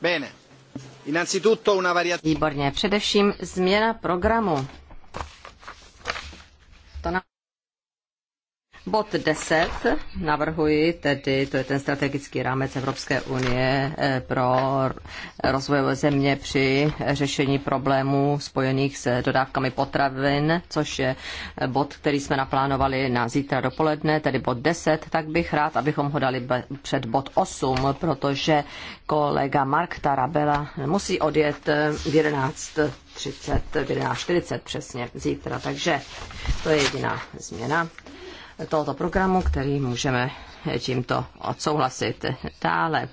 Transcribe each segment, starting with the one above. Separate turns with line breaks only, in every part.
Bene. Výborně, především změna programu. Bod 10 navrhuji tedy, to je ten strategický rámec Evropské unie eh, pro rozvojové země při řešení problémů spojených s dodávkami potravin, což je eh, bod, který jsme naplánovali na zítra dopoledne, tedy bod 10, tak bych rád, abychom ho dali před bod 8, protože kolega Mark Tarabela musí odjet eh, v třicet, v 11.40 přesně zítra, takže to je jediná změna tohoto programu, který můžeme tímto odsouhlasit. Dále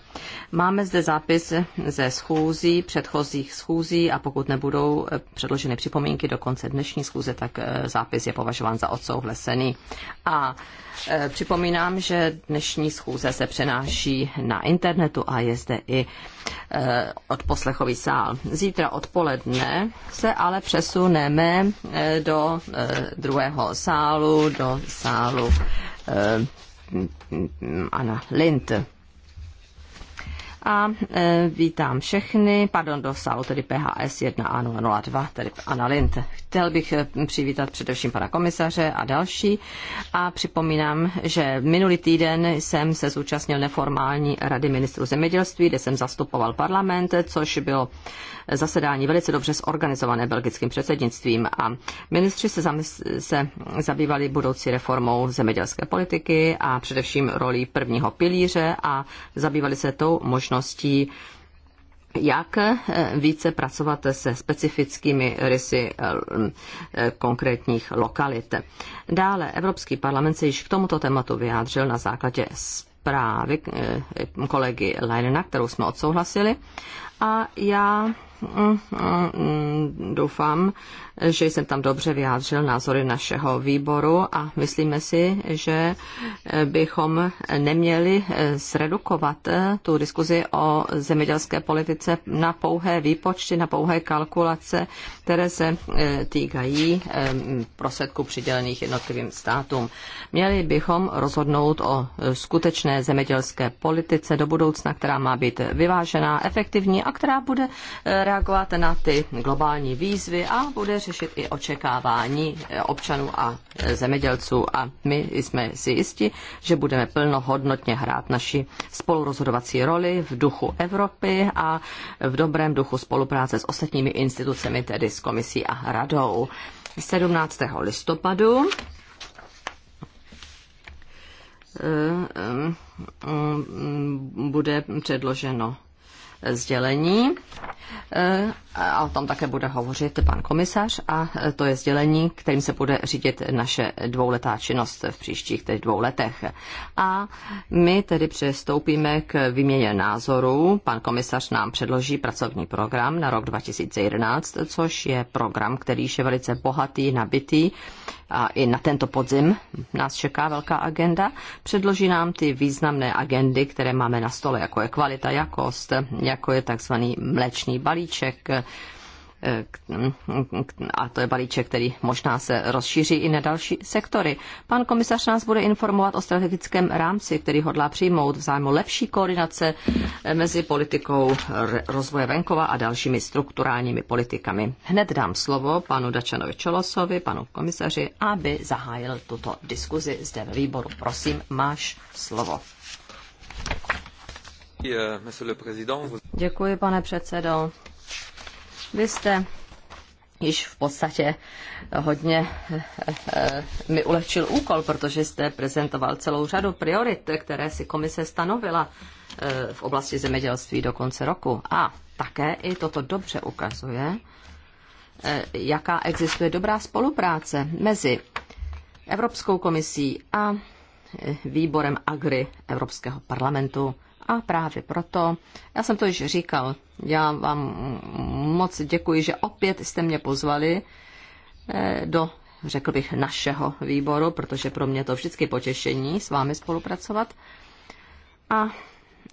máme zde zápis ze schůzí, předchozích schůzí a pokud nebudou předloženy připomínky do konce dnešní schůze, tak eh, zápis je považován za odsouhlasený. A eh, připomínám, že dnešní schůze se přenáší na internetu a je zde i eh, odposlechový sál. Zítra odpoledne se ale přesuneme do druhého sálu, do sálu Ana Lint. A e, vítám všechny, pardon, do sálu, tedy PHS 1A002, tedy Anna Lint. Chtěl bych e, přivítat především pana komisaře a další a připomínám, že minulý týden jsem se zúčastnil neformální rady ministrů zemědělství, kde jsem zastupoval parlament, což bylo zasedání velice dobře zorganizované belgickým předsednictvím a ministři se, zamys- se zabývali budoucí reformou zemědělské politiky a především rolí prvního pilíře a zabývali se tou možností jak eh, více pracovat se specifickými rysy eh, konkrétních lokalit. Dále Evropský parlament se již k tomuto tématu vyjádřil na základě zprávy eh, kolegy Leinena, kterou jsme odsouhlasili. A já Mm, doufám, že jsem tam dobře vyjádřil názory našeho výboru a myslíme si, že bychom neměli eh, zredukovat eh, tu diskuzi o zemědělské politice na pouhé výpočty, na pouhé kalkulace, které se eh, týkají prosedku přidělených jednotlivým státům. Měli bychom rozhodnout o skutečné zemědělské politice do budoucna, která má být vyvážená, efektivní a která bude reagovat na ty globální výzvy a bude řešit i očekávání eh, občanů a eh, zemědělců. A my jsme si jisti, že budeme plnohodnotně hrát naši spolurozhodovací roli v duchu Evropy a v dobrém duchu spolupráce s ostatními institucemi, tedy s komisí a radou. 17. listopadu eh, mm, mm, bude předloženo sdělení a o tom také bude hovořit pan komisař a e, to je sdělení, kterým se bude řídit naše dvouletá činnost v příštích teď dvou letech. A my tedy přestoupíme k výměně názorů. Pan komisař nám předloží pracovní program na rok 2011, což je program, který je velice bohatý, nabitý a i na tento podzim nás čeká velká agenda. Předloží nám ty významné agendy, které máme na stole, jako je kvalita, jakost, jako je takzvaný mlečný balíček, a to je balíček, který možná se rozšíří i na další sektory. Pan komisař nás bude informovat o strategickém rámci, který hodlá přijmout v zájmu lepší koordinace eh, mezi politikou rozvoje venkova a dalšími strukturálními politikami. Hned dám slovo panu Dačanovi Čolosovi, panu komisaři, aby zahájil tuto diskuzi zde ve výboru. Prosím, máš slovo. Děkuji, pane předsedo. Vy jste již v podstatě hodně eh, eh, mi ulehčil úkol, protože jste prezentoval celou řadu priorit, které si komise stanovila eh, v oblasti zemědělství do konce roku. A také i toto dobře ukazuje, jaká existuje dobrá spolupráce mezi Evropskou komisí a výborem Agri Evropského parlamentu. A právě proto, já jsem to již říkal, já vám moc děkuji, že opět jste mě pozvali eh, do, řekl bych, našeho výboru, protože pro mě to vždycky potěšení s vámi spolupracovat. A,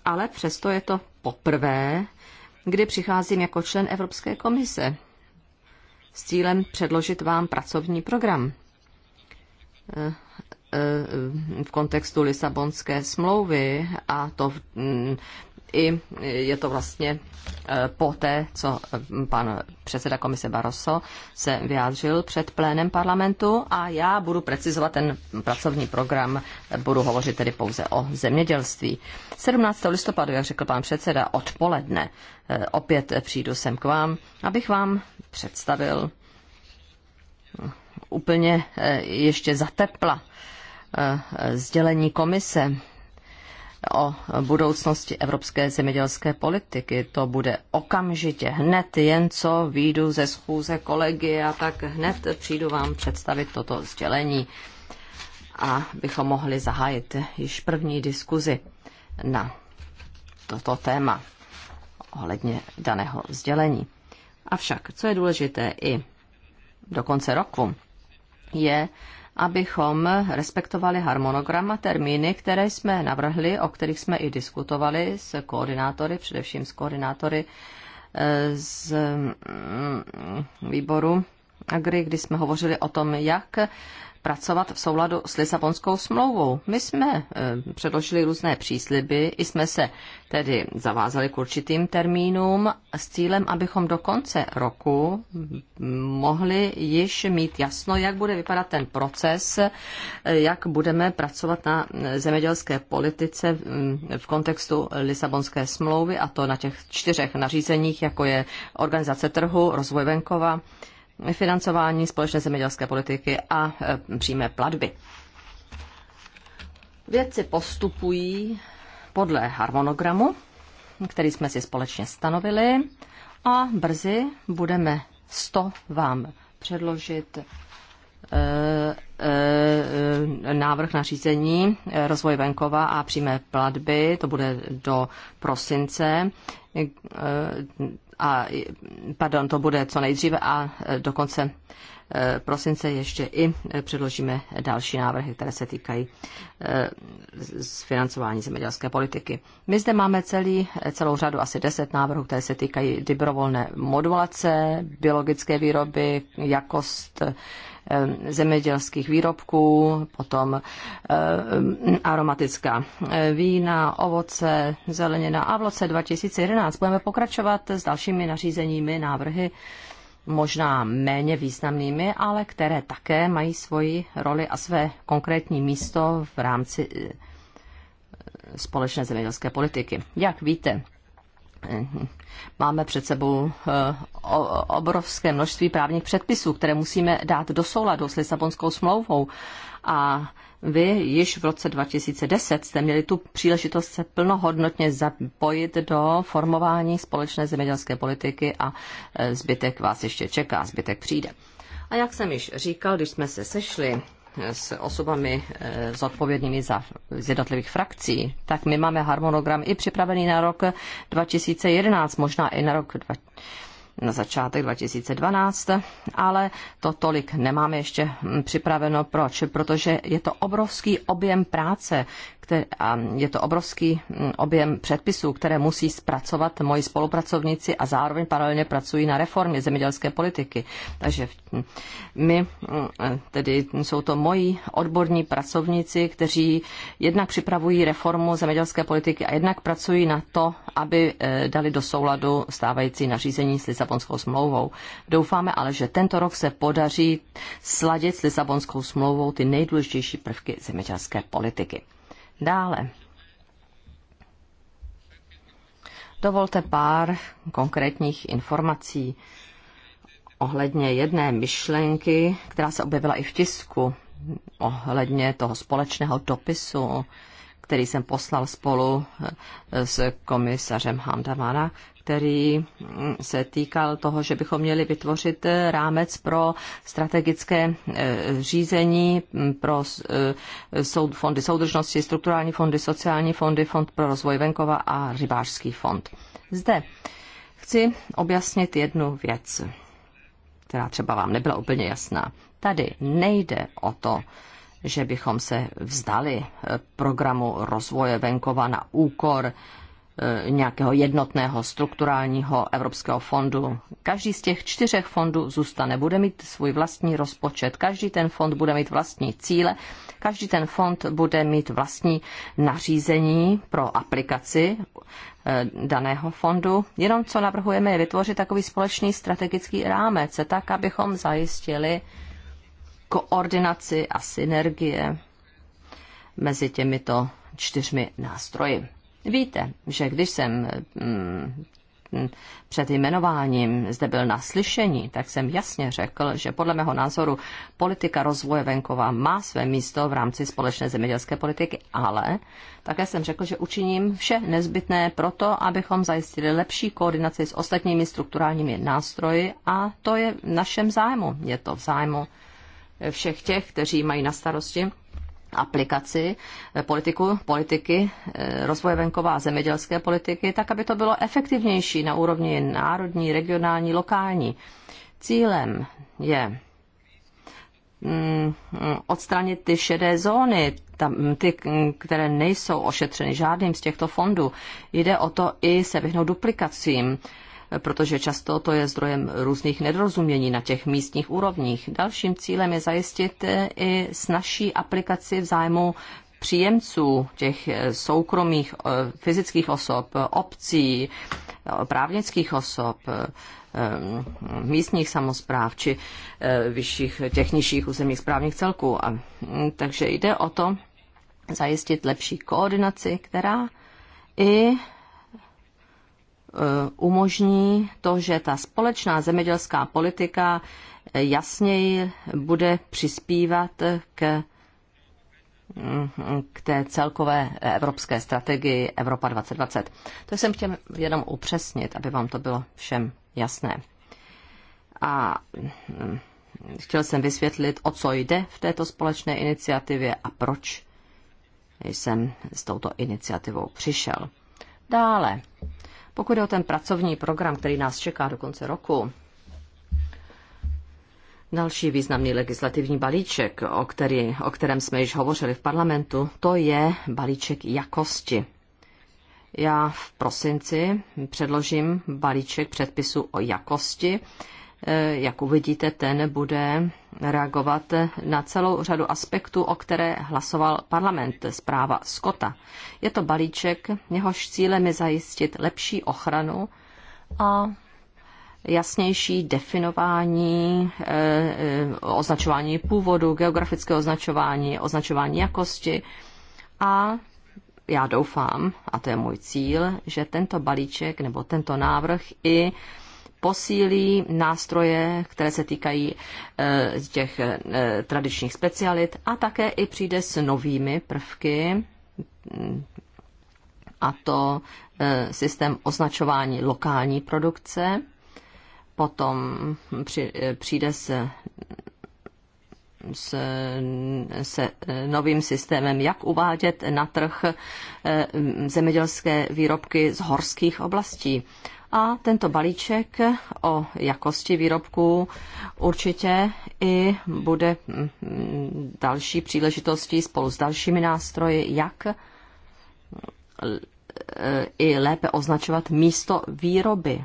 ale přesto je to poprvé, kdy přicházím jako člen Evropské komise s cílem předložit vám pracovní program eh, v kontextu Lisabonské smlouvy a to i je to vlastně e, po té, co e, pan předseda komise Barroso se vyjádřil před plénem parlamentu a já budu precizovat ten pracovní program, budu hovořit tedy pouze o zemědělství. 17. listopadu, jak řekl pan předseda, odpoledne e, opět přijdu sem k vám, abych vám představil úplně ještě zatepla Eh, sdělení komise o budoucnosti evropské zemědělské politiky. To bude okamžitě, hned jen co výjdu ze schůze kolegy a tak hned přijdu vám představit toto sdělení a bychom mohli zahájit již první diskuzi na toto téma ohledně daného sdělení. Avšak, co je důležité i do konce roku, je, abychom respektovali harmonogram a termíny, které jsme navrhli, o kterých jsme i diskutovali s koordinátory, především s koordinátory eh, z mm, výboru Agri, kdy jsme hovořili o tom, jak pracovat v souladu s Lisabonskou smlouvou. My jsme eh, předložili různé přísliby, i jsme se tedy zavázali k určitým termínům s cílem, abychom do konce roku mohli již mít jasno, jak bude vypadat ten proces, eh, jak budeme pracovat na zemědělské politice mm, v kontextu Lisabonské smlouvy a to na těch čtyřech nařízeních, jako je organizace trhu, rozvoj venkova, financování společné zemědělské politiky a e, přímé platby. Vědci postupují podle harmonogramu, který jsme si společně stanovili a brzy budeme 100 vám předložit e, e, návrh na řízení rozvoj venkova a přímé platby, to bude do prosince, a pardon, to bude co nejdříve a e, do konce e, prosince ještě i e, předložíme další návrhy, které se týkají z financování zemědělské politiky. My zde máme celý, celou řadu asi deset návrhů, které se týkají dobrovolné modulace, biologické výroby, jakost Eh, zemědělských výrobků, potom eh, aromatická eh, vína, ovoce, zelenina a v roce 2011 budeme pokračovat s dalšími nařízeními, návrhy, možná méně významnými, ale které také mají svoji roli a své konkrétní místo v rámci společné zemědělské politiky. Jak víte, Mhm. máme před sebou eh, obrovské množství právních předpisů, které musíme dát do souladu s Lisabonskou smlouvou. A vy již v roce 2010 jste měli tu příležitost se plnohodnotně zapojit do formování společné zemědělské politiky a eh, zbytek vás ještě čeká, zbytek přijde. A jak jsem již říkal, když jsme se sešli s osobami eh, zodpovědnými za, z jednotlivých frakcí, tak my máme harmonogram i připravený na rok 2011, možná i na rok dva, na začátek 2012, ale to tolik nemáme ještě hm, připraveno. Proč? Protože je to obrovský objem práce, a je to obrovský mm, objem předpisů, které musí zpracovat moji spolupracovníci a zároveň paralelně pracují na reformě zemědělské politiky. Takže mm, my, mm, tedy jsou to moji odborní pracovníci, kteří jednak připravují reformu zemědělské politiky a jednak pracují na to, aby e, dali do souladu stávající nařízení s Lisabonskou smlouvou. Doufáme ale, že tento rok se podaří sladit s Lisabonskou smlouvou ty nejdůležitější prvky zemědělské politiky. Dále. Dovolte pár konkrétních informací ohledně jedné myšlenky, která se objevila i v tisku, ohledně toho společného dopisu, který jsem poslal spolu s komisařem Hamdamana, který mm, se týkal toho, že bychom měli vytvořit eh, rámec pro strategické eh, řízení mm, pro eh, fondy soudržnosti, strukturální fondy, sociální fondy, fond pro rozvoj venkova a rybářský fond. Zde chci objasnit jednu věc, která třeba vám nebyla úplně jasná. Tady nejde o to, že bychom se vzdali programu rozvoje venkova na úkor eh, E, nějakého jednotného strukturálního evropského fondu. Každý z těch čtyřech fondů zůstane, bude mít svůj vlastní rozpočet, každý ten fond bude mít vlastní cíle, každý ten fond bude mít vlastní nařízení pro aplikaci e, daného fondu. Jenom co navrhujeme je vytvořit takový společný strategický rámec, tak abychom zajistili koordinaci a synergie mezi těmito čtyřmi nástroji. Víte, že když jsem mm, před jmenováním zde byl na slyšení, tak jsem jasně řekl, že podle mého názoru politika rozvoje venkova má své místo v rámci společné zemědělské politiky, ale také jsem řekl, že učiním vše nezbytné proto, abychom zajistili lepší koordinaci s ostatními strukturálními nástroji a to je v našem zájmu. Je to v zájmu všech těch, kteří mají na starosti aplikaci eh, politiku, politiky, eh, rozvoje venková a zemědělské politiky, tak aby to bylo efektivnější na úrovni národní, regionální, lokální. Cílem je mm, odstranit ty šedé zóny, tam, ty, mm, které nejsou ošetřeny žádným z těchto fondů. Jde o to i se vyhnout duplikacím protože často to je zdrojem různých nedorozumění na těch místních úrovních. Dalším cílem je zajistit i snažší aplikaci v zájmu příjemců těch soukromých eh, fyzických osob, obcí, eh, právnických osob, eh, místních samozpráv či vyšších, těch nižších územních správních celků. A, hm, takže jde o to zajistit lepší koordinaci, která i Eh, umožní to, že ta společná zemědělská politika eh, jasněji bude přispívat k, mm, k té celkové evropské strategii Evropa 2020. To jsem chtěl jenom upřesnit, aby vám to bylo všem jasné. A mm, chtěl jsem vysvětlit, o co jde v této společné iniciativě a proč jsem s touto iniciativou přišel. Dále pokud je o ten pracovní program, který nás čeká do konce roku, Další významný legislativní balíček, o, který, o kterém jsme již hovořili v parlamentu, to je balíček jakosti. Já v prosinci předložím balíček předpisu o jakosti Eh, jak uvidíte, ten bude reagovat na celou řadu aspektů, o které hlasoval parlament zpráva Skota. Je to balíček, jehož cílem je zajistit lepší ochranu a jasnější definování, eh, eh, označování původu, geografické označování, označování jakosti a já doufám, a to je můj cíl, že tento balíček nebo tento návrh i posílí nástroje, které se týkají eh, těch eh, tradičních specialit a také i přijde s novými prvky, mm, a to eh, systém označování lokální produkce, potom přijde s s, se novým systémem, jak uvádět na trh zemědělské výrobky z horských oblastí. A tento balíček o jakosti výrobků určitě i bude mm, další příležitostí spolu s dalšími nástroji, jak mm, i lépe označovat místo výroby,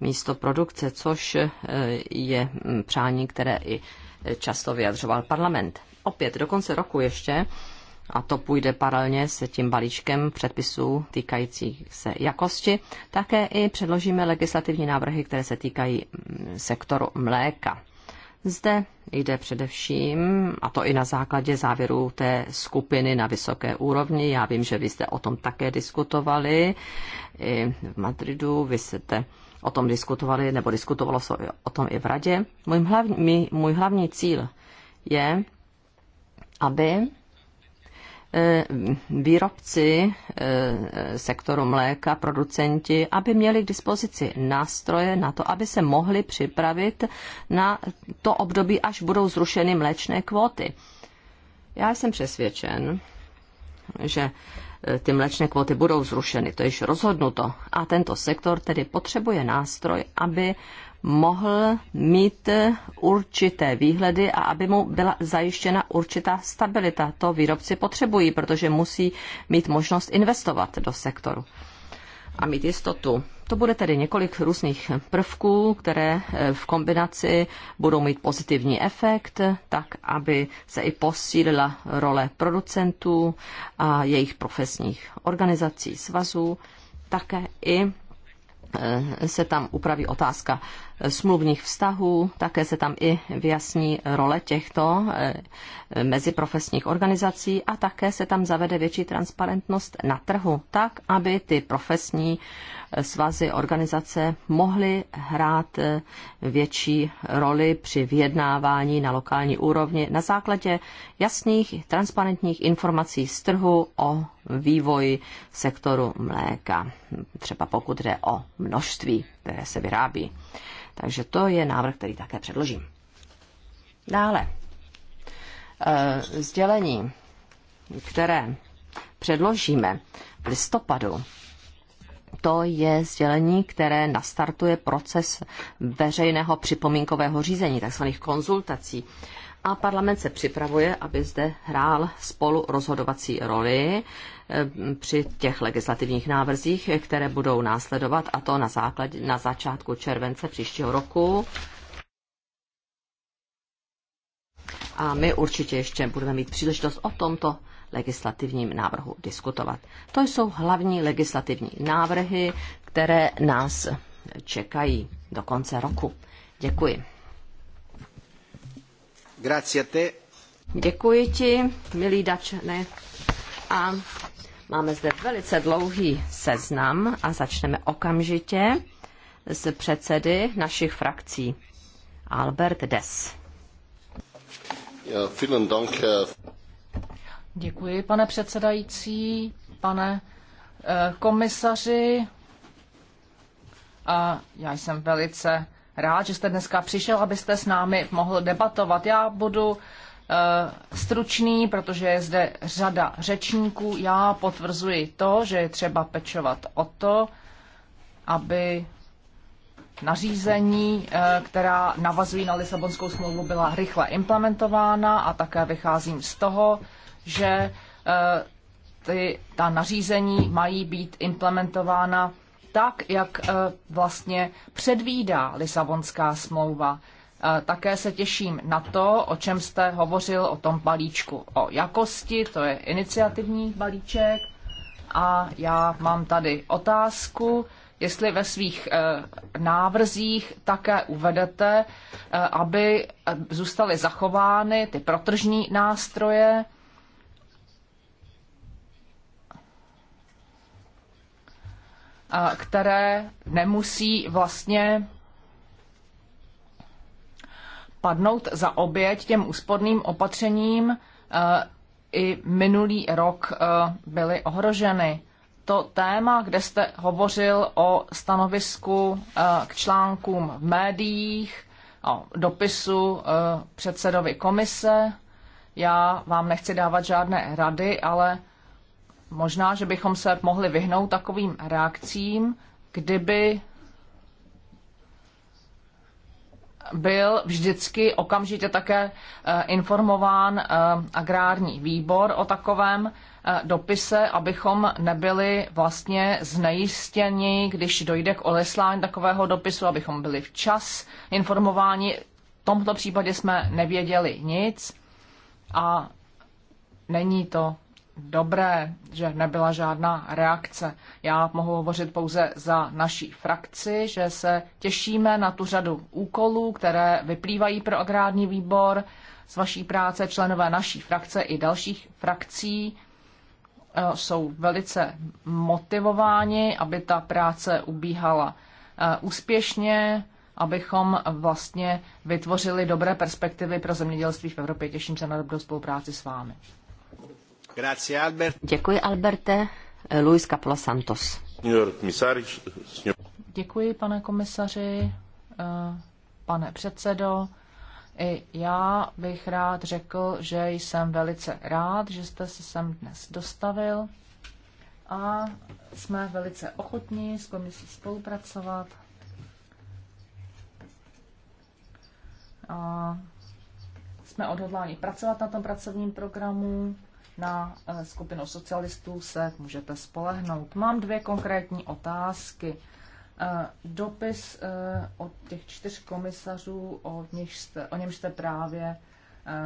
místo produkce, což e, je mm, přání, které i často vyjadřoval parlament. Opět do konce roku ještě a to půjde paralelně s tím balíčkem předpisů týkajících se jakosti, také i předložíme legislativní návrhy, které se týkají mm, sektoru mléka. Zde jde především, a to i na základě závěrů té skupiny na vysoké úrovni, já vím, že vy jste o tom také diskutovali i v Madridu, vy jste o tom diskutovali, nebo diskutovalo se o tom i v radě. Můj hlavní, můj hlavní cíl je, aby Eh, výrobci eh, sektoru mléka, producenti, aby měli k dispozici nástroje na to, aby se mohli připravit na to období, až budou zrušeny mléčné kvóty. Já jsem přesvědčen, že eh, ty mléčné kvóty budou zrušeny, to již rozhodnuto. A tento sektor tedy potřebuje nástroj, aby mohl mít určité výhledy a aby mu byla zajištěna určitá stabilita. To výrobci potřebují, protože musí mít možnost investovat do sektoru a mít jistotu. To bude tedy několik různých prvků, které eh, v kombinaci budou mít pozitivní efekt, tak aby se i posílila role producentů a jejich profesních organizací, svazů, také i eh, se tam upraví otázka smluvních vztahů, také se tam i vyjasní role těchto eh, meziprofesních organizací a také se tam zavede větší transparentnost na trhu, tak aby ty profesní eh, svazy organizace mohly hrát eh, větší roli při vyjednávání na lokální úrovni na základě jasných, transparentních informací z trhu o vývoji sektoru mléka, třeba pokud jde o množství které se vyrábí. Takže to je návrh, který také předložím. Dále. Eh, sdělení, které předložíme v listopadu, to je sdělení, které nastartuje proces veřejného připomínkového řízení, takzvaných konzultací. A parlament se připravuje, aby zde hrál spolu rozhodovací roli Eh, při těch legislativních návrzích, které budou následovat, a to na, základě, na začátku července příštího roku. A my určitě ještě budeme mít příležitost o tomto legislativním návrhu diskutovat. To jsou hlavní legislativní návrhy, které nás čekají do konce roku. Děkuji. Grazie a te. Děkuji ti, milý Dačne. A Máme zde velice dlouhý seznam a začneme okamžitě z předsedy našich frakcí. Albert Des.
Děkuji, pane předsedající, pane eh, komisaři. A já jsem velice rád, že jste dneska přišel, abyste s námi mohl debatovat. Já budu Eh, stručný, protože je zde řada řečníků. Já potvrzuji to, že je třeba pečovat o to, aby nařízení, eh, která navazují na Lisabonskou smlouvu, byla rychle implementována a také vycházím z toho, že eh, ty, ta nařízení mají být implementována tak, jak vlastně předvídá Lisabonská smlouva. Také se těším na to, o čem jste hovořil, o tom balíčku o jakosti, to je iniciativní balíček. A já mám tady otázku, jestli ve svých eh, návrzích také uvedete, eh, aby eh, zůstaly zachovány ty protržní nástroje, které nemusí vlastně padnout za oběť těm úsporným opatřením eh, i minulý rok eh, byly ohroženy. To téma, kde jste hovořil o stanovisku eh, k článkům v médiích, o dopisu předsedovi komise, já vám nechci dávat žádné rady, ale možná, že bychom se mohli vyhnout takovým reakcím, kdyby byl vždycky okamžitě také eh, informován eh, agrární výbor o takovém eh, dopise, abychom nebyli vlastně znejistěni, když dojde k oleslání takového dopisu, abychom byli včas informováni. V tomto případě jsme nevěděli nic a není to dobré, že nebyla žádná reakce. Já mohu hovořit pouze za naší frakci, že se těšíme na tu řadu úkolů, které vyplývají pro agrární výbor z vaší práce. Členové naší frakce i dalších frakcí eh, jsou velice motivováni, aby ta práce ubíhala eh, úspěšně, abychom vlastně vytvořili dobré perspektivy pro zemědělství v Evropě. Těším se na dobrou spolupráci s vámi.
Děkuji, Alberte. Luis Capula Santos.
Děkuji, pane komisaři, eh, pane předsedo. I já bych rád řekl, že jsem velice rád, že jste se sem dnes dostavil a jsme velice ochotní s komisí spolupracovat. A jsme odhodláni pracovat na tom pracovním programu na eh, skupinu socialistů se můžete spolehnout. Mám dvě konkrétní otázky. Eh, dopis eh, od těch čtyř komisařů, o, nich jste, o něm jste právě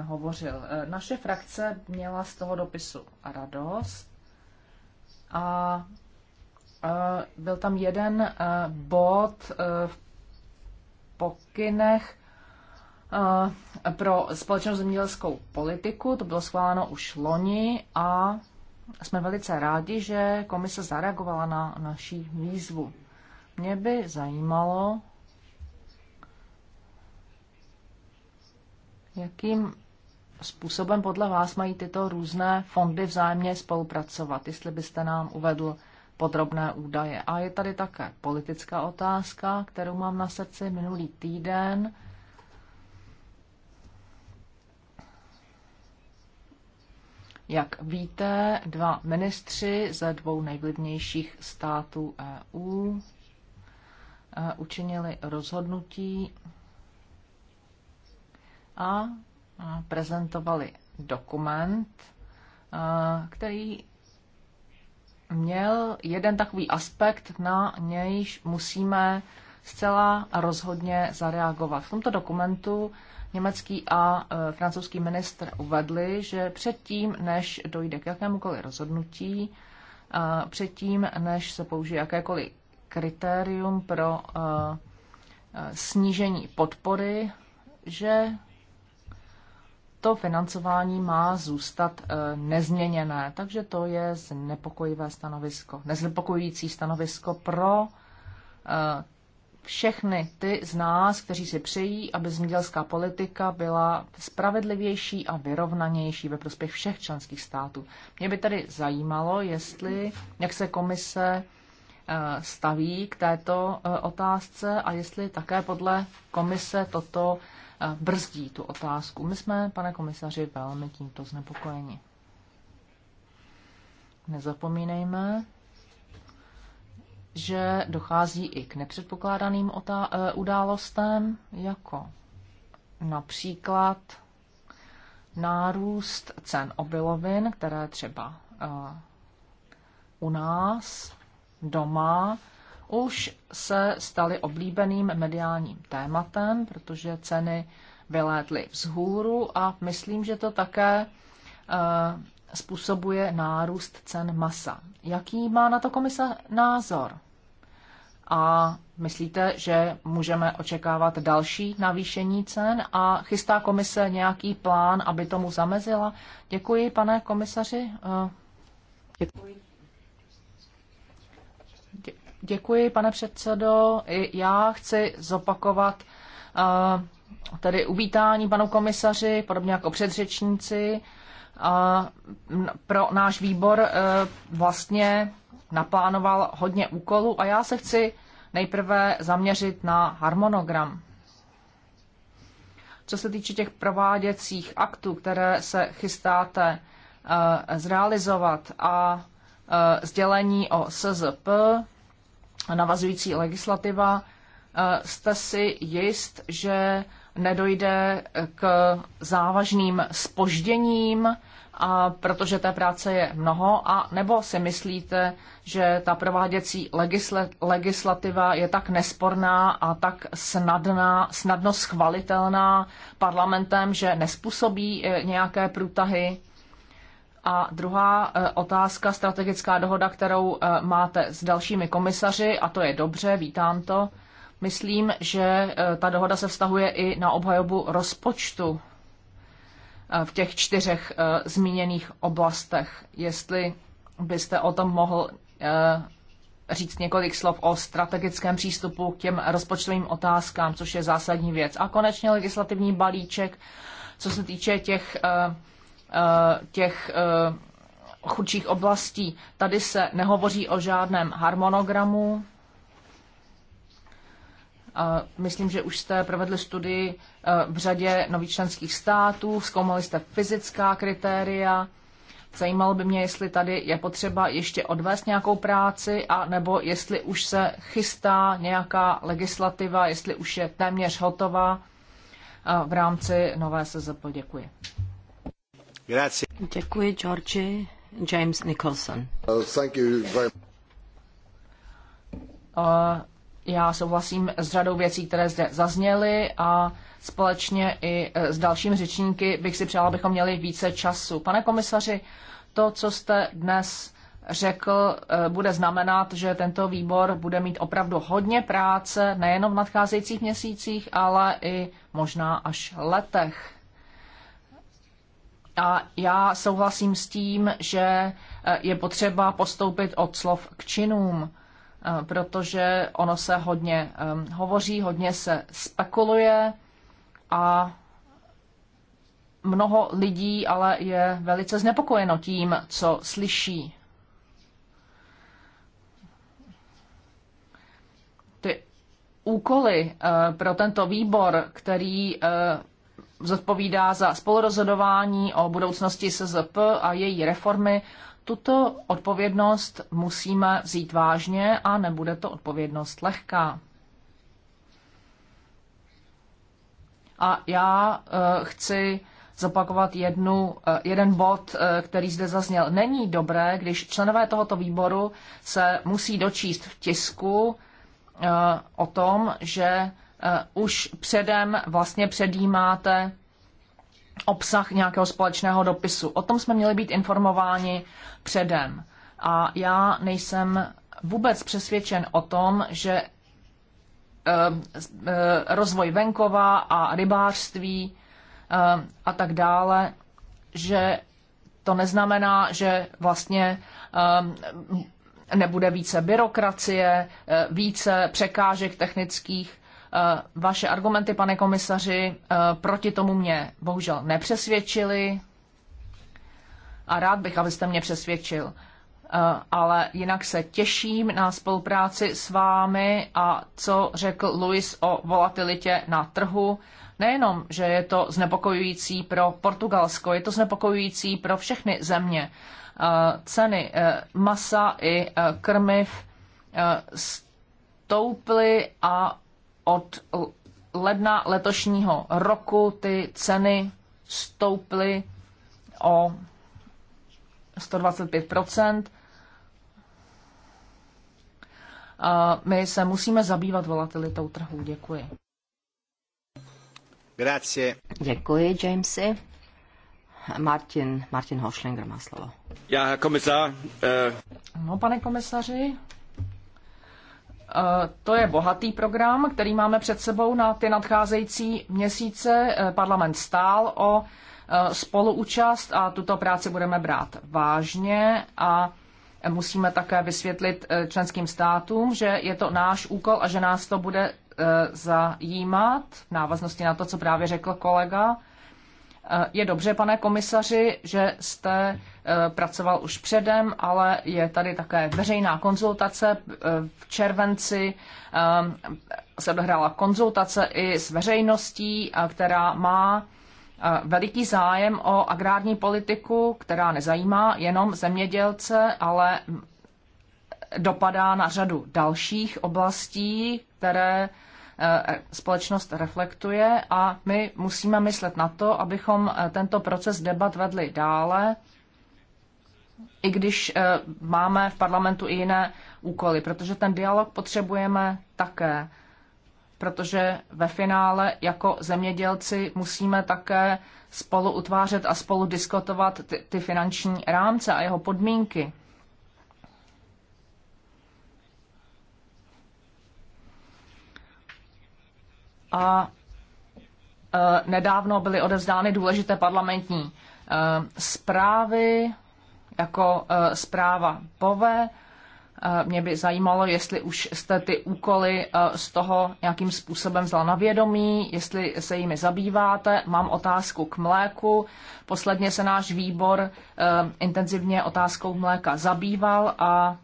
hovořil. Naše frakce měla z toho dopisu radost a byl tam jeden bod v pokynech Eh, pro společnou zemědělskou politiku. To bylo schváleno už loni a jsme velice rádi, že komise zareagovala na naší výzvu. Mě by zajímalo, jakým způsobem podle vás mají tyto různé fondy vzájemně spolupracovat, jestli byste nám uvedl podrobné údaje. A je tady také politická otázka, kterou mám na srdci minulý týden Jak víte, dva ministři ze dvou nejvlivnějších států EU e, učinili rozhodnutí a e, prezentovali dokument, e, který měl jeden takový aspekt, na nějž musíme zcela rozhodně zareagovat. V tomto dokumentu Německý a e, francouzský ministr uvedli, že předtím, než dojde k jakémukoliv rozhodnutí, a e, předtím, než se použije jakékoliv kritérium pro e, snížení podpory, že to financování má zůstat nezměněné. Takže to je znepokojivé stanovisko, neznepokojující stanovisko pro všechny ty z nás, kteří si přejí, aby zemědělská politika byla spravedlivější a vyrovnanější ve prospěch všech členských států. Mě by tedy zajímalo, jestli, jak se komise eh, staví k této eh, otázce a jestli také podle komise toto eh, brzdí tu otázku. My jsme, pane komisaři, velmi tímto znepokojeni. Nezapomínejme, že dochází i k nepředpokládaným eh, událostem, jako například nárůst cen obilovin, které třeba eh, u nás doma už se staly oblíbeným mediálním tématem, protože ceny vylétly vzhůru a myslím, že to také eh, způsobuje nárůst cen masa. Jaký má na to komise názor? a myslíte, že můžeme očekávat další navýšení cen a chystá komise nějaký plán, aby tomu zamezila? Děkuji, pane komisaři. Eh, děkuji. Děkuji, pane předsedo. Já chci zopakovat eh, tedy uvítání panu komisaři, podobně jako předřečníci. Eh, pro náš výbor vlastně naplánoval hodně úkolů a já se chci nejprve zaměřit na harmonogram. Co se týče těch prováděcích aktů, které se chystáte eh, zrealizovat a eh, sdělení o SZP, navazující legislativa, eh, jste si jist, že nedojde k závažným spožděním a protože té práce je mnoho, a nebo si myslíte, že ta prováděcí legislativa je tak nesporná a tak snadná, snadno schvalitelná parlamentem, že nespůsobí e, nějaké průtahy? A druhá e, otázka, strategická dohoda, kterou e, máte s dalšími komisaři, a to je dobře, vítám to. Myslím, že ta dohoda se vztahuje i na obhajobu rozpočtu Eh, v těch čtyřech eh, zmíněných oblastech. Jestli byste o tom mohl eh, říct několik slov o strategickém přístupu k těm rozpočtovým otázkám, což je zásadní věc. A konečně legislativní balíček, co se týče těch, těch chudších oblastí. Tady se nehovoří o žádném harmonogramu, Myslím, že už jste provedli studii eh, v řadě nových členských států, zkoumali jste fyzická kritéria. Zajímalo by mě, jestli tady je potřeba ještě odvést nějakou práci, a nebo jestli už se chystá nějaká legislativa, jestli už je téměř hotová eh, v rámci nové SZP. Děkuji.
Grazie. Děkuji,
Georgi. James Nicholson.
Uh, thank you very...
uh, já souhlasím s řadou věcí, které zde zazněly a společně i e, s dalšími řečníky bych si přála, abychom měli více času. Pane komisaři, to, co jste dnes řekl, e, bude znamenat, že tento výbor bude mít opravdu hodně práce, nejenom v nadcházejících měsících, ale i možná až letech. A já souhlasím s tím, že e, je potřeba postoupit od slov k činům Eh, protože ono se hodně hovoří, hodně se spekuluje a mnoho lidí ale je velice znepokojeno tím, co slyší. Ty úkoly eh, pro tento výbor, který eh, zodpovídá za spolurozhodování o budoucnosti SZP a její reformy, tuto odpovědnost musíme vzít vážně a nebude to odpovědnost lehká. A já eh, chci zopakovat jednu, eh, jeden bod, eh, který zde zazněl. Není dobré, když členové tohoto výboru se musí dočíst v tisku o tom, že už předem vlastně předjímáte obsah nějakého společného dopisu. O tom jsme měli být informováni předem. A já nejsem vůbec přesvědčen o tom, že eh, eh, rozvoj venkova a rybářství eh, a tak dále, že to neznamená, že vlastně nebude více byrokracie, více překážek technických Eh, vaše argumenty, pane komisaři, eh, proti tomu mě bohužel nepřesvědčili a rád bych, abyste mě přesvědčil. Eh, ale jinak se těším na spolupráci s vámi a co řekl Luis o volatilitě na trhu. Nejenom, že je to znepokojující pro Portugalsko, je to znepokojující pro všechny země. Ceny masa i krmiv stouply a od ledna letošního roku ty ceny stouply o 125 a My se musíme zabývat volatilitou trhů. Děkuji.
Grazie. Děkuji, Jamesy. Martin, Martin Hošlinger má slovo. Já, komisař. Uh... Eh, no, pane komisaři,
Eh, to je bohatý program, který máme před sebou na ty nadcházející měsíce. Eh, parlament stál o eh, spoluúčast a tuto práci budeme brát vážně a musíme také vysvětlit členským státům, že je to náš úkol a že nás to bude zajímat v návaznosti na to, co právě řekl kolega Eh, je dobře, pane komisaři, že jste eh, pracoval už předem, ale je tady také veřejná konzultace. Eh, v červenci se dohrála konzultace i s veřejností, která má veliký zájem o agrární politiku, která nezajímá jenom zemědělce, ale dopadá na řadu dalších oblastí, které Eh, společnost reflektuje a my musíme myslet na to, abychom eh, tento proces debat vedli dále, i když eh, máme v parlamentu i jiné úkoly, protože ten dialog potřebujeme také, protože ve finále jako zemědělci musíme také spolu utvářet a spolu diskutovat ty, ty finanční rámce a jeho podmínky. a e, nedávno byly odevzdány důležité parlamentní e, zprávy, jako e, zpráva POVE. Mě by zajímalo, jestli už jste ty úkoly z toho nějakým způsobem vzala na vědomí, jestli se jimi zabýváte. Mám otázku k mléku. Posledně se náš výbor intenzivně otázkou mléka zabýval a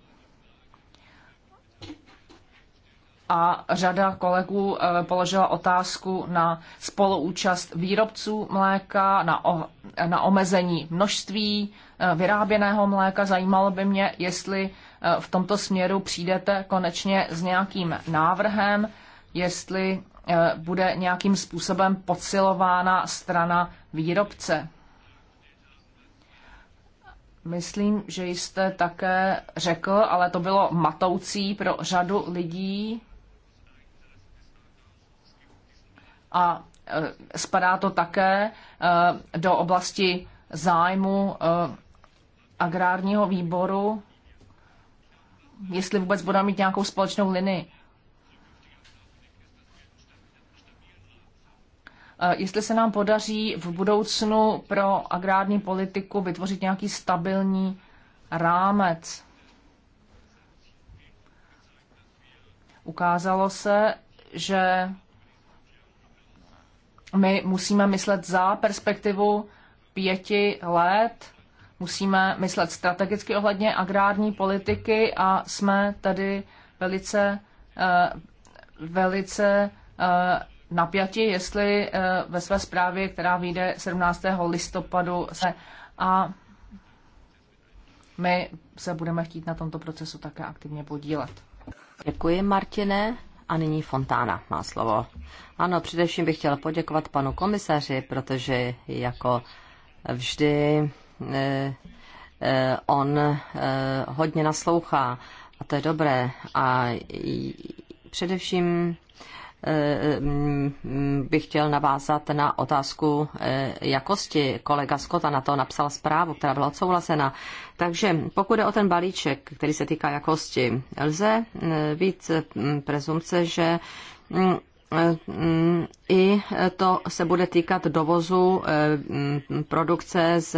a řada kolegů eh, položila otázku na spoluúčast výrobců mléka, na, o, na omezení množství eh, vyráběného mléka. Zajímalo by mě, jestli eh, v tomto směru přijdete konečně s nějakým návrhem, jestli bude nějakým způsobem podsilována strana výrobce. Myslím, že jste také řekl, ale to bylo matoucí pro řadu lidí, a e, spadá to také e, do oblasti zájmu e, agrárního výboru, jestli vůbec budeme mít nějakou společnou linii. Jestli se nám podaří v budoucnu pro agrární politiku vytvořit nějaký stabilní rámec. Ukázalo se, že my musíme myslet za perspektivu pěti let, musíme myslet strategicky ohledně agrární politiky a jsme tady velice, eh, velice eh, napjati, jestli eh, ve své zprávě, která vyjde 17. listopadu, se a my se budeme chtít na tomto procesu také aktivně podílet.
Děkuji, Martine. A nyní Fontána má slovo. Ano, především bych chtěla poděkovat panu komisaři, protože jako vždy eh, eh, on eh, hodně naslouchá a to je dobré. A především Eh, mm, bych chtěl navázat na otázku eh, jakosti. Kolega Skota na to napsal zprávu, která byla odsouhlasena. Takže pokud je o ten balíček, který se týká jakosti, lze eh, víc mm, prezumce, že mm, i to se bude týkat dovozu eh, produkce z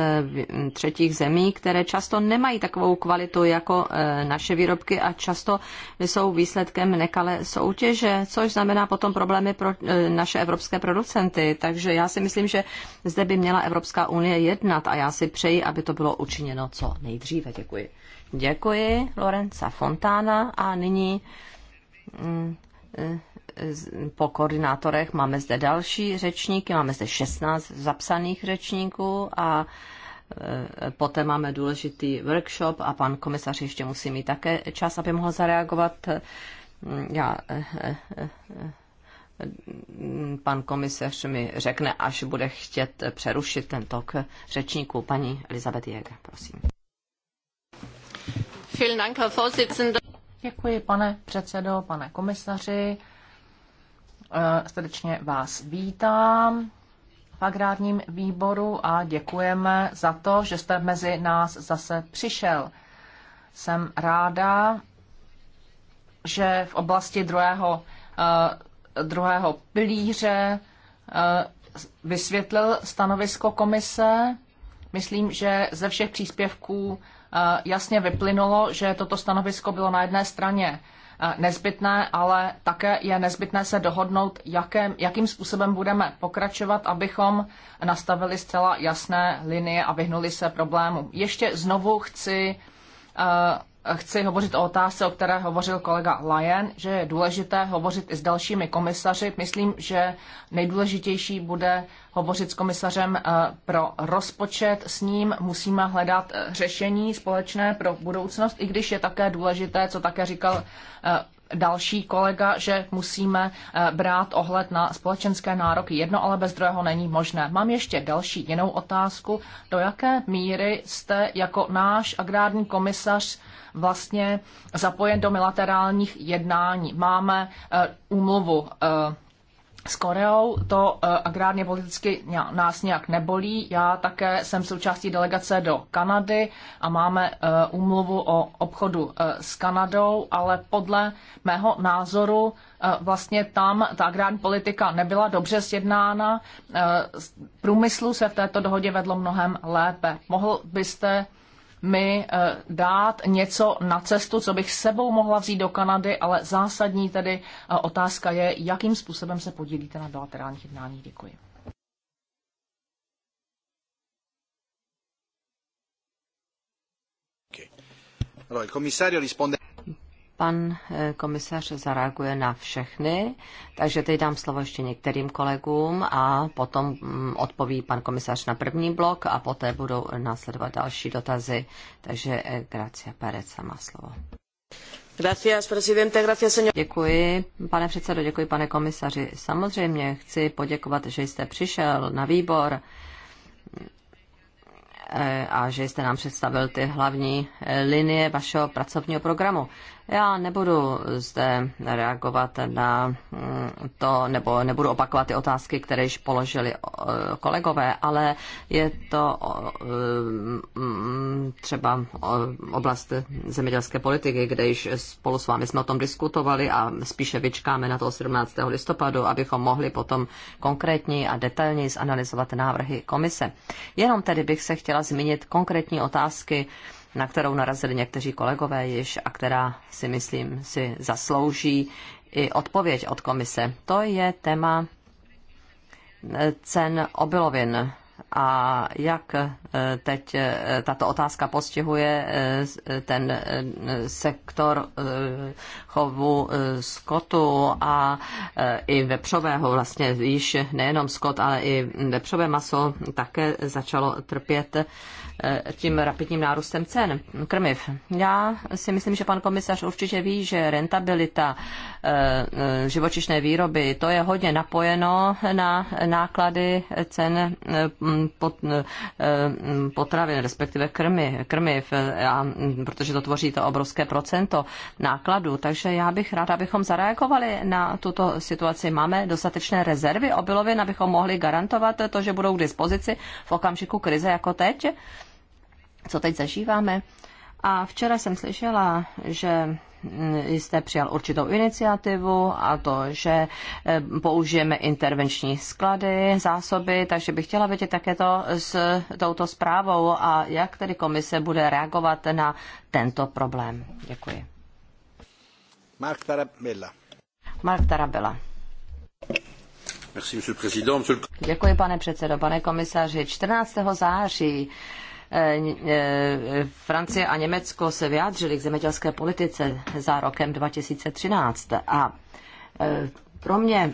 třetích zemí, které často nemají takovou kvalitu jako eh, naše výrobky a často jsou výsledkem nekalé soutěže, což znamená potom problémy pro eh, naše evropské producenty. Takže já si myslím, že zde by měla Evropská unie jednat a já si přeji, aby to bylo učiněno co nejdříve. Děkuji. Děkuji, Lorenza Fontána. A nyní mm, po koordinátorech máme zde další řečníky, máme zde 16 zapsaných řečníků a e, poté máme důležitý workshop a pan komisař ještě musí mít také čas, aby mohl zareagovat. Mm, já e, e, pan komisař mi řekne, až bude chtět přerušit ten tok řečníků. Paní Elizabeth Jäger, prosím.
Děkuji, pane
předsedo, pane komisaři. E, srdečně vás vítám v agrárním výboru a děkujeme za to, že jste mezi nás zase přišel. Jsem ráda, že v oblasti druhého, e, druhého pilíře e, vysvětlil stanovisko komise. Myslím, že ze všech příspěvků jasně vyplynulo, že toto stanovisko bylo na jedné straně Eh, nezbytné, ale také je nezbytné se dohodnout, jaké, jakým způsobem budeme pokračovat, abychom nastavili zcela jasné linie a vyhnuli se problémům. Ještě znovu chci eh, chci hovořit o otázce, o které hovořil kolega Lyon, že je důležité hovořit i s dalšími komisaři. Myslím, že nejdůležitější bude hovořit s komisařem eh, pro rozpočet. S ním musíme hledat eh, řešení společné pro budoucnost, i když je také důležité, co také říkal eh, další kolega, že musíme brát ohled na společenské nároky. Jedno ale bez druhého není možné. Mám ještě další jinou otázku. Do jaké míry jste jako náš agrární komisař vlastně zapojen do bilaterálních jednání. Máme eh, úmluvu eh, s Koreou to eh, agrárně politicky nás nějak nebolí. Já také jsem součástí delegace do Kanady a máme úmluvu o obchodu s Kanadou, ale podle mého názoru vlastně tam ta agrární politika nebyla dobře sjednána. Průmyslu se v této dohodě vedlo mnohem lépe. Mohl byste mi eh, dát něco na cestu, co bych sebou mohla vzít do Kanady, ale zásadní tedy eh, otázka je, jakým způsobem se podílíte na bilaterálních jednání. Děkuji.
Okay. Allora, il commissario risponde
pan eh, komisař zareaguje na všechny, takže teď dám slovo ještě některým kolegům a potom mm, odpoví pan komisař na první blok a poté budou následovat další dotazy. Takže eh, Gracia Perec má slovo. Gracias, presidente, gracias, señor. Děkuji, pane předsedo, děkuji, pane komisaři. Samozřejmě chci poděkovat, že jste přišel na výbor eh, a že jste nám představil ty hlavní linie vašeho pracovního programu. Já nebudu zde reagovat na mm, to, nebo nebudu opakovat ty otázky, které již položili kolegové, ale je to mm, třeba oblast zemědělské politiky, kde již spolu s vámi jsme o tom diskutovali a spíše vyčkáme na to 17. listopadu, abychom mohli potom konkrétně a detailněji zanalizovat návrhy komise. Jenom tedy bych se chtěla zmínit konkrétní otázky, na kterou narazili někteří kolegové již a která si myslím si zaslouží i odpověď od komise. To je téma eh, cen obilovin a jak eh, teď eh, tato otázka postihuje ten sektor chovu skotu a i vepřového vlastně již nejenom skot, ale i vepřové maso také začalo trpět Eh, tím rapidním nárůstem cen krmiv. Já si myslím, že pan komisař určitě ví, že rentabilita eh, živočišné výroby, to je hodně napojeno na náklady cen eh, potravin, respektive krmy, krmiv, a, protože to tvoří to obrovské procento nákladů. Takže já bych ráda, abychom zareagovali na tuto situaci. Máme dostatečné rezervy obilovin, abychom mohli garantovat to, že budou k dispozici v okamžiku krize jako teď? co teď zažíváme. A včera jsem slyšela, že jste přijal určitou iniciativu a to, že eh, použijeme intervenční sklady, zásoby, takže bych chtěla vědět také to s touto zprávou a jak tedy komise bude reagovat na tento problém. Děkuji. Mark Tarabella. Mark Tarabella. Děkuji, pane předsedo, pane komisaři. 14. září Eh, eh, Francie a Německo se vyjádřili k zemědělské politice za rokem 2013. A eh, pro mě,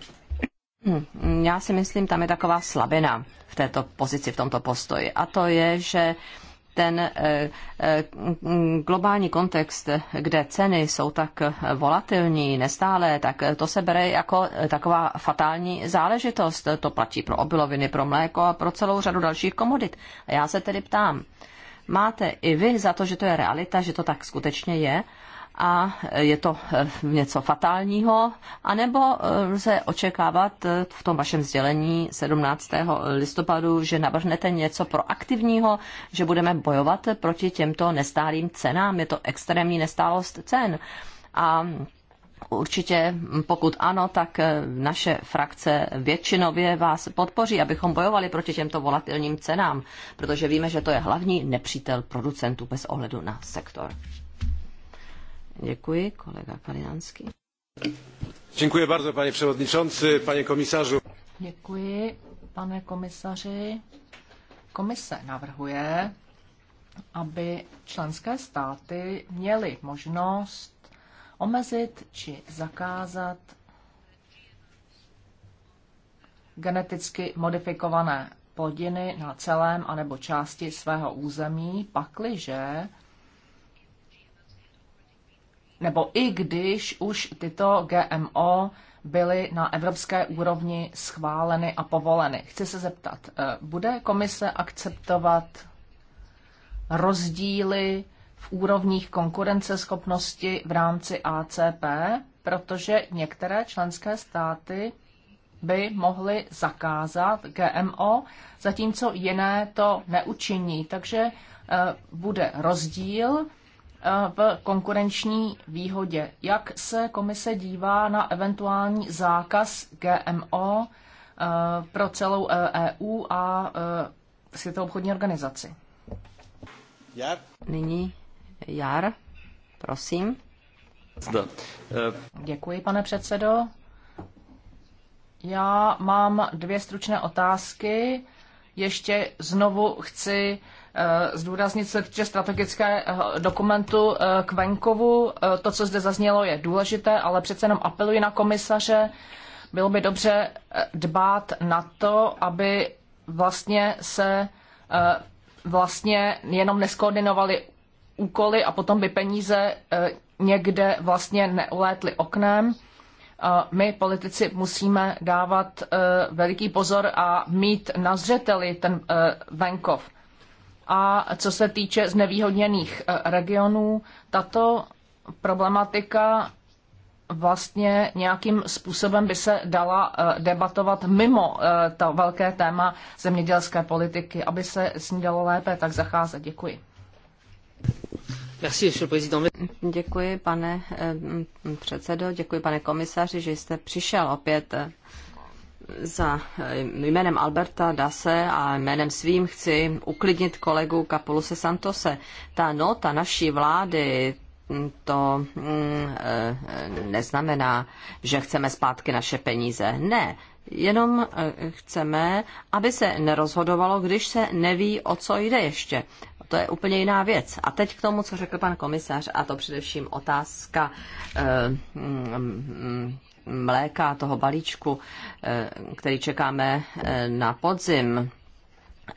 hm, já si myslím, tam je taková slabina v této pozici, v tomto postoji. A to je, že ten eh, eh, globální kontext, kde ceny jsou tak volatilní, nestálé, tak to se bere jako taková fatální záležitost. To platí pro obiloviny, pro mléko a pro celou řadu dalších komodit. A já se tedy ptám, máte i vy za to, že to je realita, že to tak skutečně je? a je to eh, něco fatálního, anebo eh, lze očekávat eh, v tom vašem sdělení 17. listopadu, že navrhnete něco proaktivního, že budeme bojovat proti těmto nestálým cenám. Je to extrémní nestálost cen. A Určitě, pokud ano, tak naše frakce většinově vás podpoří, abychom bojovali proti těmto volatilním cenám, protože víme, že to je hlavní nepřítel producentů bez ohledu na sektor. Děkuji, kolega Kalinánsky.
Děkuji bardzo, pane předsedající, pane komisařu.
Děkuji,
pane komisaři. Komise navrhuje, aby členské státy měly možnost omezit či zakázat geneticky modifikované plodiny na celém anebo části svého území, pakliže nebo i když už tyto GMO byly na evropské úrovni schváleny a povoleny. Chci se zeptat, eh, bude komise akceptovat rozdíly v úrovních konkurenceschopnosti v rámci ACP, protože některé členské státy by mohly zakázat GMO, zatímco jiné to neučiní. Takže eh, bude rozdíl v konkurenční výhodě. Jak se komise dívá na eventuální zákaz GMO eh, pro celou EU eh, e a eh, Světovou obchodní organizaci? Jar. Nyní Jar, prosím. Zda. Děkuji, pane předsedo. Já mám dvě stručné otázky. Ještě znovu chci Eh, zdůraznit se týče strategické eh, dokumentu eh, k venkovu. To, co zde zaznělo, je důležité, ale přece jenom apeluji na komisaře. Bylo by dobře dbát na to, aby vlastně se vlastně jenom neskoordinovaly úkoly a potom by peníze někde vlastně neulétly oknem. My politici musíme dávat veliký pozor a mít na zřeteli ten venkov a co se týče znevýhodněných eh, regionů, tato problematika vlastně nějakým způsobem by se dala eh, debatovat mimo eh, to velké téma zemědělské politiky, aby se s ní dalo lépe tak zacházet. Děkuji.
Děkuji, pane předsedo, děkuji, pane komisaři, že jste přišel opět za eh, jménem Alberta Dase a jménem svým chci uklidnit kolegu Kapoluse Santose. Ta nota naší vlády mm, to mm, eh, neznamená, že chceme zpátky naše peníze. Ne, jenom eh, chceme, aby se nerozhodovalo, když se neví, o co jde ještě. To je úplně jiná věc. A teď k tomu, co řekl pan komisař, a to především otázka mm, mléka, toho balíčku, eh, který čekáme eh, na podzim.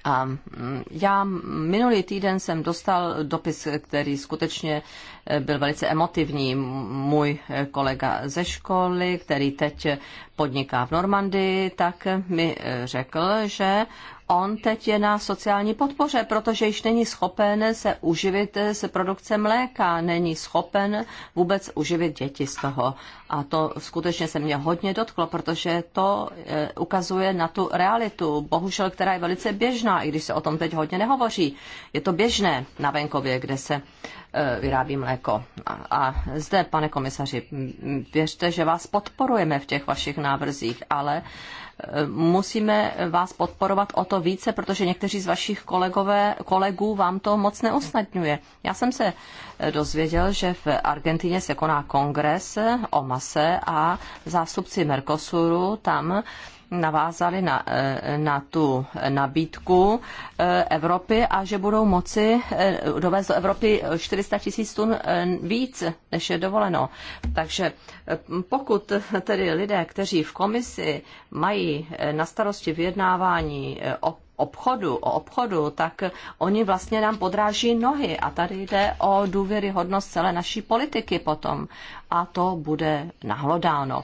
A mm, já minulý týden jsem dostal dopis, který skutečně eh, byl velice emotivní. Můj kolega ze školy, který teď podniká v Normandii, tak mi řekl, že on teď je na sociální podpoře, protože již není schopen se uživit se produkce mléka, není schopen vůbec uživit děti z toho. A to skutečně se mě hodně dotklo, protože to e, ukazuje na tu realitu, bohužel, která je velice běžná, i když se o tom teď hodně nehovoří. Je to běžné na venkově, kde se e, vyrábí mléko. A, a zde, pane komisaři, věřte, že vás podporujeme v těch vašich návrzích, ale musíme vás podporovat o to více, protože někteří z vašich kolegové, kolegů vám to moc neusnadňuje. Já jsem se dozvěděl, že v Argentině se koná kongres o mase a zástupci Mercosuru tam navázali na, eh, na tu nabídku eh, Evropy a že budou moci eh, dovést do Evropy 400 tisíc tun víc, než je dovoleno. Takže pokud tedy lidé, kteří v komisi mají na starosti vyjednávání o obchodu, o obchodu, tak oni vlastně nám podráží nohy a tady jde o důvěryhodnost celé naší politiky potom a to bude nahlodáno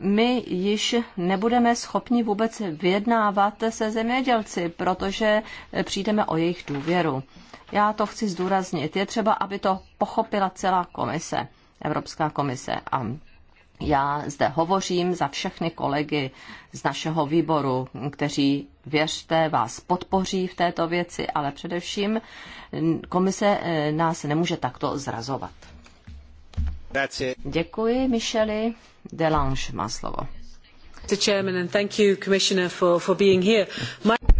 my již nebudeme schopni vůbec vyjednávat se zemědělci, protože přijdeme o jejich důvěru. Já to chci zdůraznit. Je třeba, aby to pochopila celá komise, Evropská komise. A já zde hovořím za všechny kolegy z našeho výboru, kteří, věřte, vás podpoří v této věci, ale především komise eh, nás nemůže takto zrazovat. Děkuji, Micheli. Delange má slovo.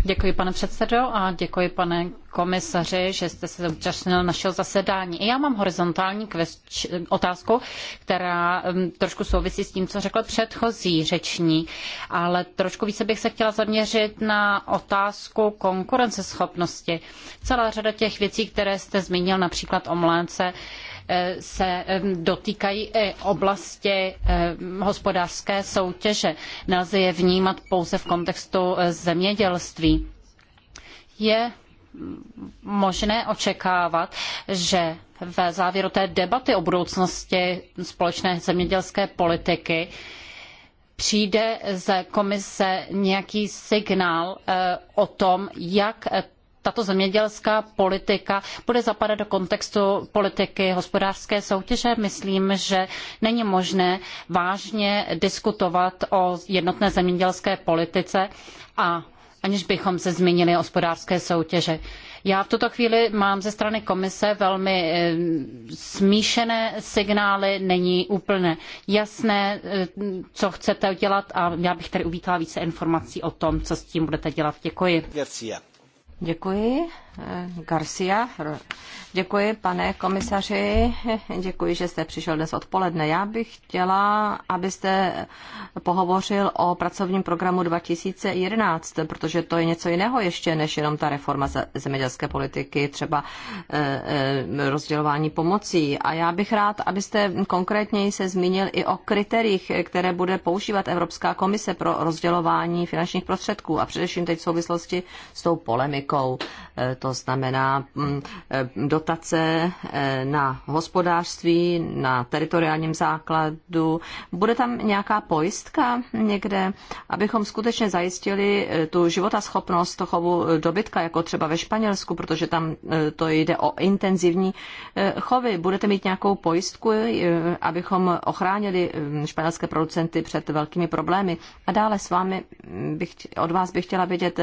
Děkuji, pane předsedo, a děkuji, pane komisaři, že jste se zúčastnil našeho zasedání. I já mám horizontální otázku, která mm, trošku souvisí s tím, co řekl předchozí řečník, ale trošku více bych se chtěla zaměřit na otázku konkurenceschopnosti. Celá řada těch věcí, které jste zmínil, například o mléce, uh, Eh, se eh, dotýkají i oblasti eh, hospodářské soutěže. Nelze je vnímat pouze v kontextu zemědělství. Je možné očekávat, že v závěru té debaty o budoucnosti společné zemědělské politiky přijde ze komise nějaký signál o tom, jak tato zemědělská politika bude zapadat do kontextu politiky hospodářské soutěže. Myslím, že není možné vážně diskutovat o jednotné zemědělské politice a aniž bychom se zmínili o hospodářské soutěže. Já v tuto chvíli mám ze strany komise velmi eh, smíšené signály, není úplně jasné, eh, co chcete dělat a já bych tady uvítala více informací o tom, co s tím budete
dělat. Děkuji. Garcia. Děkuji. Eh, Garcia. Děkuji, pane komisaři. Děkuji, že jste přišel dnes odpoledne. Já bych chtěla, abyste pohovořil o pracovním programu 2011, protože to je něco jiného ještě, než jenom ta reforma zemědělské politiky, třeba eh, eh, rozdělování pomocí. A já bych rád, abyste konkrétněji se zmínil i o kritériích, které bude používat Evropská komise pro rozdělování finančních prostředků a především teď v souvislosti s tou polemikou to znamená mm, eh, dotace eh, na hospodářství, na teritoriálním základu. Bude tam nějaká pojistka někde, abychom skutečně zajistili eh, tu životaschopnost chovu dobytka, jako třeba ve Španělsku, protože tam to jde o intenzivní chovy. Budete mít nějakou pojistku, abychom ochránili mm, španělské producenty před velkými problémy. A dále s vámi bych, od vás bych chtěla vědět,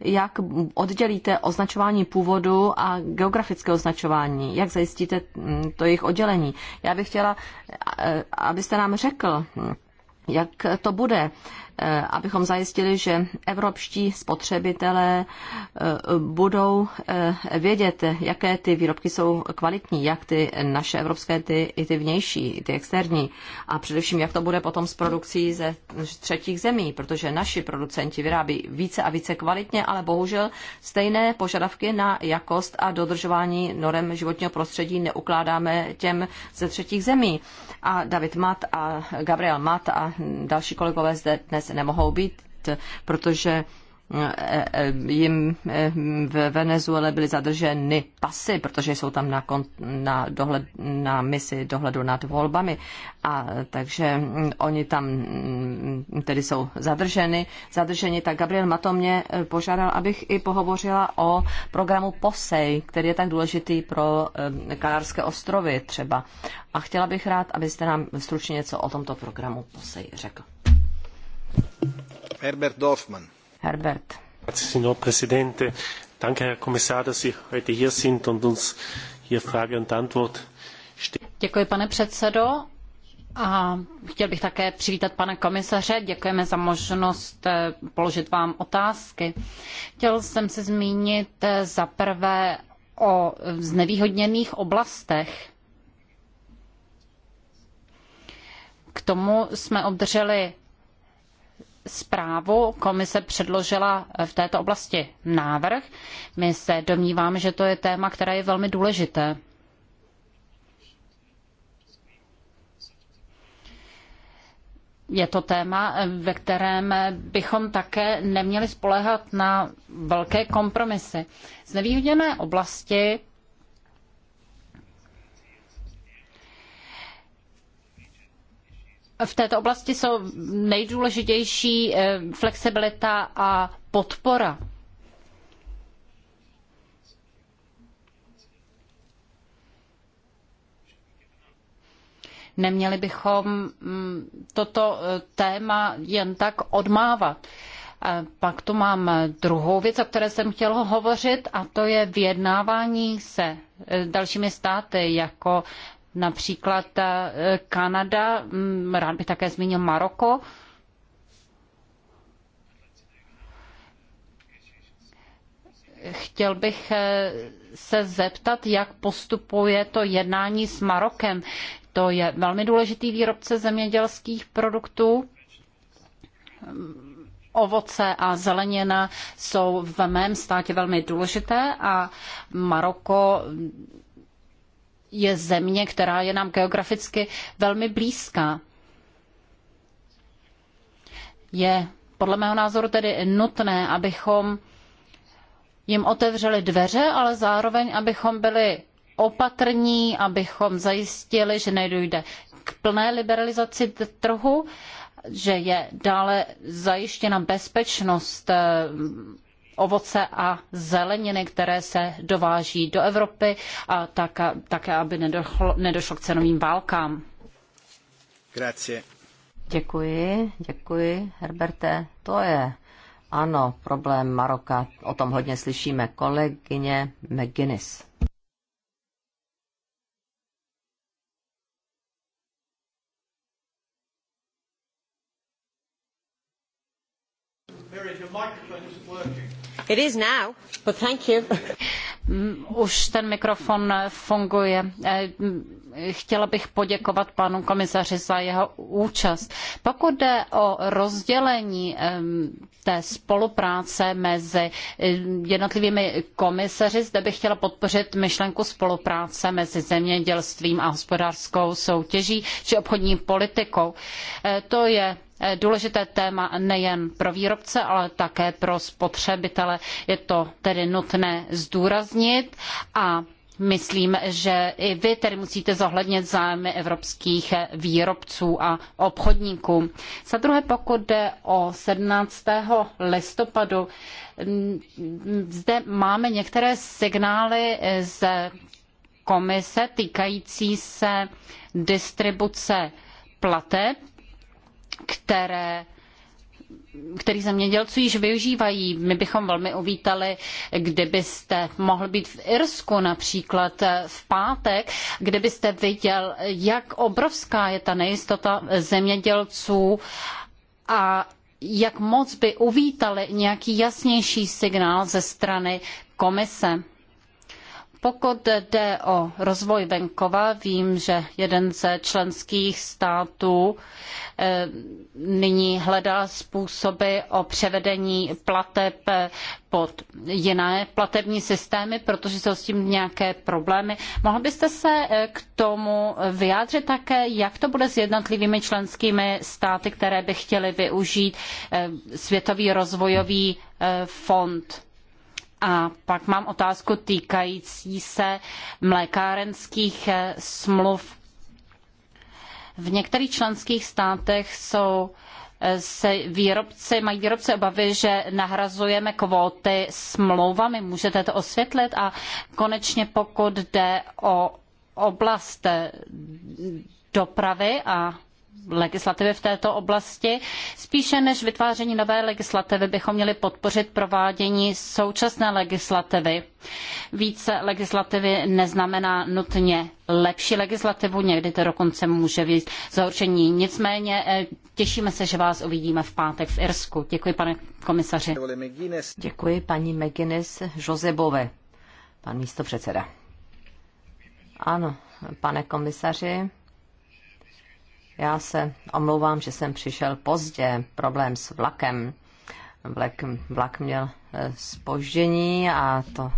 jak oddělíte označování původu a geografické označování, jak zajistíte mm, to jejich oddělení. Já bych chtěla, eh, abyste nám řekl, jak to bude, Eh, abychom zajistili, že evropští spotřebitelé eh, budou eh, vědět, jaké ty výrobky jsou kvalitní, jak ty naše evropské, ty i ty vnější, i ty externí. A především, jak to bude potom s produkcí ze třetích zemí, protože naši producenti vyrábí více a více kvalitně, ale bohužel stejné požadavky na jakost a dodržování norem životního prostředí neukládáme těm ze třetích zemí. A David Mat a Gabriel Mat a další kolegové zde dnes dnes nemohou být, protože eh, eh, jim eh, v Venezuele byly zadrženy pasy, protože jsou tam na, kont, na, dohled, na misi dohledu nad volbami. A takže mm, oni tam mm, tedy jsou zadrženi. Zadrženi, tak Gabriel Mato mě požádal, abych i pohovořila o programu POSEJ, který je tak důležitý pro Kanárské ostrovy třeba. A chtěla bych rád, abyste nám stručně něco o tomto programu POSEJ řekl. Herbert Dorfman. Herbert.
Signor Presidente, danke Herr Kommissar, dass Sie heute hier sind und uns hier Frage und Antwort
Děkuji, pane předsedo. A chtěl bych také přivítat pane komisaře. Děkujeme za možnost eh, položit vám otázky. Chtěl jsem se zmínit eh, za prvé o znevýhodněných oblastech. K tomu jsme obdrželi zprávu komise předložila v této oblasti návrh. My se domníváme, že to je téma, které je velmi důležité. Je to téma, ve kterém bychom také neměli spolehat na velké kompromisy. Znevýhodněné oblasti v této oblasti jsou nejdůležitější eh, flexibilita a podpora. Neměli bychom mm, toto eh, téma jen tak odmávat. Pak tu mám druhou věc, o které jsem chtěl hovořit, a to je vyjednávání se eh, dalšími státy, jako například eh, Kanada, mm, rád bych také zmínil Maroko. Chtěl bych eh, se zeptat, jak postupuje to jednání s Marokem. To je velmi důležitý výrobce zemědělských produktů. Ovoce a zelenina jsou v mém státě velmi důležité a Maroko je země, která je nám geograficky velmi blízká. Je podle mého názoru tedy nutné, abychom jim otevřeli dveře, ale zároveň, abychom byli opatrní, abychom zajistili, že nedojde k plné liberalizaci trhu, že je dále zajištěna bezpečnost eh, ovoce a zeleniny, které se dováží do Evropy a také, tak, aby nedošlo, nedošlo k cenovým válkám. Grazie.
Děkuji, děkuji, Herberte. To je, ano, problém Maroka. O tom hodně slyšíme. Kolegyně McGuinness.
your microphone
working. Mm, už ten mikrofon funguje. Eh, mm, chtěla bych poděkovat panu komisaři za jeho účast. Pokud jde o rozdělení té spolupráce mezi eh, jednotlivými komisaři, zde bych chtěla podpořit myšlenku spolupráce mezi zemědělstvím a hospodářskou soutěží či obchodní politikou. Eh, to je Eh, důležité téma nejen pro výrobce, ale také pro spotřebitele. Je to tedy nutné zdůraznit a myslím, že i vy tedy musíte zohlednit zájmy evropských výrobců a obchodníků. Za druhé, pokud jde o 17. listopadu, mm, zde máme některé signály eh, z komise týkající se distribuce plateb které který zemědělců již využívají. My bychom velmi uvítali, kdybyste mohl být v Irsku například v pátek, kdybyste viděl, jak obrovská je ta nejistota zemědělců a jak moc by uvítali nějaký jasnější signál ze strany komise. Pokud jde o rozvoj venkova, vím, že jeden ze členských států eh, nyní hledá způsoby o převedení plateb pod jiné platební systémy, protože jsou s tím nějaké problémy. Mohl byste se eh, k tomu vyjádřit také, jak to bude s jednotlivými členskými státy, které by chtěly využít eh, Světový rozvojový fond? A pak mám otázku týkající se mlékárenských eh, smluv. V některých členských státech jsou eh, se výrobci, mají výrobci obavy, že nahrazujeme kvóty smlouvami. Můžete to osvětlit? A konečně pokud jde o oblast eh, dopravy a legislativy v této oblasti. Spíše než vytváření nové legislativy bychom měli podpořit provádění současné legislativy. Více legislativy neznamená nutně lepší legislativu, někdy to dokonce může být zhoršení. Nicméně eh, těšíme se, že vás uvidíme v pátek v Irsku. Děkuji, pane komisaři.
Děkuji, paní McGuinness Josebové, pan místo předseda. Ano, pane komisaři, já se omlouvám, že jsem přišel pozdě. Problém s vlakem. Vlak, vlak měl spoždění eh, a to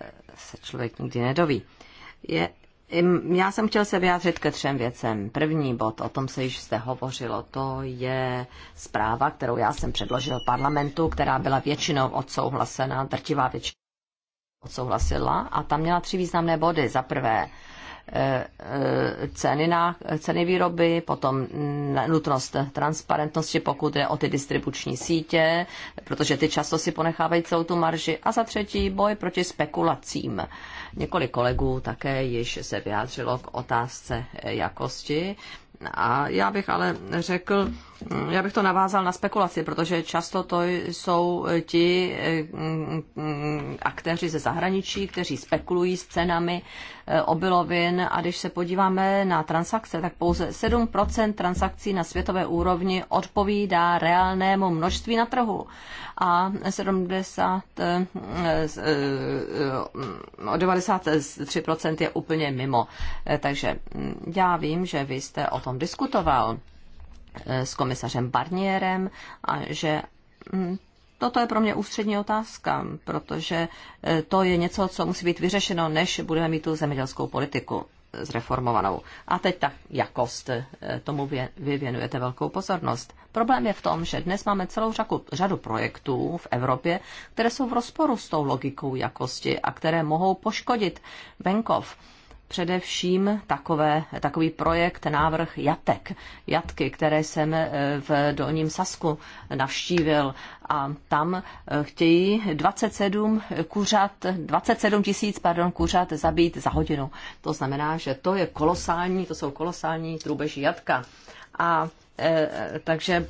eh, se člověk nikdy nedoví. Je, já jsem chtěl se vyjádřit ke třem věcem. První bod, o tom se již jste hovořilo, to je zpráva, kterou já jsem předložil parlamentu, která byla většinou odsouhlasena, drtivá většina odsouhlasila a tam měla tři významné body. Za prvé, Eh, eh, ceny, na, ceny výroby, potom nutnost transparentnosti, pokud je o ty distribuční sítě, protože ty často si ponechávají celou tu marži. A za třetí boj proti spekulacím. Několik kolegů také již se vyjádřilo k otázce jakosti. A já bych ale řekl, já bych to navázal na spekulaci, protože často to jsou ti eh, mm, mm, aktéři ze zahraničí, kteří spekulují s cenami Eh, obilovin a když se podíváme na transakce, tak pouze 7% transakcí na světové úrovni odpovídá reálnému množství na trhu a 70, 93% eh, eh, je úplně mimo. Takže hm, já vím, že vy jste o tom diskutoval s komisařem Barnierem a že hm, Toto je pro mě ústřední otázka, protože e, to je něco, co musí být vyřešeno, než budeme mít tu zemědělskou politiku zreformovanou. A teď ta jakost, e, tomu vy věnujete velkou pozornost. Problém je v tom, že dnes máme celou řadu, řadu projektů v Evropě, které jsou v rozporu s tou logikou jakosti a které mohou poškodit venkov především takové, takový projekt, návrh jatek, jatky, které jsem eh, v Dolním Sasku navštívil a tam eh, chtějí 27 kuřat, 27 tisíc pardon, kuřat zabít za hodinu. To znamená, že to je kolosální, to jsou kolosální trubeží jatka. A eh, takže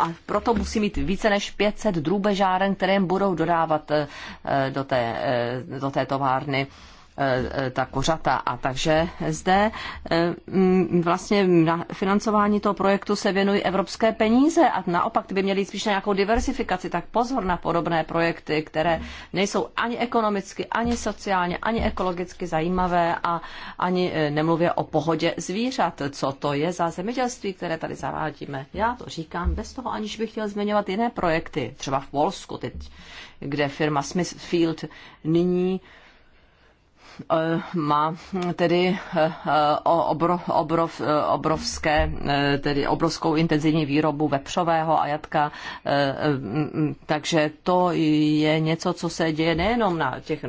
a proto musí mít více než 500 drůbežáren, které jim budou dodávat do té, do té továrny. Eh, eh, ta kořata. A takže zde eh, mm, vlastně na financování toho projektu se věnují evropské peníze a naopak ty by měly spíš na nějakou diversifikaci, tak pozor na podobné projekty, které nejsou ani ekonomicky, ani sociálně, ani ekologicky zajímavé a ani nemluvě o pohodě zvířat, co to je za zemědělství, které tady zavádíme. Já to říkám bez toho, aniž bych chtěl zmiňovat jiné projekty, třeba v Polsku teď, kde firma Smithfield nyní Eh, má tedy eh, obrov, obrov, eh, obrovské, tedy obrovskou intenzivní výrobu vepřového a jatka, takže to je něco, co se děje nejenom na těch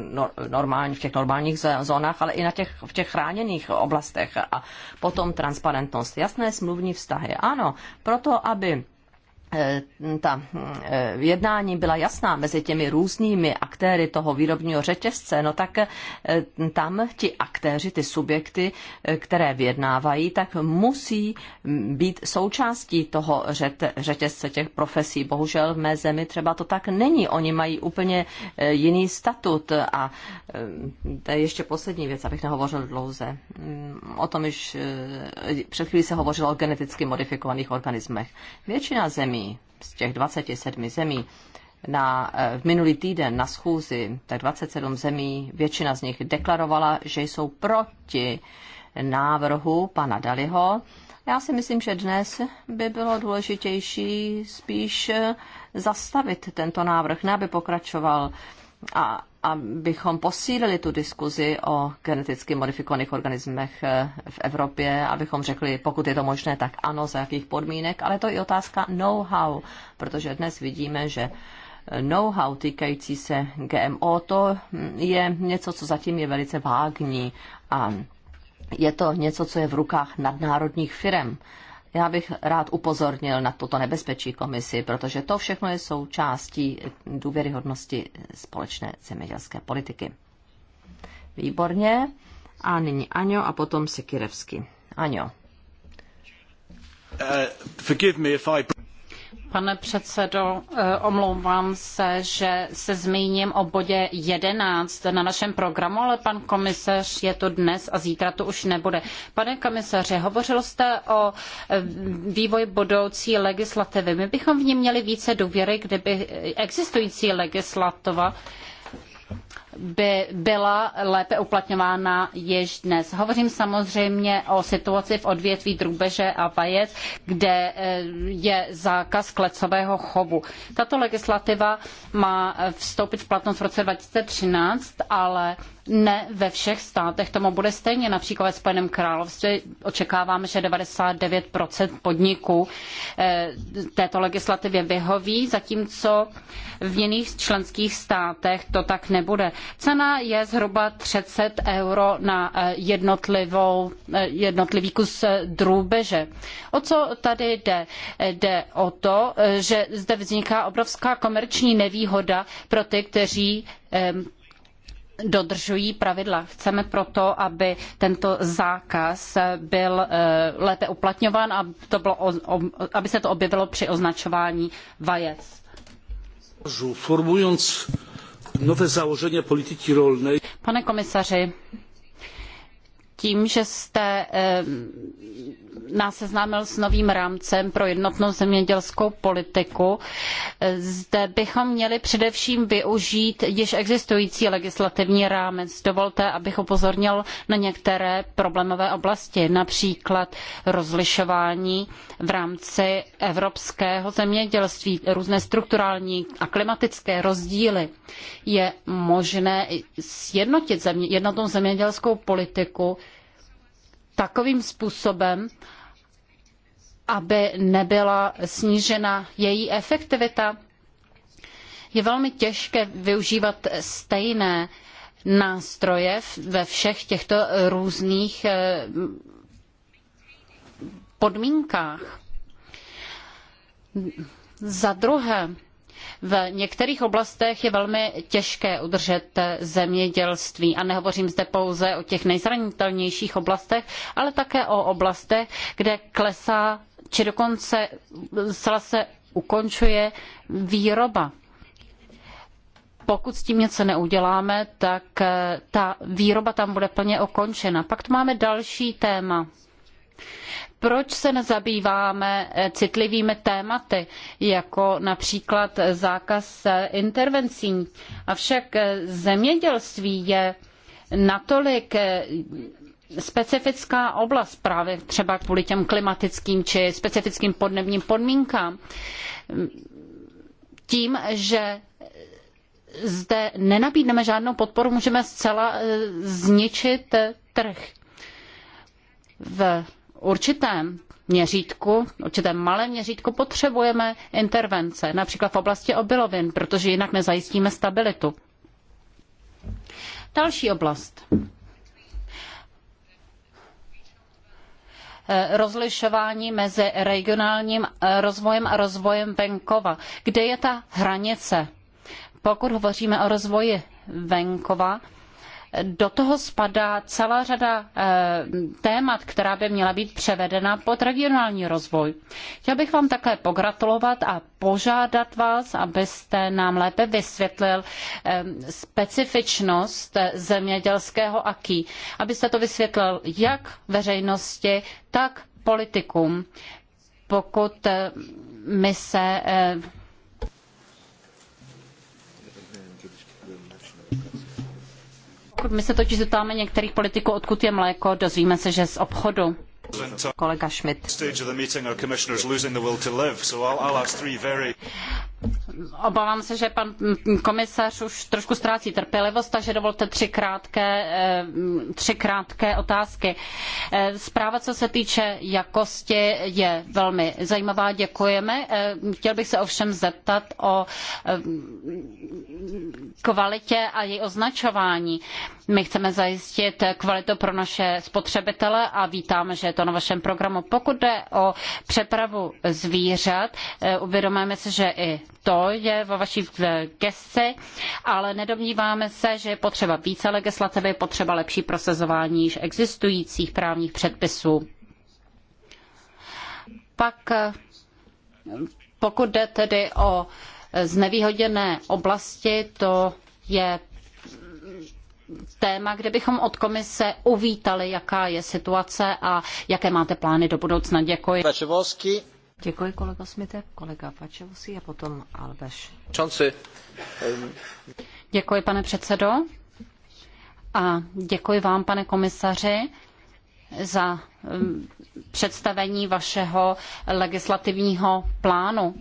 normálních, v těch normálních zónách, ale i na těch, v těch chráněných oblastech a potom transparentnost. Jasné smluvní vztahy. Ano, proto, aby Eh, ta eh, jednání byla jasná mezi těmi různými aktéry toho výrobního řetězce, no tak eh, tam ti aktéři, ty subjekty, které vyjednávají, tak musí být součástí toho řetězce těch profesí. Bohužel v mé zemi třeba to tak není. Oni mají úplně jiný statut a to je ještě poslední věc, abych nehovořil dlouze. Mm, o tom již před chvílí se hovořilo o geneticky modifikovaných organismech. Většina zemí z těch 27 zemí, na, eh, v minulý týden na schůzi, tak 27 zemí, většina z nich deklarovala, že jsou proti návrhu pana Daliho. Já si myslím, že dnes by bylo důležitější spíš eh, zastavit tento návrh, ne aby pokračoval a abychom posílili tu diskuzi o geneticky modifikovaných organismech eh, v Evropě, abychom řekli, pokud je to možné, tak ano, za jakých podmínek, ale to je i otázka know-how, protože dnes vidíme, že eh, know-how týkající se GMO, to hm, je něco, co zatím je velice vágní a je to něco, co je v rukách nadnárodních firm. Já bych rád upozornil na toto nebezpečí komisi, protože to všechno je součástí důvěryhodnosti společné zemědělské politiky. Výborně. A nyní Aňo a potom Sikirevsky. Aňo. Uh,
forgive me if I
pane předsedo. Eh, omlouvám se,
že se zmíním o bodě 11 na našem programu, ale pan komisař je to dnes a zítra to už nebude. Pane komisaři, hovořil jste o eh, vývoji budoucí legislativy. My bychom v ní měli více důvěry, kdyby existující legislativa by byla lépe uplatňována již dnes. Hovořím samozřejmě o situaci v odvětví drůbeže a vajec, kde eh, je zákaz klecového chovu. Tato legislativa má vstoupit v platnost v roce 2013, ale ne ve všech státech tomu bude stejně. Například ve Spojeném království očekáváme, že 99% podniků eh, této legislativě vyhoví, zatímco v jiných členských státech to tak nebude. Cena je zhruba 30 euro na eh, jednotlivou, eh, jednotlivý kus drůbeže. O co tady jde? Jde o to, že zde vzniká obrovská komerční nevýhoda pro ty, kteří dodržují pravidla. Chceme proto, aby tento zákaz byl eh, lépe uplatňován a to bylo, aby se to objevilo při označování vajec. Formując nové založení politiky rolné. Pane komisaři, tím, že jste eh, nás seznámil s novým rámcem pro jednotnou zemědělskou politiku. Zde bychom měli především využít již existující legislativní rámec. Dovolte, abych upozornil na některé problémové oblasti, například rozlišování v rámci evropského zemědělství, různé strukturální a klimatické rozdíly. Je možné sjednotit země, jednotnou zemědělskou politiku, takovým způsobem, aby nebyla snížena její efektivita. Je velmi těžké využívat stejné nástroje ve všech těchto různých eh, podmínkách. Za druhé, v některých oblastech je velmi těžké udržet zemědělství a nehovořím zde pouze o těch nejzranitelnějších oblastech, ale také o oblastech, kde klesá či dokonce zcela se ukončuje výroba pokud s tím něco neuděláme, tak ta výroba tam bude plně ukončena. Pak tu máme další téma proč se nezabýváme eh, citlivými tématy, jako například zákaz eh, intervencí? Avšak eh, zemědělství je natolik specifická oblast právě třeba kvůli těm klimatickým či specifickým podnebním podmínkám. Tím, že zde nenabídneme žádnou podporu, můžeme zcela zničit trh. V určitém měřítku, určité malé měřítku potřebujeme intervence, například v oblasti obilovin, protože jinak nezajistíme stabilitu. Další oblast. rozlišování mezi regionálním rozvojem a rozvojem venkova. Kde je ta hranice? Pokud hovoříme o rozvoji venkova, do toho spadá celá řada eh, témat, která by měla být převedena pod regionální rozvoj. Chtěl bych vám také pogratulovat a požádat vás, abyste nám lépe vysvětlil eh, specifičnost zemědělského aký, abyste to vysvětlil jak veřejnosti, tak politikům, pokud eh, my se my se totiž zeptáme některých politiků, odkud je mléko, dozvíme se, že z obchodu. Kolega Schmidt obávám se, že pan komisař už trošku ztrácí trpělivost, takže dovolte tři krátké, eh, tři krátké otázky. Eh, zpráva, co se týče jakosti, je velmi zajímavá, děkujeme. Eh, chtěl bych se ovšem zeptat o kvalitě a její označování. My chceme zajistit kvalitu pro naše spotřebitele a vítáme, že je to na vašem programu. Pokud jde o přepravu zvířat, uvědomujeme si, že i to je ve vaší eh, gesci, ale nedomníváme se, že je potřeba více legislativy, potřeba lepší prosazování již existujících právních předpisů. Pak eh, pokud jde tedy o eh, znevýhodněné oblasti, to je téma, kde bychom od komise uvítali, jaká je situace a jaké máte plány do budoucna. Děkuji. Děkuji kolego Smite, kolega Fačevosi a potom Albeš. Čonci. Děkuji, pane předsedo. A děkuji vám, pane komisaři, za mm, představení vašeho legislativního plánu.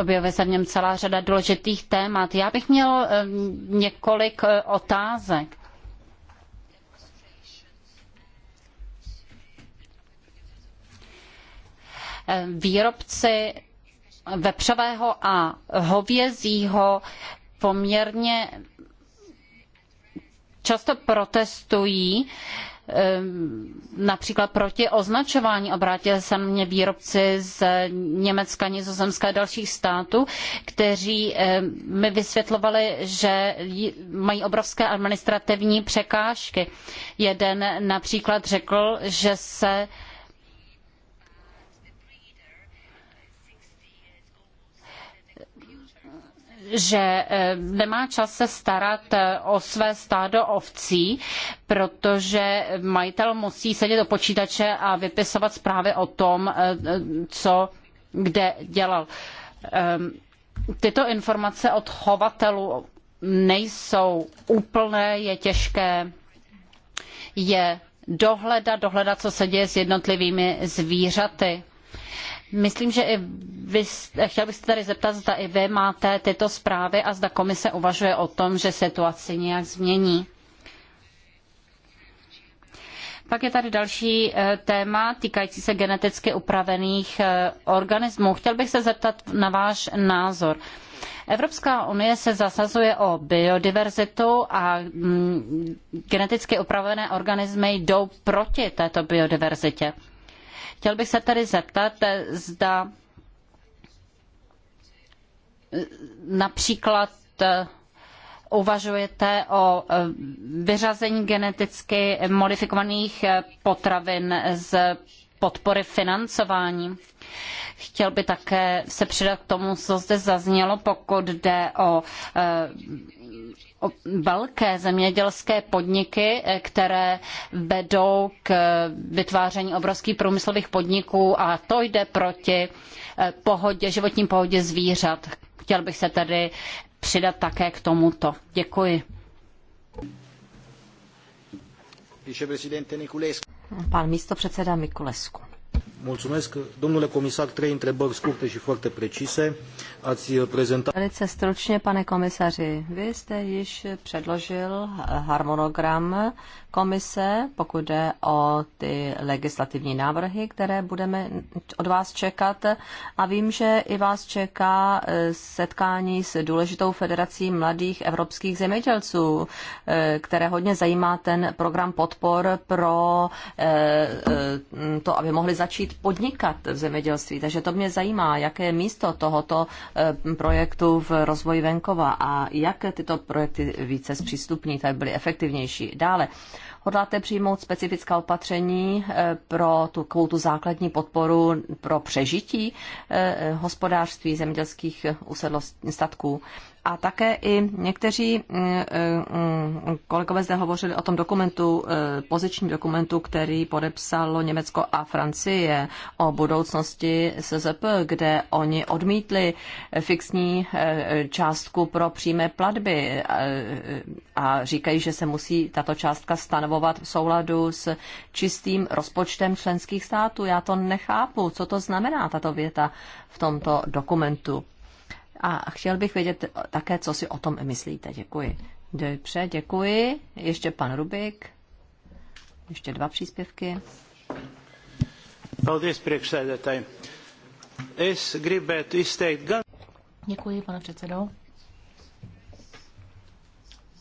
Objevuje se v něm celá řada důležitých témat. Já bych měl mm, několik e, otázek. výrobci vepřového a hovězího poměrně často protestují ehm, například proti označování. Obrátili se na mě výrobci z Německa, Nizozemska a dalších států, kteří ehm, mi vysvětlovali, že mají obrovské administrativní překážky. Jeden například řekl, že se že eh, nemá čas se starat eh, o své stádo ovcí, protože majitel musí sedět do počítače a vypisovat zprávy o tom, eh, co kde dělal. Ehm, tyto informace od chovatelů nejsou úplné, je těžké je dohledat, dohledat, co se děje s jednotlivými zvířaty. Myslím, že i vy, chtěl bych se tady zeptat, zda i vy máte tyto zprávy a zda komise uvažuje o tom, že situaci nějak změní. Pak je tady další eh, téma týkající se geneticky upravených eh, organismů. Chtěl bych se zeptat na váš názor. Evropská unie se zasazuje o biodiverzitu a mm, geneticky upravené organismy jdou proti této biodiverzitě. Chtěl bych se tedy zeptat, zda například eh, uvažujete o eh, vyřazení geneticky modifikovaných eh, potravin z podpory financování. Chtěl by také se přidat k tomu, co zde zaznělo, pokud jde o velké zemědělské podniky, eh, které vedou k eh, vytváření obrovských průmyslových podniků a to jde proti eh, pohodě, životní pohodě zvířat. Chtěl bych se tedy přidat také k tomuto. Děkuji.
Pan místo předseda Mikulesku. Mulțumesc. Domnule comisar, trei întrebări scurte și foarte precise. Ați uh, prezentat... Velice stručně, pane komisaři, vy jste již předložil eh, harmonogram komise, pokud jde o ty legislativní návrhy, které budeme od vás čekat. A vím, že i vás čeká eh, setkání s důležitou federací mladých evropských zemědělců, eh, které hodně zajímá ten program podpor pro to, aby mohli začít podnikat v zemědělství. Takže to mě zajímá, jaké je místo tohoto eh, projektu v rozvoji venkova a jak tyto projekty více zpřístupní, tak byly efektivnější. Dále, hodláte přijmout specifická opatření eh, pro tu, tu základní podporu pro přežití eh, hospodářství zemědělských usedlost, statků? A také i někteří eh, eh, kolegové zde hovořili o tom dokumentu, eh, pozičním dokumentu, který podepsalo Německo a Francie o budoucnosti SZP, kde oni odmítli fixní částku pro přímé platby a říkají, že se musí tato částka stanovovat v souladu s čistým rozpočtem členských států. Já to nechápu, co to znamená tato věta v tomto dokumentu. A chtěl bych vědět také, co si o tom myslíte. Děkuji. Dobře, děkuji. Ještě pan Rubik. Ještě dva příspěvky. Děkuji,
pane předsedo.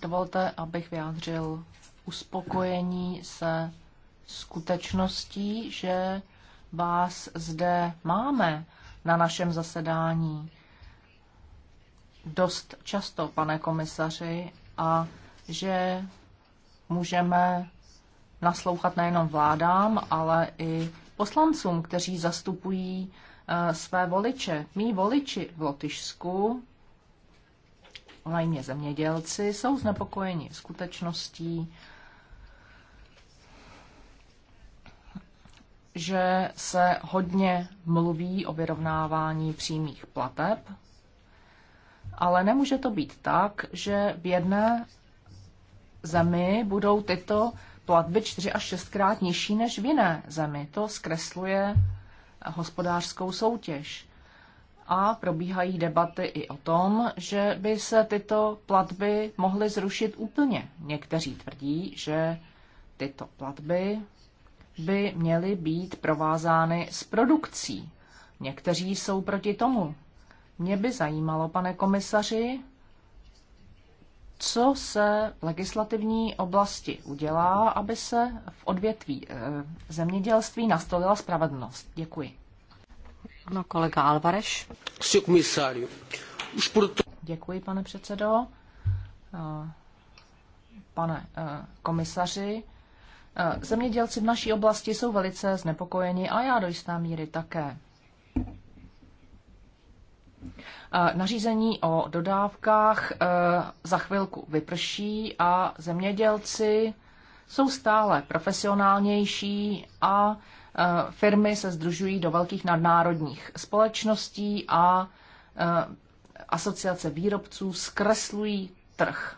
Dovolte, abych vyjádřil uspokojení se skutečností, že vás zde máme na našem zasedání dost často, pane komisaři, a že můžeme naslouchat nejenom vládám, ale i poslancům, kteří zastupují eh, své voliče. Mí voliči v Lotyšsku, hlavně zemědělci, jsou znepokojeni skutečností, že se hodně mluví o vyrovnávání přímých plateb ale nemůže to být tak, že v jedné zemi budou tyto platby čtyři až šestkrát nižší než v jiné zemi. To zkresluje hospodářskou soutěž. A probíhají debaty i o tom, že by se tyto platby mohly zrušit úplně. Někteří tvrdí, že tyto platby by měly být provázány s produkcí. Někteří jsou proti tomu. Mě by zajímalo, pane komisaři, co se v legislativní oblasti udělá, aby se v odvětví eh, zemědělství nastolila spravedlnost. Děkuji.
No, kolega Alvareš.
Děkuji, pane předsedo. Eh, pane eh, komisaři, zemědělci v naší oblasti jsou velice znepokojeni a já do jisté míry také. Eh, nařízení o dodávkách eh, za chvilku vyprší a zemědělci jsou stále profesionálnější a eh, firmy se združují do velkých nadnárodních společností a asociace výrobců zkreslují trh.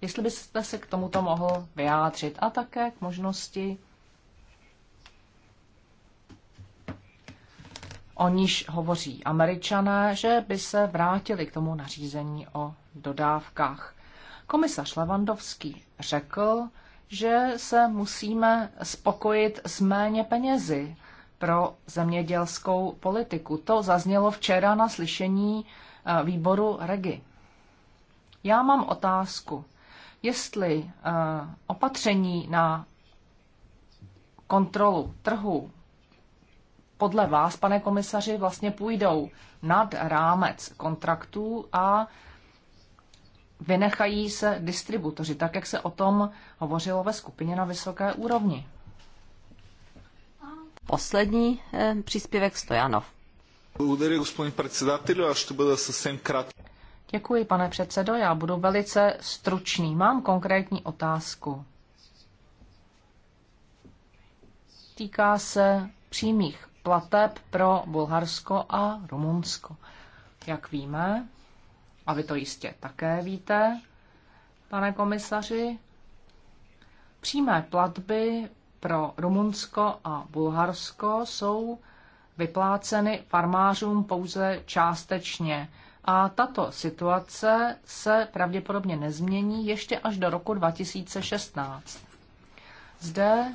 Jestli byste se k tomuto mohl vyjádřit a také k možnosti o níž hovoří američané, že by se vrátili k tomu nařízení o dodávkách. Komisař Levandovský řekl, že se musíme spokojit s méně penězi pro zemědělskou politiku. To zaznělo včera na slyšení eh, výboru REGI. Já mám otázku, jestli eh, opatření na kontrolu trhu podle vás, pane komisaři, vlastně půjdou nad rámec kontraktů a vynechají se distributoři, tak jak se o tom hovořilo ve skupině na vysoké úrovni.
Poslední eh, příspěvek Stojanov. Благодаря, господин председателю. Аз ще бъда съвсем
Děkuji, pane předsedo. Já budu velice stručný. Mám konkrétní otázku. Týká se přímých plateb pro Bulharsko a Rumunsko. Jak víme, a vy to jistě také víte, pane komisaři, přímé platby pro Rumunsko a Bulharsko jsou vypláceny farmářům pouze částečně. A tato situace se pravděpodobně nezmění ještě až do roku 2016. Zde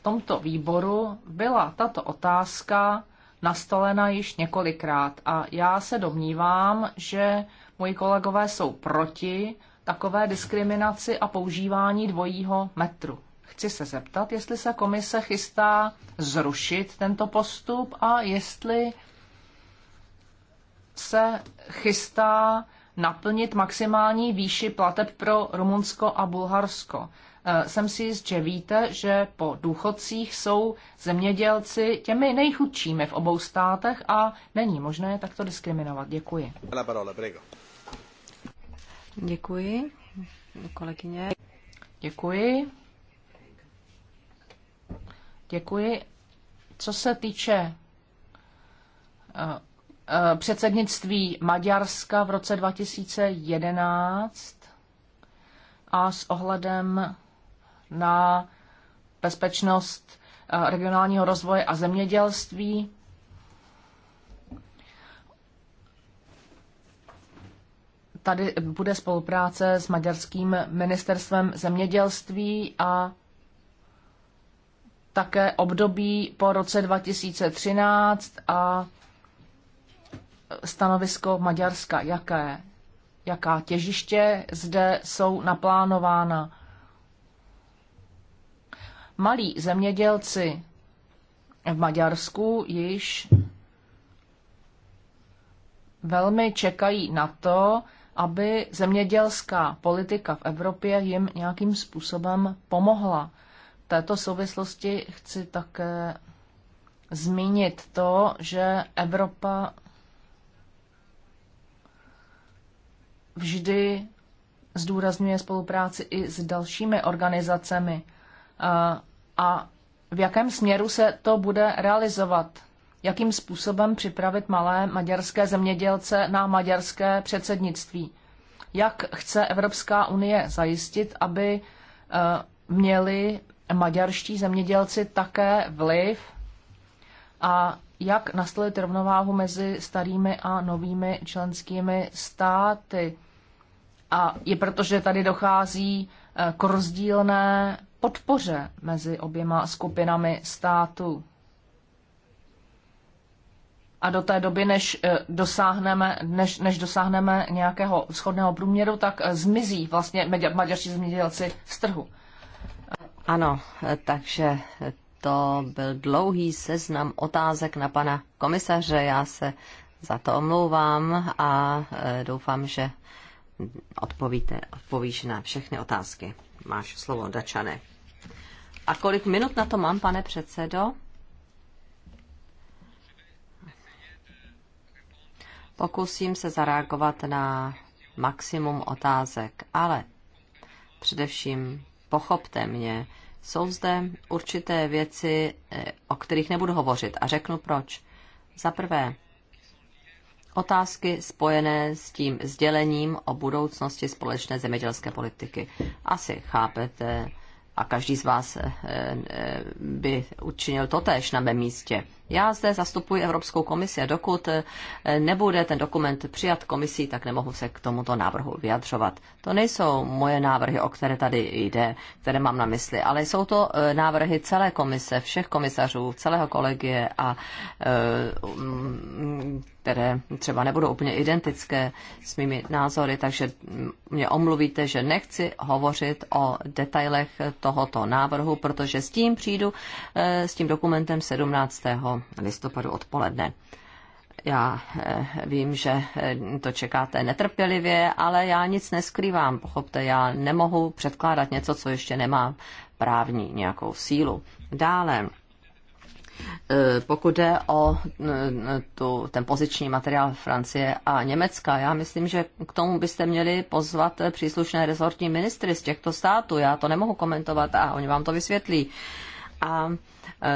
v tomto výboru byla tato otázka nastolena již několikrát a já se domnívám, že moji kolegové jsou proti takové diskriminaci a používání dvojího metru. Chci se zeptat, jestli se komise chystá zrušit tento postup a jestli se chystá naplnit maximální výši plateb pro Rumunsko a Bulharsko. Eh, jsem si jist, že víte, že po důchodcích jsou zemědělci těmi nejchudšími v obou státech a není možné takto diskriminovat. Děkuji.
Děkuji. Kolegyně. Děkuji. Děkuji.
Co se týče eh, eh, předsednictví Maďarska v roce 2011 a s ohledem na bezpečnost eh, regionálního rozvoje a zemědělství. Tady bude spolupráce s maďarským ministerstvem zemědělství a také období po roce 2013 a stanovisko Maďarska, jaké, jaká těžiště zde jsou naplánována Malí zemědělci v Maďarsku již velmi čekají na to, aby zemědělská politika v Evropě jim nějakým způsobem pomohla. V této souvislosti chci také zmínit to, že Evropa vždy zdůrazňuje spolupráci i s dalšími organizacemi a v jakém směru se to bude realizovat. Jakým způsobem připravit malé maďarské zemědělce na maďarské předsednictví? Jak chce Evropská unie zajistit, aby eh, měli maďarští zemědělci také vliv a jak nastolit rovnováhu mezi starými a novými členskými státy. A je proto, že tady dochází eh, k rozdílné podpoře mezi oběma skupinami států. A do té doby, než eh, dosáhneme, než, než dosáhneme nějakého schodného průměru, tak eh, zmizí vlastně maďarští zemědělci z
trhu. Ano, takže to byl dlouhý seznam otázek na pana komisaře. Já se za to omlouvám a eh, doufám, že odpovíte, odpovíš na všechny otázky. Máš slovo, Dačane. A kolik minut na to mám, pane předsedo? Pokusím se zareagovat na maximum otázek, ale především pochopte mě, jsou zde určité věci, eh, o kterých nebudu hovořit a řeknu proč. Za prvé, otázky spojené s tím sdělením o budoucnosti společné zemědělské politiky. Asi chápete, a každý z vás eh, eh, by učinil totéž na mém místě. Já zde zastupuji Evropskou komisi a dokud eh, nebude ten dokument přijat komisí, tak nemohu se k tomuto návrhu vyjadřovat. To nejsou moje návrhy, o které tady jde, které mám na mysli, ale jsou to návrhy celé komise, všech komisařů, celého kolegie a které třeba nebudou úplně identické s mými názory, takže mě omluvíte, že nechci hovořit o detailech tohoto návrhu, protože s tím přijdu, eh, s tím dokumentem 17. listopadu odpoledne. Já eh, vím, že eh, to čekáte netrpělivě, ale já nic neskrývám, pochopte, já nemohu předkládat něco, co ještě nemá právní nějakou sílu. Dále Eh, pokud jde o eh, tu, ten poziční materiál Francie a Německa, já myslím, že k tomu byste měli pozvat eh, příslušné rezortní ministry z těchto států. Já to nemohu komentovat a oni vám to vysvětlí. A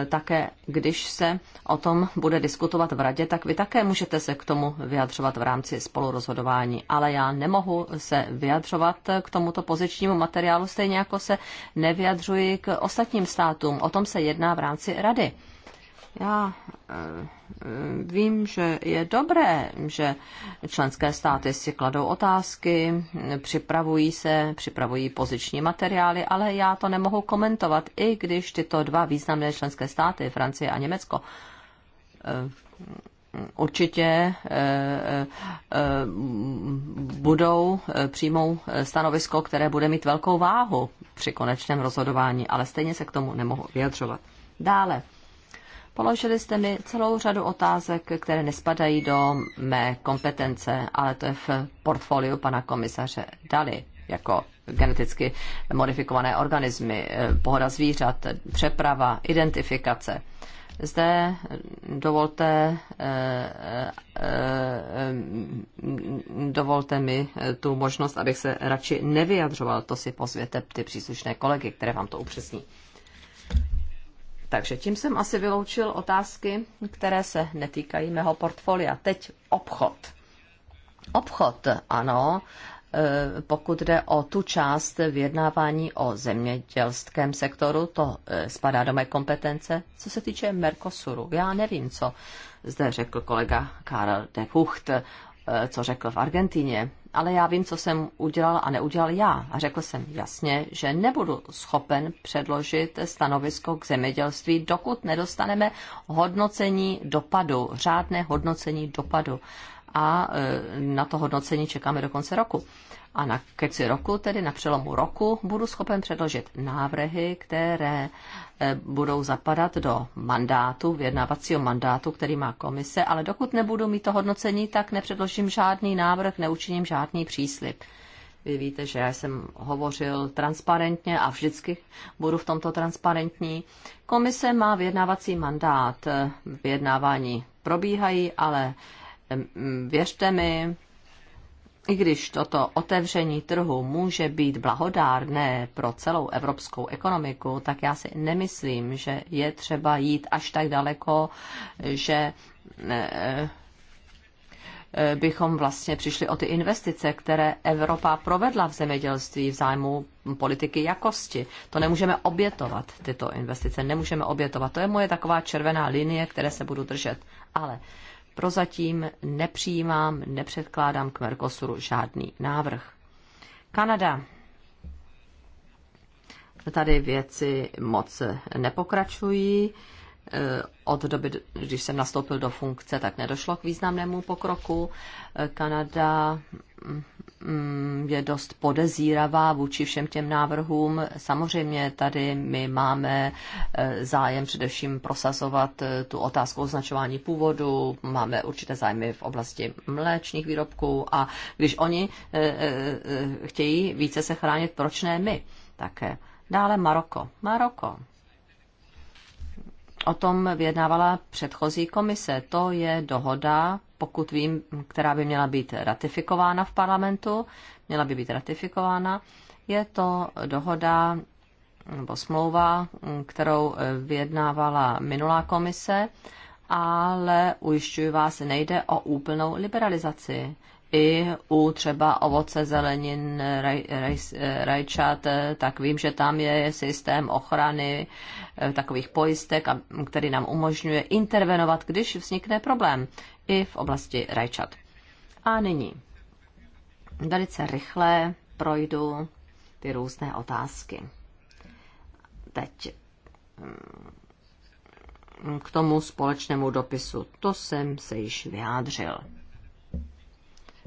také, když se o tom bude diskutovat v radě, tak vy také můžete se k tomu vyjadřovat v rámci spolurozhodování. Ale já nemohu se vyjadřovat k tomuto pozičnímu materiálu, stejně jako se nevyjadřuji k ostatním státům. O tom se jedná v rámci rady. Já eh, vím, že je dobré, že členské státy si kladou otázky, připravují se, připravují poziční materiály, ale já to nemohu komentovat, i když tyto dva významné členské státy, Francie a Německo, eh, určitě eh, budou přímou stanovisko, které bude mít velkou váhu při konečném rozhodování, ale stejně se k tomu nemohu vyjadřovat. Dále Položili jste mi celou řadu otázek, které nespadají do mé kompetence, ale to je v portfoliu pana komisaře Dali jako geneticky modifikované organismy, eh, pohoda zvířat, přeprava, identifikace. Zde eh, dovolte, eh, dovolte mi tu možnost, abych se radši nevyjadřoval. To si pozvěte ty příslušné kolegy, které vám to upřesní. Takže tím jsem asi vyloučil otázky, které se netýkají mého portfolia. Teď obchod. Obchod, ano, e, pokud jde o tu část vyjednávání o zemědělském sektoru, to e, spadá do mé kompetence. Co se týče Mercosuru, já nevím, co zde řekl kolega Karel de Hucht Eh, co řekl v Argentíně, ale já vím, co jsem udělal a neudělal já. A řekl jsem jasně, že nebudu schopen předložit stanovisko k zemědělství, dokud nedostaneme hodnocení dopadu, řádné hodnocení dopadu. A eh, na to hodnocení čekáme do konce roku a na keci roku, tedy na přelomu roku, budu schopen předložit návrhy, které eh, budou zapadat do mandátu, vyjednávacího mandátu, který má komise, ale dokud nebudu mít to hodnocení, tak nepředložím žádný návrh, neučiním žádný příslip. Vy víte, že já jsem hovořil transparentně a vždycky budu v tomto transparentní. Komise má vyjednávací mandát, vyjednávání probíhají, ale mm, věřte mi, i když toto otevření trhu může být blahodárné pro celou evropskou ekonomiku, tak já si nemyslím, že je třeba jít až tak daleko, že eh, eh, bychom vlastně přišli o ty investice, které Evropa provedla v zemědělství v zájmu politiky jakosti. To nemůžeme obětovat, tyto investice nemůžeme obětovat. To je moje taková červená linie, které se budu držet. Ale prozatím nepřijímám, nepředkládám k Mercosuru žádný návrh. Kanada. Tady věci moc nepokračují. Eh, od doby, když jsem nastoupil do funkce, tak nedošlo k významnému pokroku. Eh, Kanada mm, je dost podezíravá vůči všem těm návrhům. Samozřejmě tady my máme eh, zájem především prosazovat tu otázku označování původu, máme určité zájmy v oblasti mléčných výrobků a když oni chtějí více se chránit, proč ne my také? Dále Maroko. Maroko o tom vyjednávala předchozí komise. To je dohoda, pokud vím, která by měla být ratifikována v parlamentu, měla by být ratifikována. Je to dohoda nebo smlouva, kterou vyjednávala minulá komise, ale ujišťuji vás, nejde o úplnou liberalizaci i u třeba ovoce, zelenin, raj, raj, rajčat, tak vím, že tam je systém ochrany eh, takových pojistek, který nám umožňuje intervenovat, když vznikne problém i v oblasti rajčat. A nyní velice rychle projdu ty různé otázky. Teď mm, k tomu společnému dopisu. To jsem se již vyjádřil.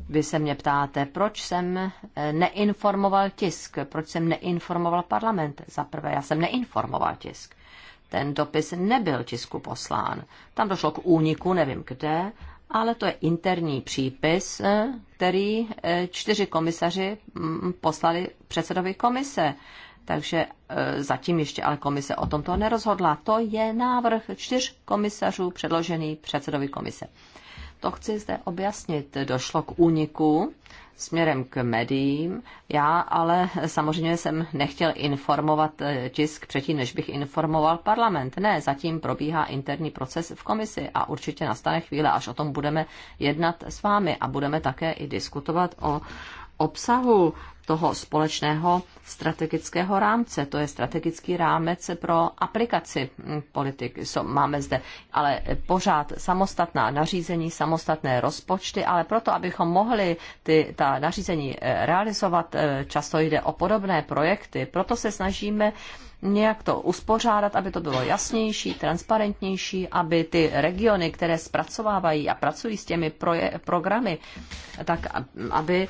Vy se mě ptáte, proč jsem eh, neinformoval tisk, proč jsem neinformoval parlament. Za prvé, já jsem neinformoval tisk. Ten dopis nebyl tisku poslán. Tam došlo k úniku, nevím kde, ale to je interní přípis, eh, který eh, čtyři komisaři mm, poslali předsedovi komise. Takže zatím ještě ale komise o tomto nerozhodla. To je návrh čtyř komisařů předložený předsedovi komise. To chci zde objasnit. Došlo k úniku směrem k médiím. Já ale samozřejmě jsem nechtěl informovat eh, tisk předtím, než bych informoval parlament. Ne, zatím probíhá interní proces v komisi a určitě nastane chvíle, až o tom budeme jednat s vámi a budeme také i diskutovat o obsahu toho společného strategického rámce. To je strategický rámec pro aplikaci mm, politiky. Máme zde ale pořád samostatná nařízení, samostatné rozpočty, ale proto, abychom mohli ty, ta nařízení eh, realizovat, eh, často jde o podobné projekty. Proto se snažíme nějak to uspořádat, aby to bylo jasnější, transparentnější, aby ty regiony, které zpracovávají a pracují s těmi proje- programy, tak aby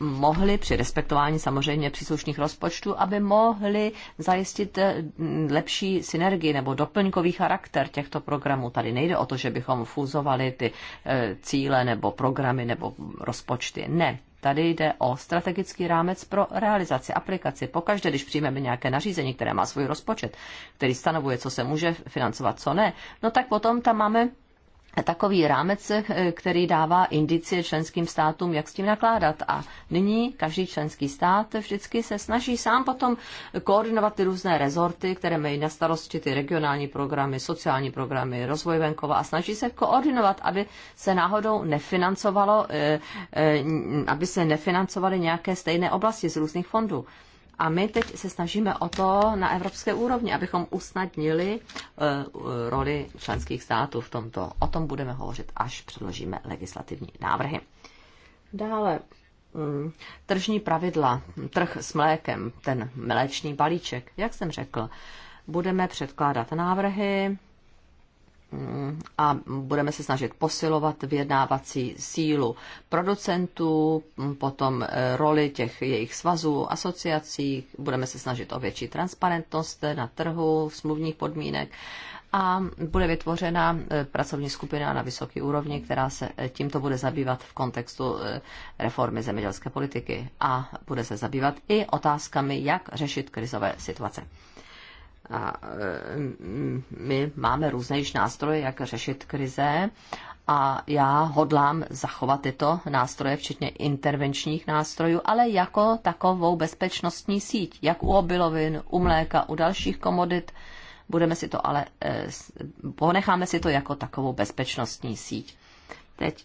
mohly při respektování samozřejmě příslušných rozpočtů, aby mohly zajistit eh, lepší synergii nebo doplňkový charakter těchto programů. Tady nejde o to, že bychom fúzovali ty eh, cíle nebo programy nebo rozpočty. Ne, Tady jde o strategický rámec pro realizaci, aplikaci. Pokaždé, když přijmeme nějaké nařízení, které má svůj rozpočet, který stanovuje, co se může financovat, co ne, no tak potom tam máme takový rámec, eh, který dává indicie členským státům, jak s tím nakládat. A nyní každý členský stát vždycky se snaží sám potom koordinovat ty různé rezorty, které mají na starosti ty regionální programy, sociální programy, rozvoj venkova a snaží se koordinovat, aby se náhodou nefinancovalo, eh, eh, aby se nefinancovaly nějaké stejné oblasti z různých fondů. A my teď se snažíme o to na evropské úrovni, abychom usnadnili eh, roli členských států v tomto. O tom budeme hovořit, až předložíme legislativní návrhy. Dále mm, tržní pravidla, trh s mlékem, ten mléčný balíček, jak jsem řekl, budeme předkládat návrhy a budeme se snažit posilovat vyjednávací sílu producentů, potom eh, roli těch jejich svazů, asociací, budeme se snažit o větší transparentnost na trhu, smluvních podmínek a bude vytvořena eh, pracovní skupina na vysoké úrovni, která se eh, tímto bude zabývat v kontextu reformy zemědělské politiky a bude se zabývat i otázkami, jak řešit krizové situace. A eh, my máme různé již nástroje, jak řešit krize a já hodlám zachovat tyto nástroje, včetně intervenčních nástrojů, ale jako takovou bezpečnostní síť, jak u obilovin, u mléka, u dalších komodit. Budeme si to ale, eh, ponecháme si to jako takovou bezpečnostní síť. Teď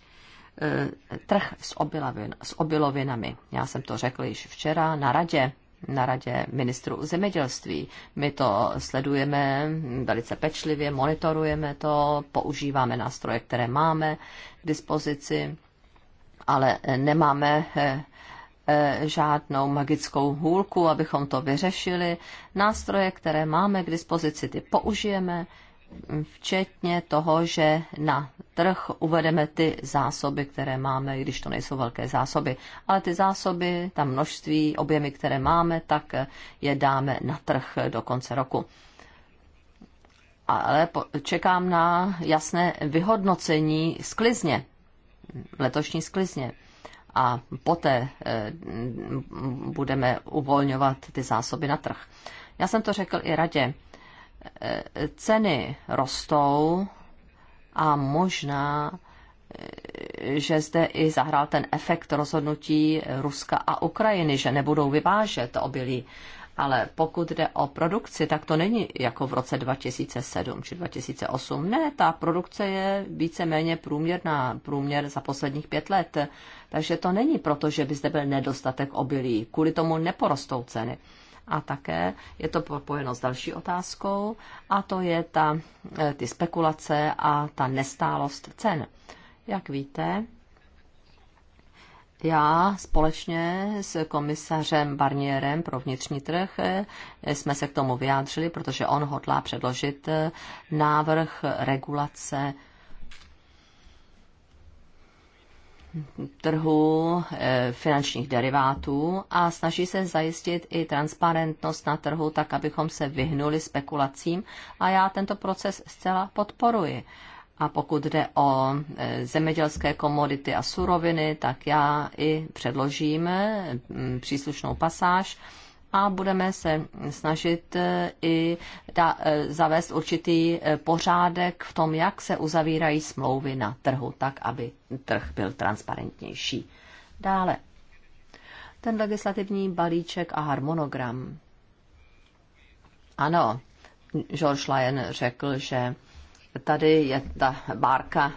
eh, trh s, obilovin, s obilovinami. Já jsem to řekl již včera na radě na radě ministrů zemědělství. My to sledujeme velice pečlivě, monitorujeme to, používáme nástroje, které máme k dispozici, ale nemáme eh, eh, žádnou magickou hůlku, abychom to vyřešili. Nástroje, které máme k dispozici, ty použijeme včetně toho, že na trh uvedeme ty zásoby, které máme, i když to nejsou velké zásoby. Ale ty zásoby, ta množství, objemy, které máme, tak je dáme na trh do konce roku. Ale čekám na jasné vyhodnocení sklizně, letošní sklizně a poté eh, budeme uvolňovat ty zásoby na trh. Já jsem to řekl i radě ceny rostou a možná, že zde i zahrál ten efekt rozhodnutí Ruska a Ukrajiny, že nebudou vyvážet obilí. Ale pokud jde o produkci, tak to není jako v roce 2007 či 2008. Ne, ta produkce je víceméně průměrná, průměr za posledních pět let. Takže to není proto, že by zde byl nedostatek obilí. Kvůli tomu neporostou ceny. A také je to propojeno s další otázkou, a to je ta, e, ty spekulace a ta nestálost cen. Jak víte, já společně s komisařem Barnierem pro vnitřní trh e, jsme se k tomu vyjádřili, protože on hodlá předložit e, návrh regulace trhu eh, finančních derivátů a snaží se zajistit i transparentnost na trhu, tak abychom se vyhnuli spekulacím a já tento proces zcela podporuji. A pokud jde o eh, zemědělské komodity a suroviny, tak já i předložím eh, příslušnou pasáž a budeme se snažit e, i da, e, zavést určitý e, pořádek v tom, jak se uzavírají smlouvy na trhu, tak aby trh byl transparentnější. Dále. Ten legislativní balíček a harmonogram. Ano, George Lyon řekl, že tady je ta bárka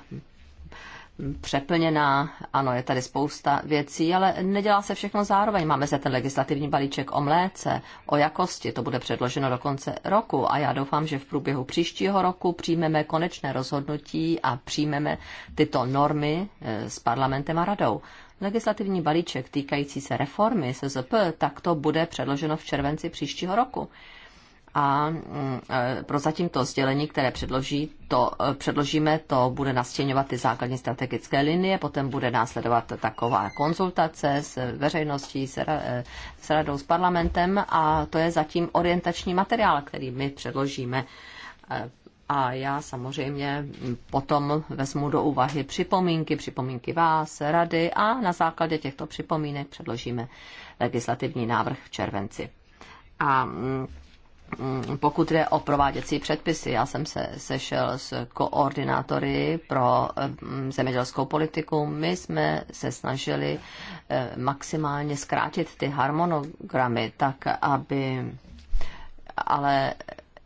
přeplněná, ano, je tady spousta věcí, ale nedělá se všechno zároveň. Máme se ten legislativní balíček o mléce, o jakosti, to bude předloženo do konce roku a já doufám, že v průběhu příštího roku přijmeme konečné rozhodnutí a přijmeme tyto normy eh, s parlamentem a radou. Legislativní balíček týkající se reformy SZP, tak to bude předloženo v červenci příštího roku a mm, e, pro zatím to sdělení, které předloží, to, e, předložíme, to bude nastěňovat ty základní strategické linie, potom bude následovat taková konzultace s veřejností, s, e, s radou, s parlamentem a to je zatím orientační materiál, který my předložíme. A já samozřejmě potom vezmu do úvahy připomínky, připomínky vás, rady a na základě těchto připomínek předložíme legislativní návrh v červenci. A mm, Mm, pokud jde o prováděcí předpisy, já jsem se sešel s koordinátory pro mm, zemědělskou politiku. My jsme se snažili eh, maximálně zkrátit ty harmonogramy, tak aby ale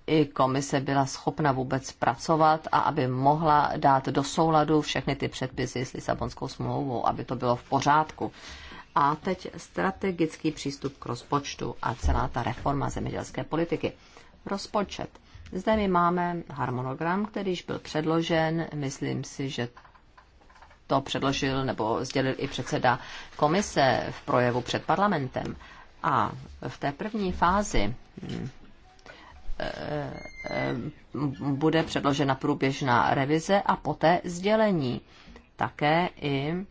i komise byla schopna vůbec pracovat a aby mohla dát do souladu všechny ty předpisy s Lisabonskou smlouvou, aby to bylo v pořádku. A teď strategický přístup k rozpočtu a celá ta reforma zemědělské politiky. Rozpočet. Zde my máme harmonogram, který již byl předložen. Myslím si, že to předložil nebo sdělil i předseda komise v projevu před parlamentem. A v té první fázi mm, eh, eh, bude předložena průběžná revize a poté sdělení. Také i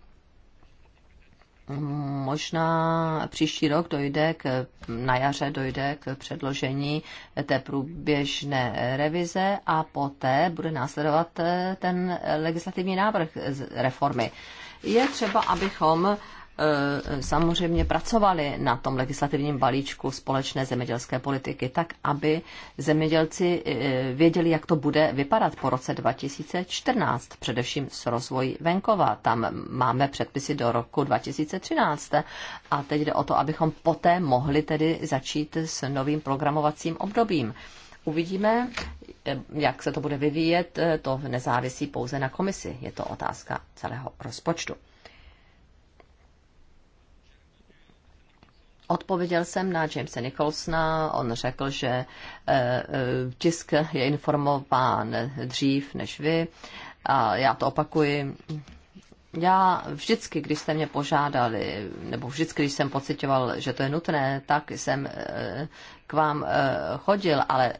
možná příští rok dojde k, na jaře dojde k předložení té průběžné revize a poté bude následovat eh, ten legislativní návrh reformy. Je třeba, abychom Eh, samozřejmě pracovali na tom legislativním balíčku společné zemědělské politiky, tak aby zemědělci eh, věděli, jak to bude vypadat po roce 2014, především s rozvoji venkova. Tam máme předpisy do roku 2013 a teď jde o to, abychom poté mohli tedy začít s novým programovacím obdobím. Uvidíme, eh, jak se to bude vyvíjet, to nezávisí pouze na komisi. Je to otázka celého rozpočtu. Odpověděl jsem na Jamesa Nicholsona, on řekl, že eh, eh, tisk je informován dřív než vy a já to opakuji. Já vždycky, když jste mě požádali, nebo vždycky, když jsem pocitoval, že to je nutné, tak jsem eh, k vám chodil, ale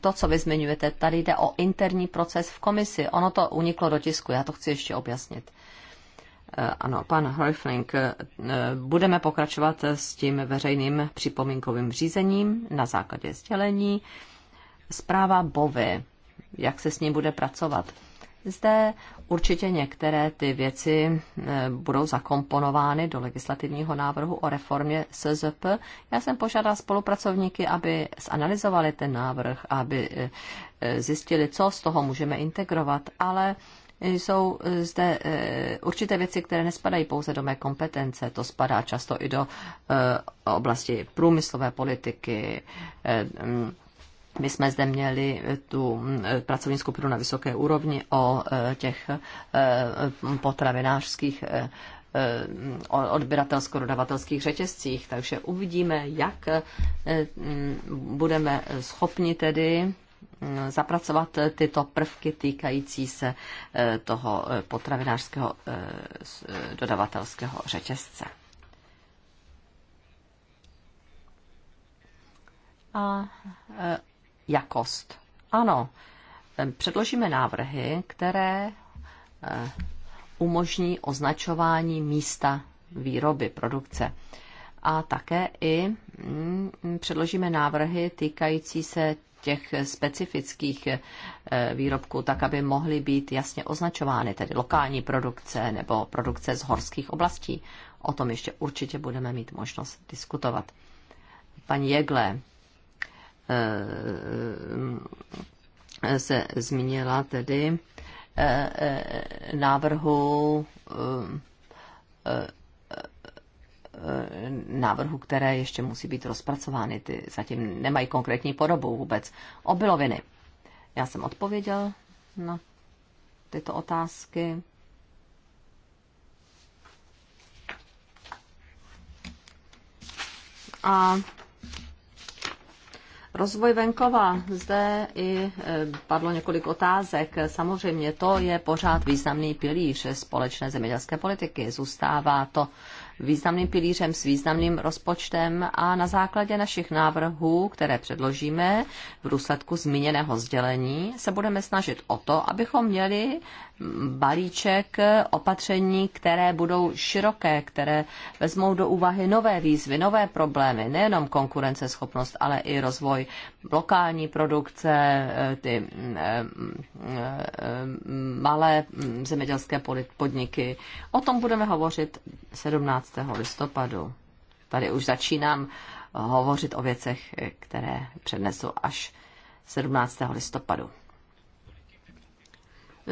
to, co vy zmiňujete, tady jde o interní proces v komisi. Ono to uniklo do tisku, já to chci ještě objasnit. Eh, ano, pan Hojfling, eh, budeme pokračovat s tím veřejným připomínkovým řízením na základě sdělení. Zpráva Bovy, jak se s ním bude pracovat. Zde určitě některé ty věci eh, budou zakomponovány do legislativního návrhu o reformě SZP. Já jsem požádal spolupracovníky, aby zanalizovali ten návrh, aby zjistili, co z toho můžeme integrovat, ale jsou eh, zde eh, určité věci, které nespadají pouze do mé kompetence. To spadá často i do eh, oblasti průmyslové politiky. Mm, my jsme zde měli tu mm, pracovní skupinu na vysoké úrovni o těch potravinářských odběratelsko-dodavatelských řetězcích. Takže uvidíme, jak mm, budeme schopni tedy zapracovat tyto prvky týkající se eh, toho eh, potravinářského eh, dodavatelského řetězce. A jakost. Ano, předložíme návrhy, které umožní označování místa výroby, produkce. A také i mm, předložíme návrhy týkající se těch specifických eh, výrobků, tak aby mohly být jasně označovány, tedy lokální produkce nebo produkce z horských oblastí. O tom ještě určitě budeme mít možnost diskutovat. Paní Jegle eh, se zmínila tedy eh, návrhu Eh, návrhů, které ještě musí být rozpracovány. Ty zatím nemají konkrétní podobu vůbec. Obiloviny. Já jsem odpověděl na tyto otázky. A Rozvoj venkova. Zde i eh, padlo několik otázek. Samozřejmě to je pořád významný pilíř společné zemědělské politiky. Zůstává to významným pilířem s významným rozpočtem a na základě našich návrhů, které předložíme v důsledku zmíněného sdělení, se budeme snažit o to, abychom měli balíček opatření, které budou široké, které vezmou do úvahy nové výzvy, nové problémy, nejenom konkurenceschopnost, ale i rozvoj lokální produkce, ty mm, mm, mm, malé zemědělské podniky. O tom budeme hovořit 17. listopadu. Tady už začínám hovořit o věcech, které přednesu až 17. listopadu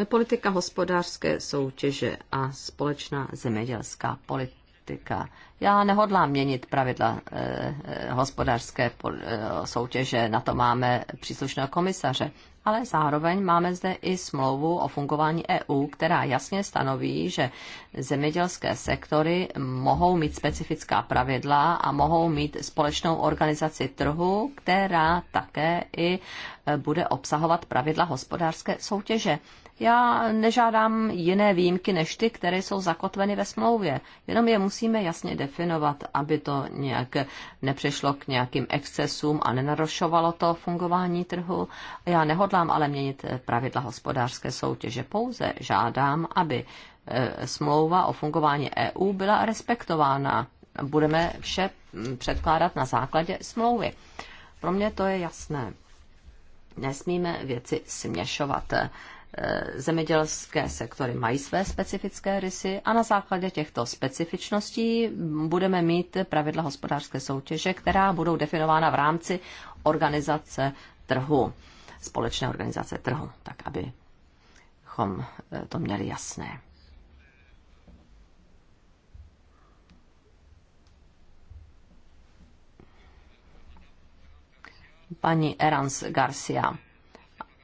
politika hospodářské soutěže a společná zemědělská politika. Já nehodlám měnit pravidla eh, eh hospodářské eh, soutěže, na to máme příslušného komisaře. Ale zároveň máme zde i smlouvu o fungování EU, která jasně stanoví, že zemědělské sektory mohou mít specifická pravidla a mohou mít společnou organizaci trhu, která také i eh, bude obsahovat pravidla hospodářské soutěže. Já nežádám jiné výjimky než ty, které jsou zakotveny ve smlouvě. Jenom je musíme jasně definovat, aby to nějak nepřešlo k nějakým excesům a nenarošovalo to fungování trhu. Já nehodlám ale měnit pravidla hospodářské soutěže. Pouze žádám, aby e, smlouva o fungování EU byla respektována. Budeme vše předkládat na základě smlouvy. Pro mě to je jasné. Nesmíme věci směšovat. Eh, zemědělské sektory mají své specifické rysy a na základě těchto specifičností budeme mít pravidla hospodářské soutěže, která budou definována v rámci organizace trhu, společné organizace trhu, tak abychom eh, to měli jasné. Paní Erans Garcia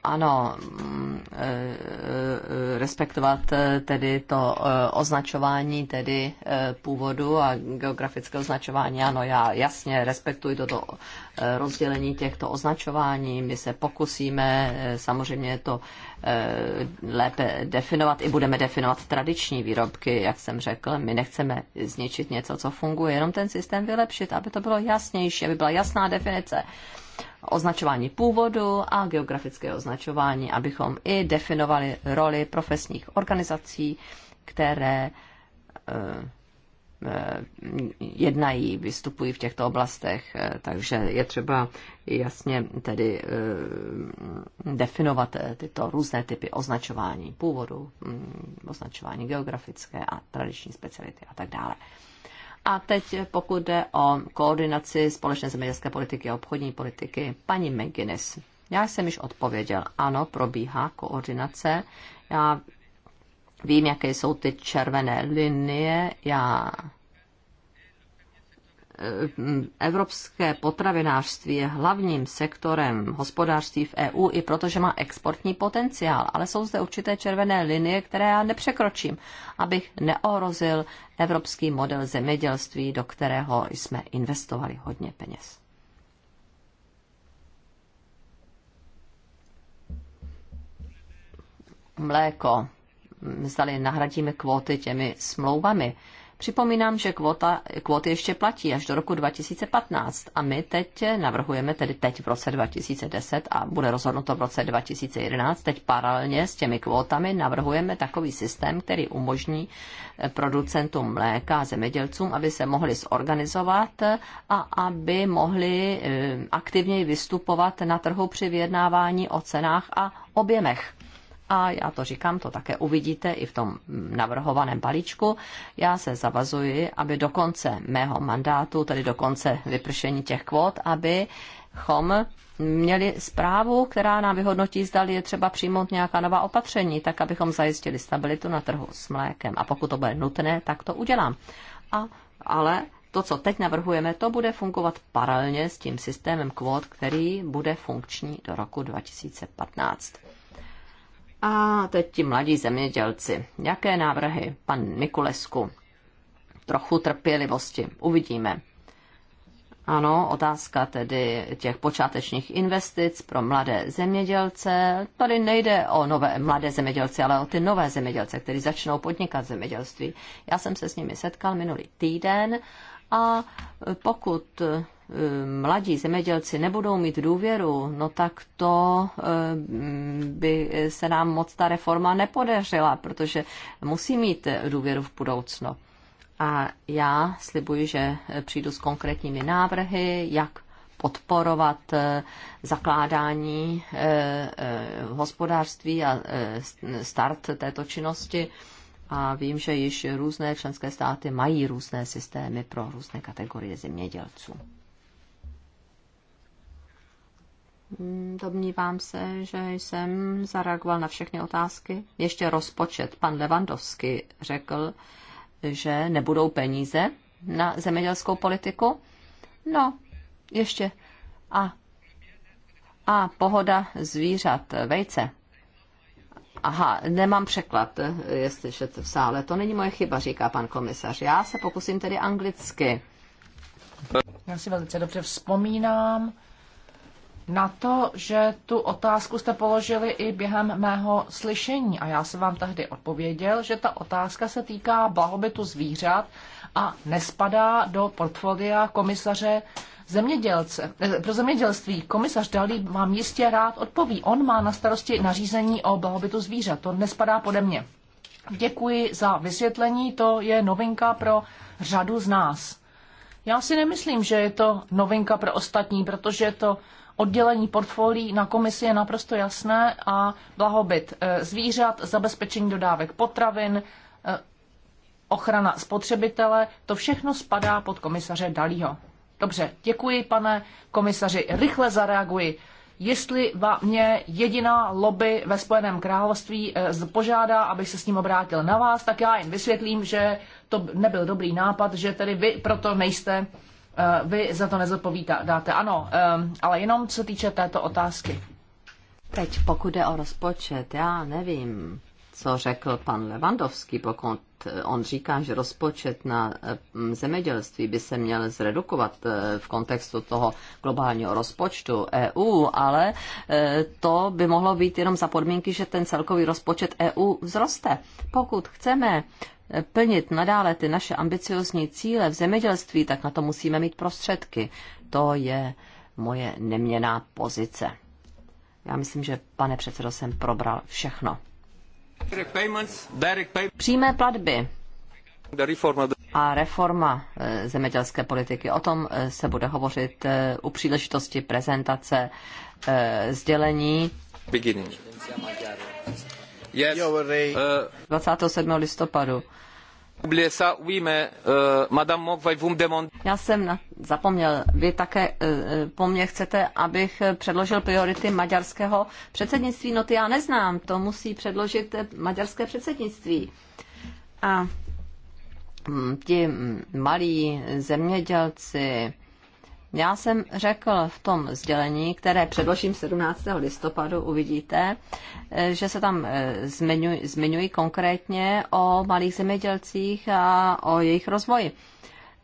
ano, mm, e, e, respektovat e, tedy to označování tedy původu a geografické označování. Ano, já jasně respektuji toto rozdělení těchto označování. My se pokusíme samozřejmě to lépe definovat i budeme definovat tradiční výrobky, jak jsem řekl. My nechceme zničit něco, co funguje, jenom ten systém vylepšit, aby to bylo jasnější, aby byla jasná definice označování původu a geografické označování, abychom i definovali roli profesních organizací, které eh, eh, jednají, vystupují v těchto oblastech, eh, takže je třeba jasně tedy definovat tyto různé typy označování původu, mm, označování geografické a tradiční speciality a tak dále. A teď pokud jde o koordinaci společné zemědělské politiky a obchodní politiky, paní McGuinness, já jsem již odpověděl, ano, probíhá koordinace. Já vím, jaké jsou ty červené linie, já evropské potravinářství je hlavním sektorem hospodářství v EU i protože má exportní potenciál, ale jsou zde určité červené linie, které já nepřekročím, abych neohrozil evropský model zemědělství, do kterého jsme investovali hodně peněz. Mléko. Zdali nahradíme kvóty těmi smlouvami Připomínám, že kvota, kvoty ještě platí až do roku 2015 a my teď navrhujeme, tedy teď v roce 2010 a bude rozhodnuto v roce 2011, teď paralelně s těmi kvótami navrhujeme takový systém, který umožní eh, producentům mléka a zemědělcům, aby se mohli zorganizovat eh, a aby mohli eh, aktivněji vystupovat na trhu při vyjednávání o cenách a objemech a já to říkám, to také uvidíte i v tom navrhovaném balíčku, já se zavazuji, aby do konce mého mandátu, tedy do konce vypršení těch kvót, aby chom měli zprávu, která nám vyhodnotí, zda je třeba přijmout nějaká nová opatření, tak abychom zajistili stabilitu na trhu s mlékem. A pokud to bude nutné, tak to udělám. A, ale to, co teď navrhujeme, to bude fungovat paralelně s tím systémem kvót, který bude funkční do roku 2015. A teď ti mladí zemědělci. Jaké návrhy, pan Nikulesku? Trochu trpělivosti. Uvidíme. Ano, otázka tedy těch počátečních investic pro mladé zemědělce. Tady nejde o nové mladé zemědělce, ale o ty nové zemědělce, kteří začnou podnikat v zemědělství. Já jsem se s nimi setkal minulý týden a pokud e, mladí zemědělci nebudou mít důvěru, no tak to e, by se nám moc ta reforma nepodařila, protože musí mít důvěru v budoucno. A já slibuji, že přijdu s konkrétními návrhy, jak podporovat e, zakládání hospodářství a start této činnosti a vím, že již různé členské státy mají různé systémy pro různé kategorie zemědělců. Hmm, domnívám se, že jsem zareagoval na všechny otázky. Ještě rozpočet. Pan Levandovský řekl, že nebudou peníze na zemědělskou politiku. No, ještě. A, a pohoda zvířat, vejce. Aha, nemám překlad, jestli šet v sále. To není moje chyba, říká pan komisař. Já se pokusím tedy anglicky.
Já si velice dobře vzpomínám na to, že tu otázku jste položili i během mého slyšení a já jsem vám tehdy odpověděl, že ta otázka se týká blahobytu zvířat a nespadá do portfolia komisaře zemědělce, eh, pro zemědělství. Komisař Dalí vám jistě rád odpoví. On má na starosti nařízení o blahobytu zvířat. To nespadá pode mě. Děkuji za vysvětlení, to je novinka pro řadu z nás. Já si nemyslím, že je to novinka pro ostatní, protože to oddělení portfolí na komisi je naprosto jasné a blahobyt eh, zvířat, zabezpečení dodávek potravin, eh, ochrana spotřebitele, to všechno spadá pod komisaře Dalího. Dobře, děkuji, pane komisaři. Rychle zareaguji. Jestli vám mě jediná lobby ve Spojeném království eh, požádá, abych se s ním obrátil na vás, tak já jim vysvětlím, že to nebyl dobrý nápad, že tedy vy proto nejste, eh, vy za to nezodpovídáte. Ano, eh, ale jenom co týče
této otázky. Teď pokud jde o rozpočet, já nevím, co řekl pan Levandovský, pokud on říká, že rozpočet na mm, zemědělství by se měl zredukovat e, v kontextu toho globálního rozpočtu EU, ale e, to by mohlo být jenom za podmínky, že ten celkový rozpočet EU vzroste. Pokud chceme e, plnit nadále ty naše ambiciozní cíle v zemědělství, tak na to musíme mít prostředky. To je moje neměná pozice. Já myslím, že pane předsedo, jsem probral všechno. Přímé platby a reforma eh, zemědělské politiky. O tom eh, se bude hovořit eh, u příležitosti prezentace sdělení. 27. listopadu.
Euh,
já jsem zapomněl, vy také eh, eh, po mně chcete, abych eh, předložil priority maďarského předsednictví. No ty já neznám, to musí předložit maďarské předsednictví. A mm, ti mm, malí zemědělci, já jsem řekl v tom sdělení, které předložím 17. listopadu, uvidíte, eh, že se tam eh, zmiňuji, zmiňuji konkrétně o malých zemědělcích a o jejich rozvoji.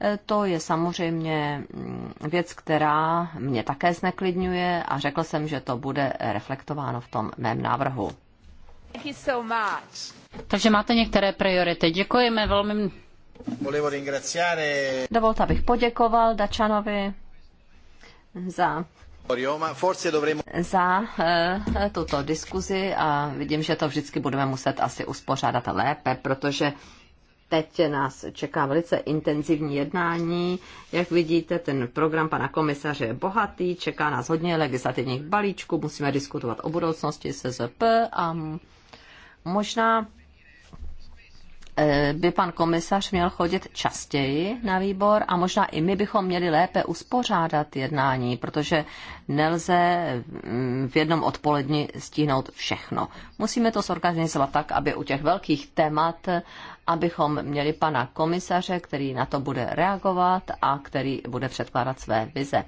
Eh, to je samozřejmě mm, věc, která mě také zneklidňuje a řekl jsem, že to bude reflektováno v tom mém návrhu.
So
Takže máte některé priority. Děkujeme velmi.
Dovolte, abych poděkoval Dačanovi za za eh, tuto diskuzi a vidím, že to vždycky budeme muset asi uspořádat lépe, protože teď nás čeká velice intenzivní jednání. Jak vidíte, ten program pana komisaře je bohatý, čeká nás hodně legislativních balíčků, musíme diskutovat o budoucnosti SZP a možná Eh, by pan komisař měl chodit častěji na výbor a možná i my bychom měli lépe uspořádat jednání, protože nelze mm, v jednom odpoledni stihnout všechno. Musíme to zorganizovat tak, aby u těch velkých témat, abychom měli pana komisaře, který na to bude reagovat a který bude předkládat své vize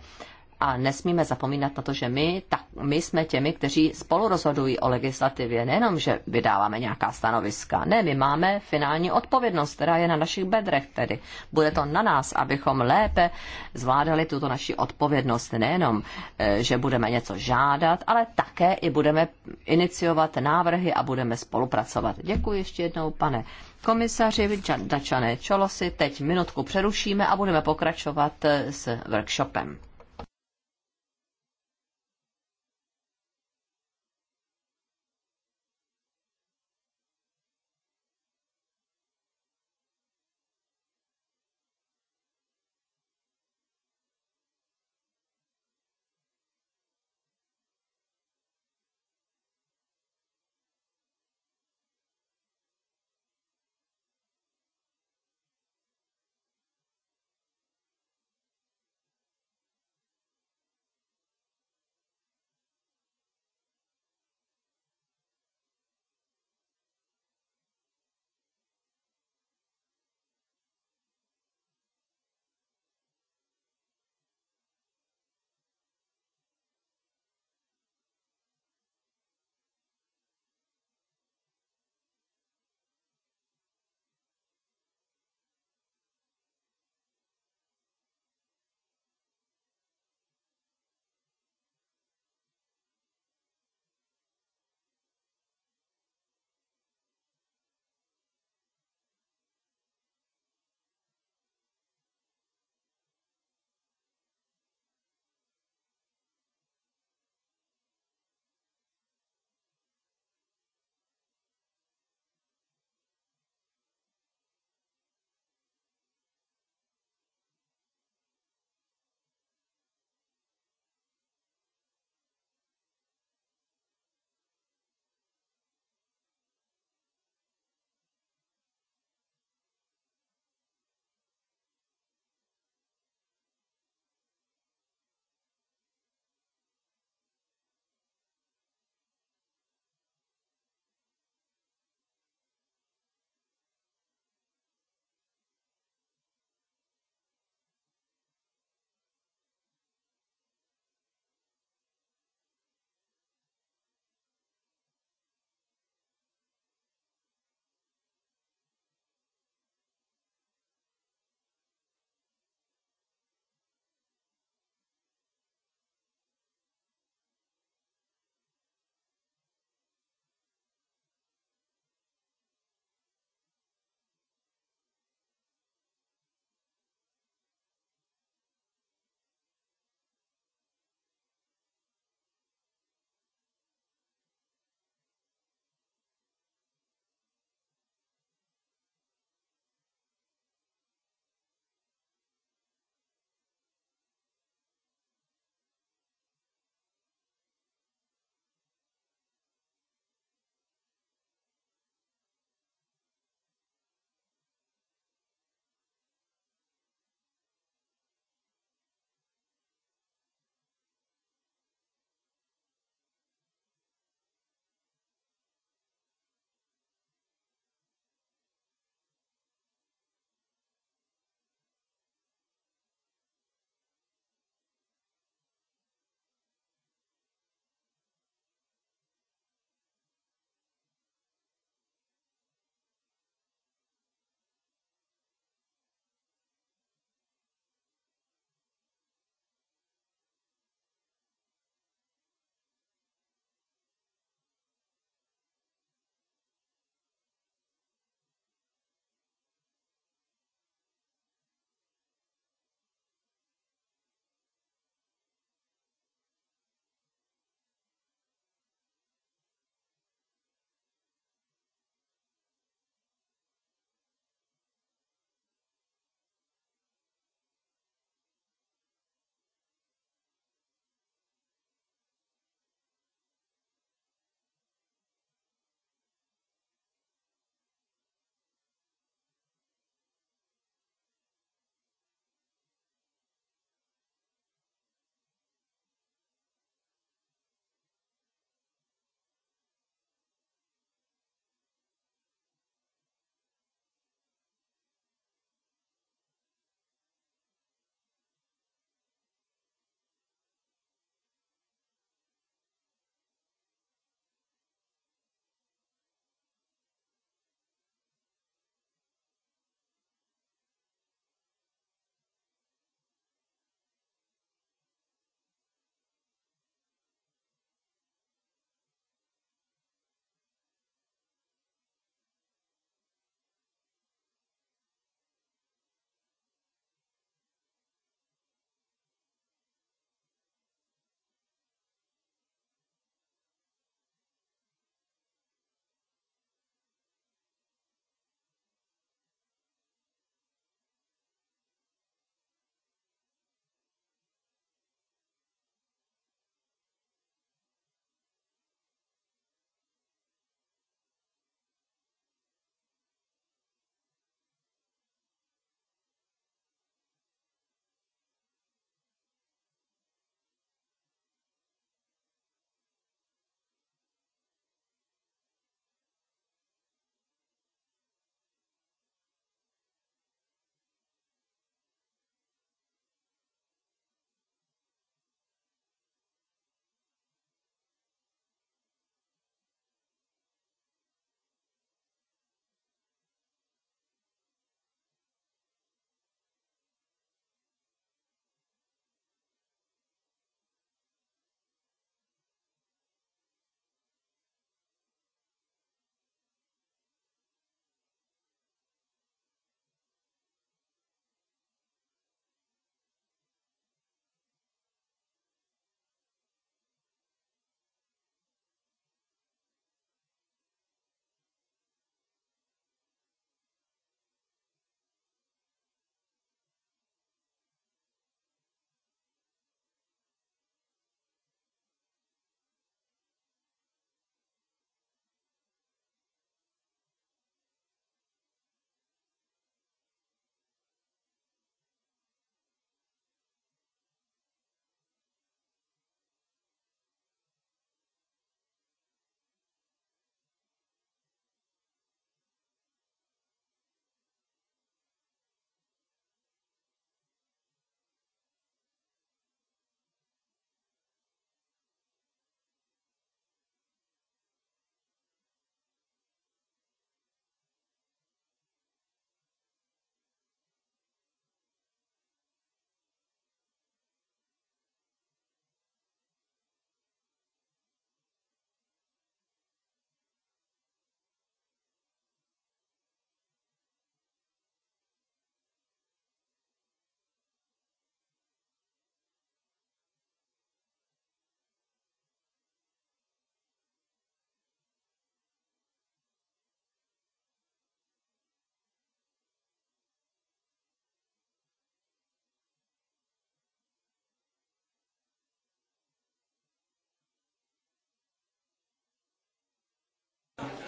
a nesmíme zapomínat na to, že my, ta, my jsme těmi, kteří spolu rozhodují o legislativě. Nejenom, že vydáváme nějaká stanoviska. Ne, my máme finální odpovědnost, která je na našich bedrech tedy. Bude to na nás, abychom lépe zvládali tuto naši odpovědnost. Nejenom, eh, že budeme něco žádat, ale také i budeme iniciovat návrhy a budeme spolupracovat. Děkuji ještě jednou, pane komisaři Dačané Čolosi. Teď minutku přerušíme a budeme pokračovat eh, s workshopem.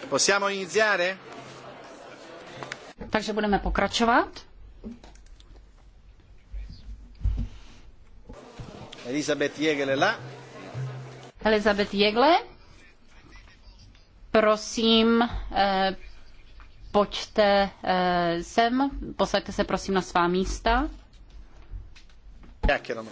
Possiamo iniziare?
Takže budeme pokračovat.
Elizabeth Jegle là.
Elizabeth Jegle, prosím, eh, pojďte eh, sem, posaďte se prosím na svá místa.
Děkujeme.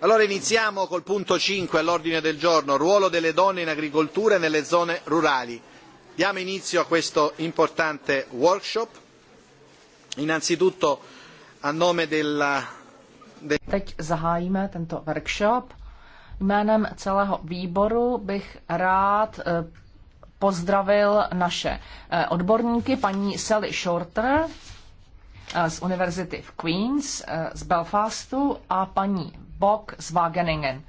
Allora iniziamo col punto 5 all'ordine del giorno, ruolo delle donne in agricoltura e nelle zone rurali. Diamo inizio a questo importante workshop. Innanzitutto a nome della... De...
Teď zahájíme tento workshop. Jménem celého výboru bych rád eh, pozdravil naše eh, odborníky, paní Sally Shorter eh, z Univerzity v Queens z Belfastu a paní Bock z Wageningen.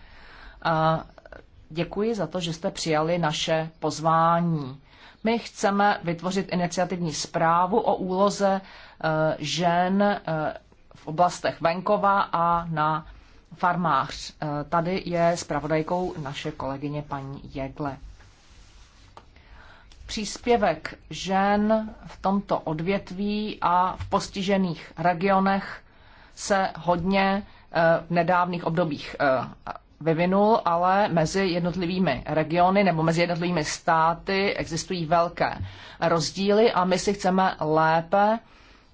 Děkuji za to, že jste přijali naše pozvání. My chceme vytvořit iniciativní zprávu o úloze e, žen e, v oblastech venkova a na farmář. E, tady je zpravodajkou naše kolegyně paní Jegle. Příspěvek žen v tomto odvětví a v postižených regionech se hodně Eh, v nedávných obdobích eh, vyvinul, ale mezi jednotlivými regiony nebo mezi jednotlivými státy existují velké rozdíly a my si chceme lépe,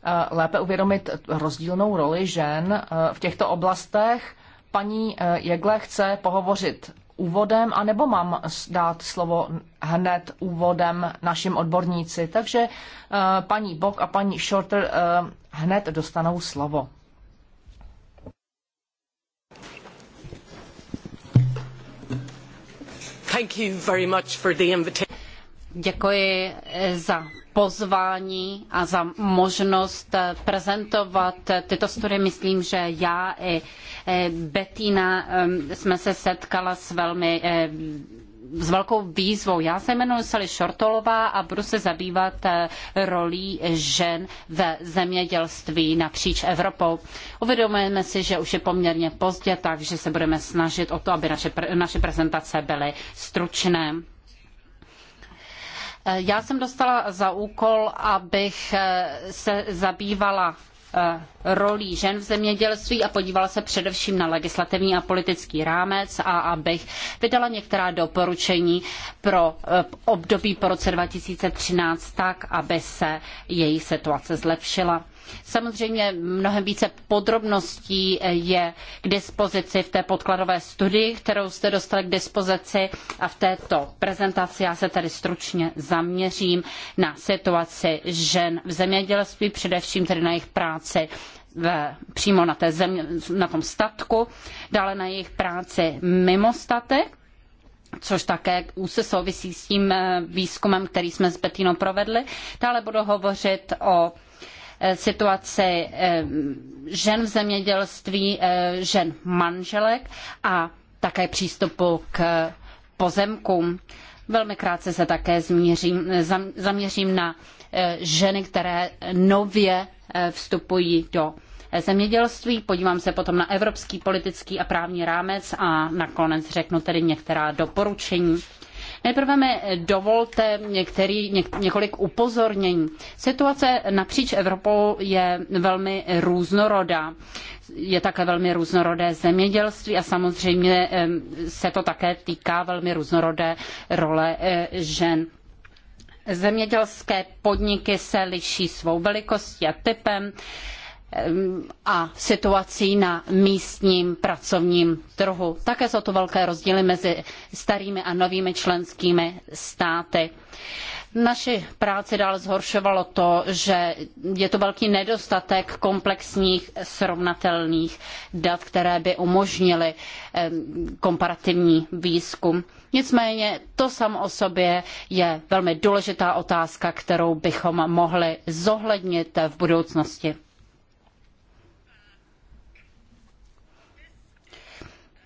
eh, lépe uvědomit rozdílnou roli žen v těchto oblastech. Paní Jegle chce pohovořit úvodem, anebo mám dát slovo hned úvodem našim odborníci. Takže paní Bok a paní Shorter hned dostanou slovo.
Děkuji za pozvání a za možnost prezentovat tyto studie. Myslím, že já i e, Bettina jsme se setkala s velmi s velkou výzvou. Já se jmenuji Sally Šortolová a budu se zabývat eh, rolí žen ve zemědělství napříč Evropou. Uvědomujeme si, že už je poměrně pozdě, takže se budeme snažit o to, aby naše, naše prezentace byly stručné. Eh, já jsem dostala za úkol, abych eh, se zabývala Eh, rolí žen v zemědělství a podívala se především na legislativní a politický rámec a abych vydala některá doporučení pro eh, období po roce 2013 tak, aby se její situace zlepšila. Samozřejmě mnohem více podrobností eh, je k dispozici v té podkladové studii, kterou jste dostali k dispozici a v této prezentaci já se tedy stručně zaměřím na situaci žen v zemědělství, především tedy na jejich práci v, přímo na, té země, na tom statku, dále na jejich práci mimo statek, což také úzce souvisí s tím eh, výzkumem, který jsme s Betinou provedli. Dále budu hovořit o Eh, situaci eh, žen v zemědělství, eh, žen manželek a také přístupu k pozemkům. Velmi krátce se také zmířím, zaměřím na ženy, které nově vstupují do zemědělství. Podívám se potom na evropský politický a právní rámec a nakonec řeknu tedy některá doporučení. Nejprve mi dovolte některý, něk, několik upozornění. Situace napříč Evropou je velmi různorodá. Je také velmi různorodé zemědělství a samozřejmě se to také týká velmi různorodé role e, žen. Zemědělské podniky se liší svou velikostí a typem a situací na místním pracovním trhu. Také jsou tu velké rozdíly mezi starými a novými členskými státy. Naši práci dále zhoršovalo to, že je to velký nedostatek komplexních srovnatelných dat, které by umožnily komparativní výzkum. Nicméně to samo o sobě je velmi důležitá otázka, kterou bychom mohli zohlednit v budoucnosti.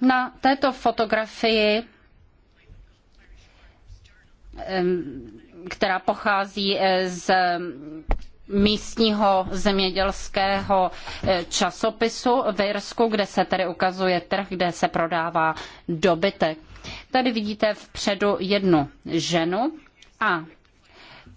Na této fotografii, která pochází eh, z místního zemědělského eh, časopisu v Irsku, kde se tedy ukazuje trh, kde se prodává dobytek. Tady vidíte vpředu jednu ženu a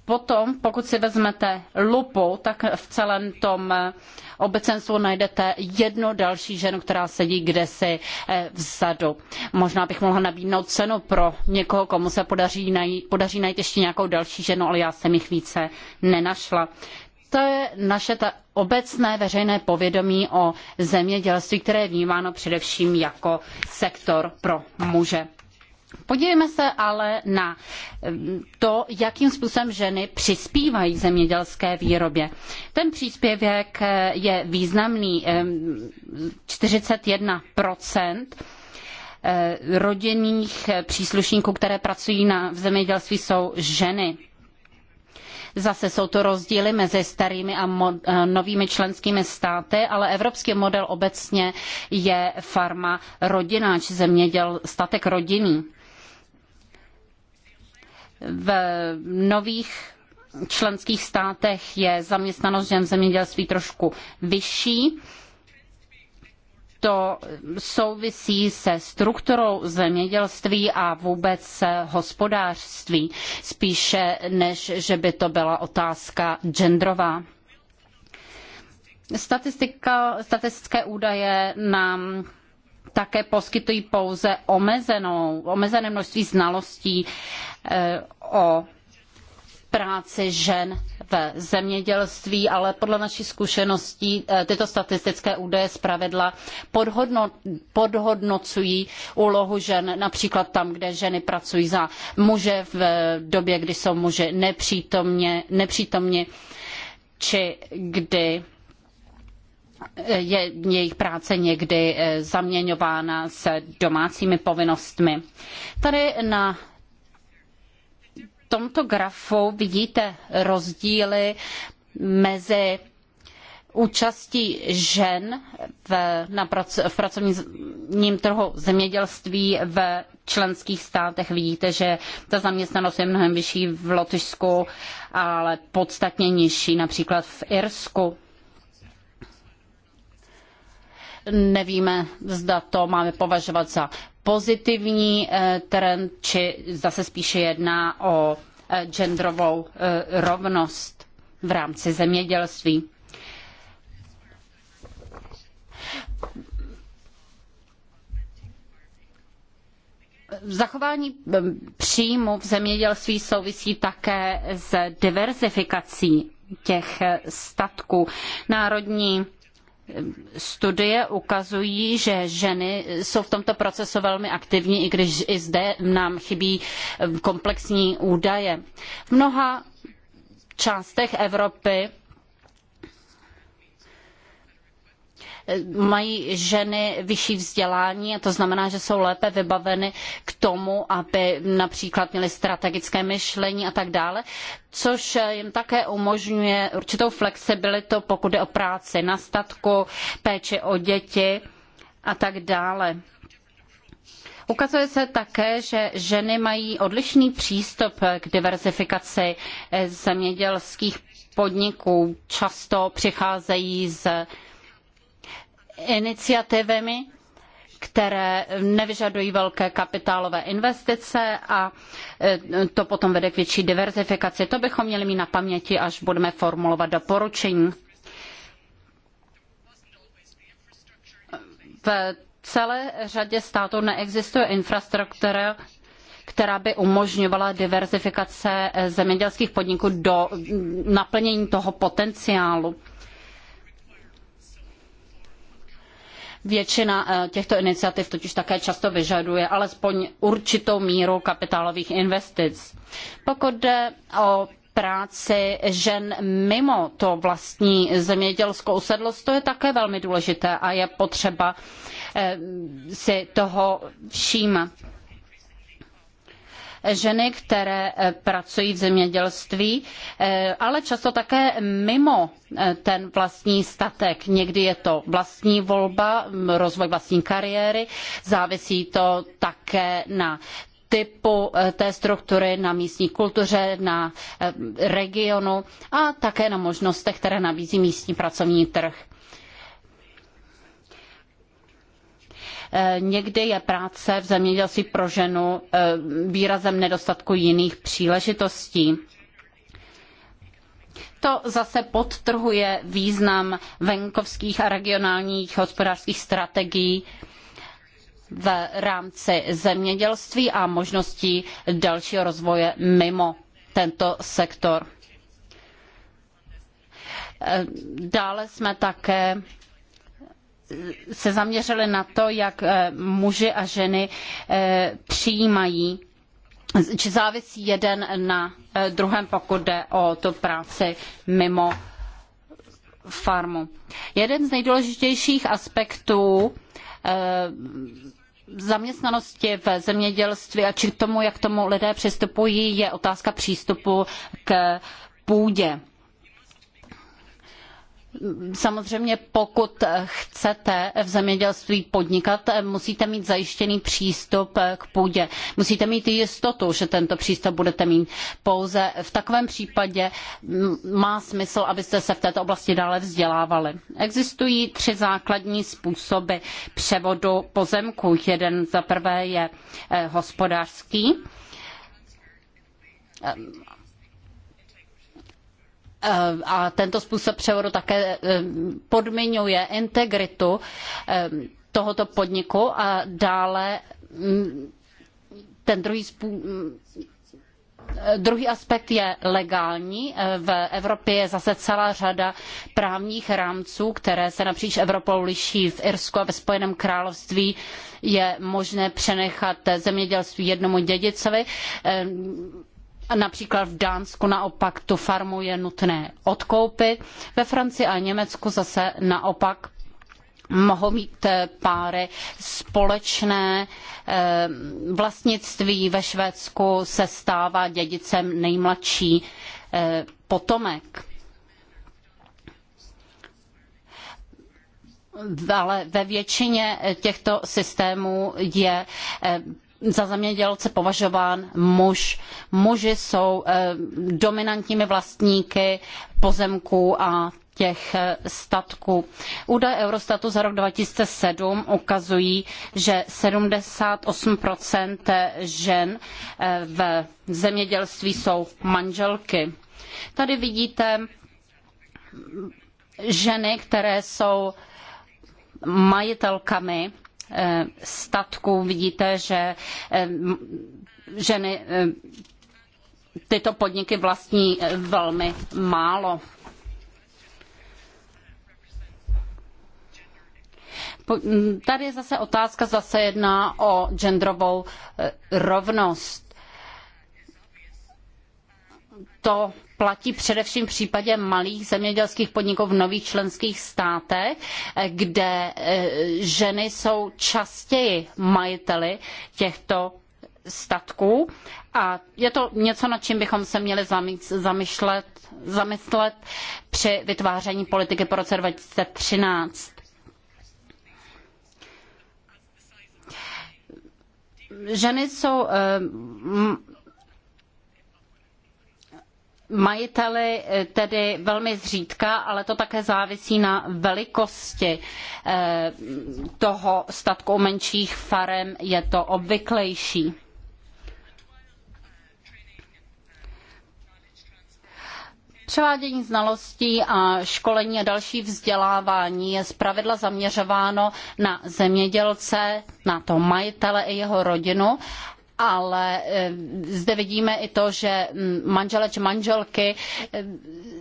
Potom, pokud si vezmete lupu, tak v celém tom eh, obecenstvu najdete jednu další ženu, která sedí kdesi eh, vzadu. Možná bych mohla nabídnout cenu pro někoho, komu se podaří najít, podaří najít ještě nějakou další ženu, ale já jsem jich více nenašla. To je naše ta obecné veřejné povědomí o zemědělství, které je vnímáno především jako sektor pro muže. Podívejme se ale na eh, to, jakým způsobem ženy přispívají zemědělské výrobě. Ten příspěvek eh, je významný 41 eh, rodinných příslušníků, které pracují na, v zemědělství, jsou ženy. Zase jsou to rozdíly mezi starými a novými členskými státy, ale evropský model obecně je farma rodina, či zeměděl, statek rodinný. V nových členských státech je zaměstnanost žen v zemědělství trošku vyšší. To souvisí se strukturou zemědělství a vůbec hospodářství, spíše než že by to byla otázka genderová. Statistika, statistické údaje nám také poskytují pouze omezenou, omezené množství znalostí eh, o práci žen v zemědělství, ale podle našich zkušeností eh, tyto statistické údaje zpravidla podhodnocují úlohu žen, například tam, kde ženy pracují za muže v době, kdy jsou muži nepřítomně, nepřítomni, či kdy je jejich práce někdy eh, zaměňována s domácími povinnostmi. Tady na tomto grafu vidíte rozdíly mezi účastí žen v, na prac, v pracovním trhu zemědělství v členských státech. Vidíte, že ta zaměstnanost je mnohem vyšší v Lotyšsku, ale podstatně nižší například v Irsku. Nevíme, zda to máme považovat za pozitivní eh, trend, či zda se spíše jedná o eh, genderovou eh, rovnost v rámci zemědělství. Zachování příjmu v zemědělství souvisí také s diverzifikací těch statků. Národní studie ukazují, že ženy jsou v tomto procesu velmi aktivní, i když i zde nám chybí eh, komplexní údaje. V mnoha částech Evropy mají ženy vyšší vzdělání a to znamená, že jsou lépe vybaveny k tomu, aby například měly strategické myšlení a tak dále, což jim také umožňuje určitou flexibilitu, pokud je o práci na statku, péči o děti a tak dále. Ukazuje se také, že ženy mají odlišný přístup k diverzifikaci zemědělských podniků. Často přicházejí z iniciativami, které nevyžadují velké kapitálové investice a e, to potom vede k větší diverzifikaci. To bychom měli mít na paměti, až budeme formulovat doporučení. V celé řadě států neexistuje infrastruktura, která by umožňovala diverzifikaci e, zemědělských podniků do naplnění toho potenciálu. Většina eh, těchto iniciativ totiž také často vyžaduje alespoň určitou míru kapitálových investic. Pokud jde o práci žen mimo to vlastní zemědělskou usedlost, to je také velmi důležité a je potřeba eh, si toho všímat ženy, které eh, pracují v zemědělství, eh, ale často také mimo eh, ten vlastní statek. Někdy je to vlastní volba, rozvoj vlastní kariéry, závisí to také na typu té struktury, na místní kultuře, na regionu a také na možnostech, které nabízí místní pracovní trh. Eh, někdy je práce v zemědělství pro ženu eh, výrazem nedostatku jiných příležitostí. To zase podtrhuje význam venkovských a regionálních hospodářských strategií v rámci zemědělství a možností dalšího rozvoje mimo tento sektor. Eh, dále jsme také se zaměřili na to, jak eh, muži a ženy eh, přijímají či závisí jeden na eh, druhém, pokud jde o tu práci mimo farmu. Jeden z nejdůležitějších aspektů zaměstnanosti v zemědělství a či k tomu, jak tomu lidé přistupují, je otázka přístupu k půdě. Samozřejmě pokud chcete v zemědělství podnikat, musíte mít zajištěný přístup k půdě. Musíte mít jistotu, že tento přístup budete mít. Pouze v takovém případě má smysl, abyste se v této oblasti dále vzdělávali. Existují tři základní způsoby převodu pozemků. Jeden za prvé je eh, hospodářský Eh, a tento způsob převodu také eh, podmiňuje integritu eh, tohoto podniku a dále mm, ten druhý způsob mm, Druhý aspekt je legální. V Evropě je zase celá řada právních rámců, které se napříč Evropou liší. V Irsku a ve Spojeném království je možné přenechat zemědělství jednomu dědicovi. Například v Dánsku naopak tu farmu je nutné odkoupit, ve Francii a Německu zase naopak mohou mít eh, páry společné eh, vlastnictví. Ve Švédsku se stává dědicem nejmladší eh, potomek. ale ve většině těchto systémů je za zemědělce považován muž. Muži jsou eh, dominantními vlastníky pozemků a těch eh, statků. Údaje Eurostatu za rok 2007 ukazují, že 78 žen eh, v zemědělství jsou manželky. Tady vidíte ženy, které jsou majitelkami Eh, statků. Vidíte, že eh, ženy eh, tyto podniky vlastní velmi málo. Hm, tady je zase otázka, zase jedná o genderovou rovnost. To platí především v případě malých zemědělských podniků v nových členských státech, eh, kde eh, ženy jsou častěji majiteli těchto statků a je to něco, nad čím bychom se měli zamyslet, zamyslet při vytváření politiky po roce 2013. ženy jsou eh, majiteli eh, tedy velmi zřídka, ale to také závisí na velikosti eh, toho statku. U menších farem je to obvyklejší. Převádění znalostí a školení a další vzdělávání je zpravidla zaměřováno na zemědělce, na to majitele i jeho rodinu, ale eh, zde vidíme i to, že mm, manžele či manželky eh,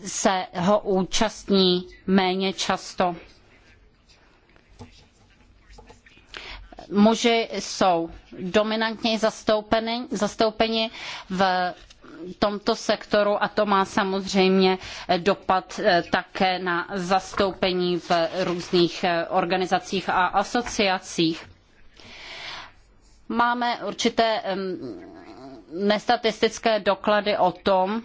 se ho účastní méně často. Muži jsou dominantně zastoupeni, zastoupeni v tomto sektoru a to má samozřejmě eh, dopad také na zastoupení v různých organizacích a asociacích máme určité nestatistické doklady o tom,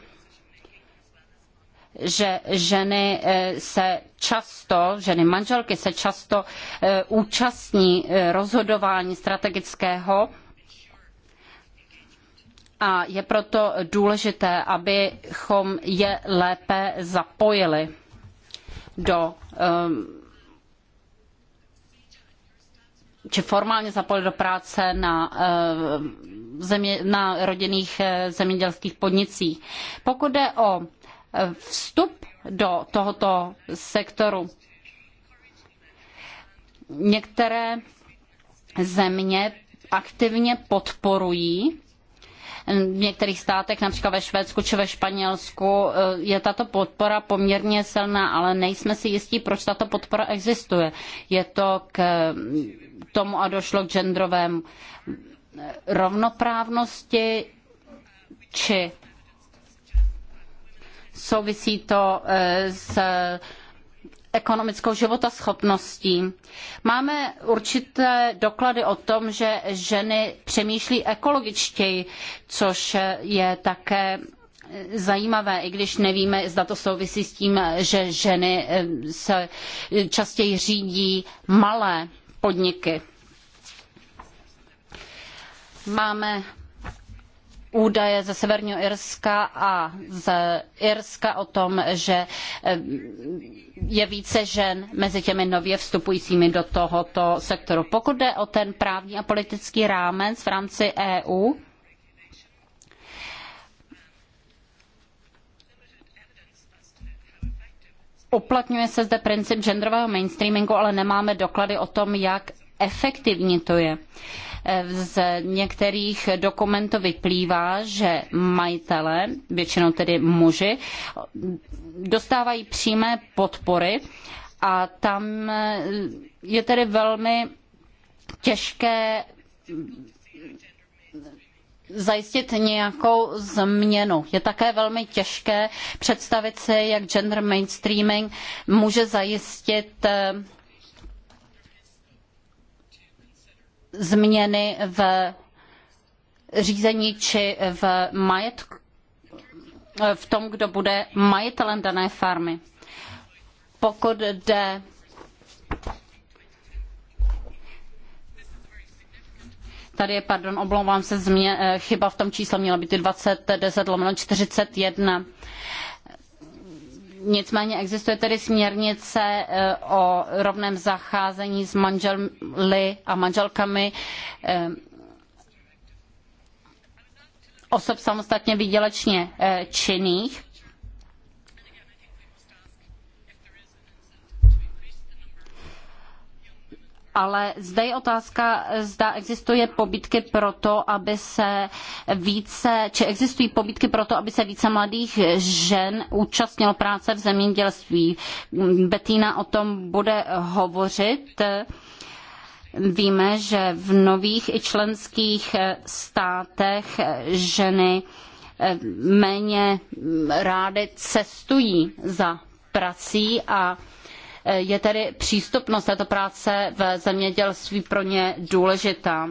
že ženy eh, se často, ženy manželky se často eh, účastní eh, rozhodování strategického a je proto důležité, abychom je lépe zapojili do um, či formálně zapojili do práce na, eh, země, na rodinných eh, zemědělských podnicích. Pokud jde o eh, vstup do tohoto sektoru, některé země aktivně podporují v některých státech, například ve Švédsku či ve Španělsku, je tato podpora poměrně silná, ale nejsme si jistí, proč tato podpora existuje. Je to k tomu a došlo k genderovému eh, rovnoprávnosti, či souvisí to eh, s ekonomickou životaschopností. Máme určité doklady o tom, že ženy přemýšlí ekologičtěji, což je také eh, zajímavé, i když nevíme, zda to souvisí s tím, že ženy se častěji řídí malé podniky. Máme údaje ze Severního Irska a z Irska o tom, že eh, je více žen mezi těmi nově vstupujícími do tohoto sektoru. Pokud jde o ten právní a politický rámec v rámci EU, uplatňuje se zde princip genderového mainstreamingu, ale nemáme doklady o tom, jak efektivní to je. Z některých dokumentů vyplývá, že majitele, většinou tedy muži, dostávají přímé podpory a tam je tedy velmi těžké zajistit nějakou změnu. Je také velmi těžké představit si, jak gender mainstreaming může zajistit eh, změny v řízení či v majetku v tom, kdo bude majitelem dané farmy. Pokud jde Tady je, pardon, omlouvám se, změ, eh, chyba v tom čísle měla být 20, 10 lomeno 41. Nicméně existuje tedy směrnice eh, o rovném zacházení s manžely a manželkami eh, osob samostatně výdělečně činných ale zde je otázka, zda existuje pobytky pro to, aby se více, či existují pobídky pro to, aby se více mladých žen účastnilo práce v zemědělství. Betýna o tom bude hovořit. Víme, že v nových i členských státech ženy méně rády cestují za prací a Eh, je tedy přístupnost této práce v zemědělství pro ně důležitá.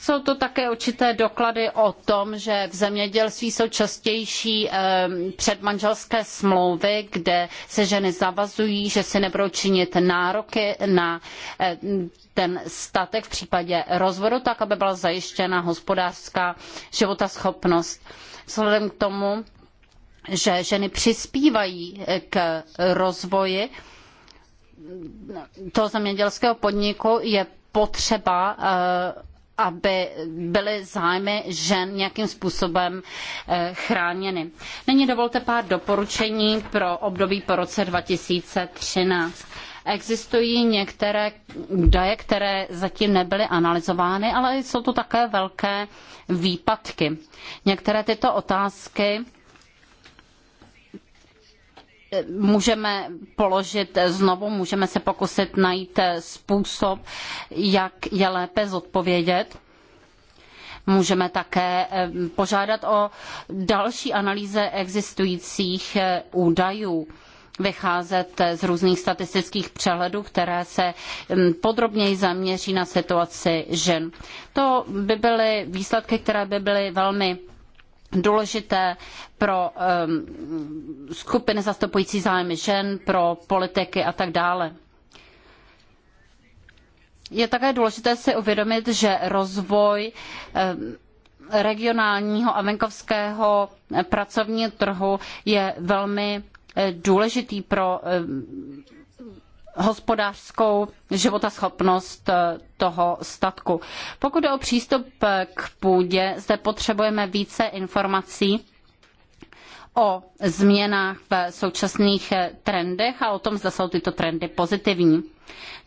Jsou to také určité doklady o tom, že v zemědělství jsou častější ehm, předmanželské smlouvy, kde se ženy zavazují, že si nebudou činit nároky na eh, ten statek v případě rozvodu, tak aby byla zajištěna hospodářská životaschopnost. Vzhledem k tomu, že ženy přispívají eh, k rozvoji, toho zemědělského podniku je potřeba eh, aby byly zájmy žen nějakým způsobem eh, chráněny. Nyní dovolte pár doporučení pro období po roce 2013. Existují některé údaje, které zatím nebyly analyzovány, ale jsou to také velké výpadky. Některé tyto otázky můžeme položit znovu, můžeme se pokusit najít způsob, jak je lépe zodpovědět. Můžeme také eh, požádat o další analýze existujících eh, údajů vycházet z různých statistických přehledů, které se hm, podrobněji zaměří na situaci žen. To by byly výsledky, které by byly velmi důležité pro ehm, skupiny zastupující zájmy žen, pro politiky a tak dále. Je také důležité si uvědomit, že rozvoj ehm, regionálního a venkovského pracovního trhu je velmi eh, důležitý pro ehm, hospodářskou životaschopnost eh, toho statku. Pokud jde o přístup eh, k půdě, zde potřebujeme více informací o změnách v současných eh, trendech a o tom, zda jsou tyto trendy pozitivní.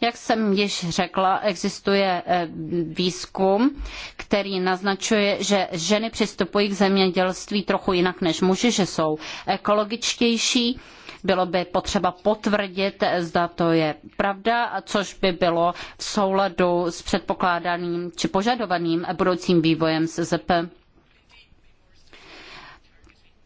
Jak jsem již řekla, existuje výzkum, který naznačuje, že ženy přistupují k zemědělství trochu jinak než muži, že jsou ekologičtější, bylo by potřeba potvrdit, zda to je pravda, což by bylo v souladu s předpokládaným či požadovaným budoucím vývojem SZP.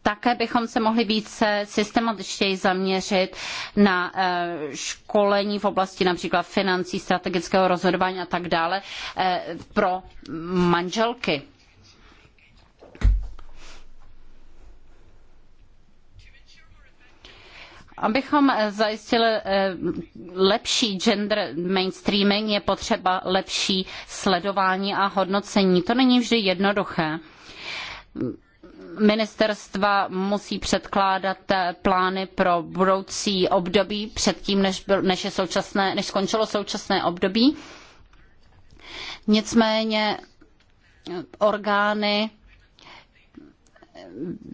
Také bychom se mohli více systematičtěji zaměřit na eh, školení v oblasti například financí, strategického rozhodování a tak dále eh, pro manželky. Abychom eh, zajistili eh, lepší gender mainstreaming, je potřeba lepší sledování a hodnocení. To není vždy jednoduché ministerstva musí předkládat eh, plány pro budoucí období předtím, než, byl, než, je současné, než skončilo současné období. Nicméně orgány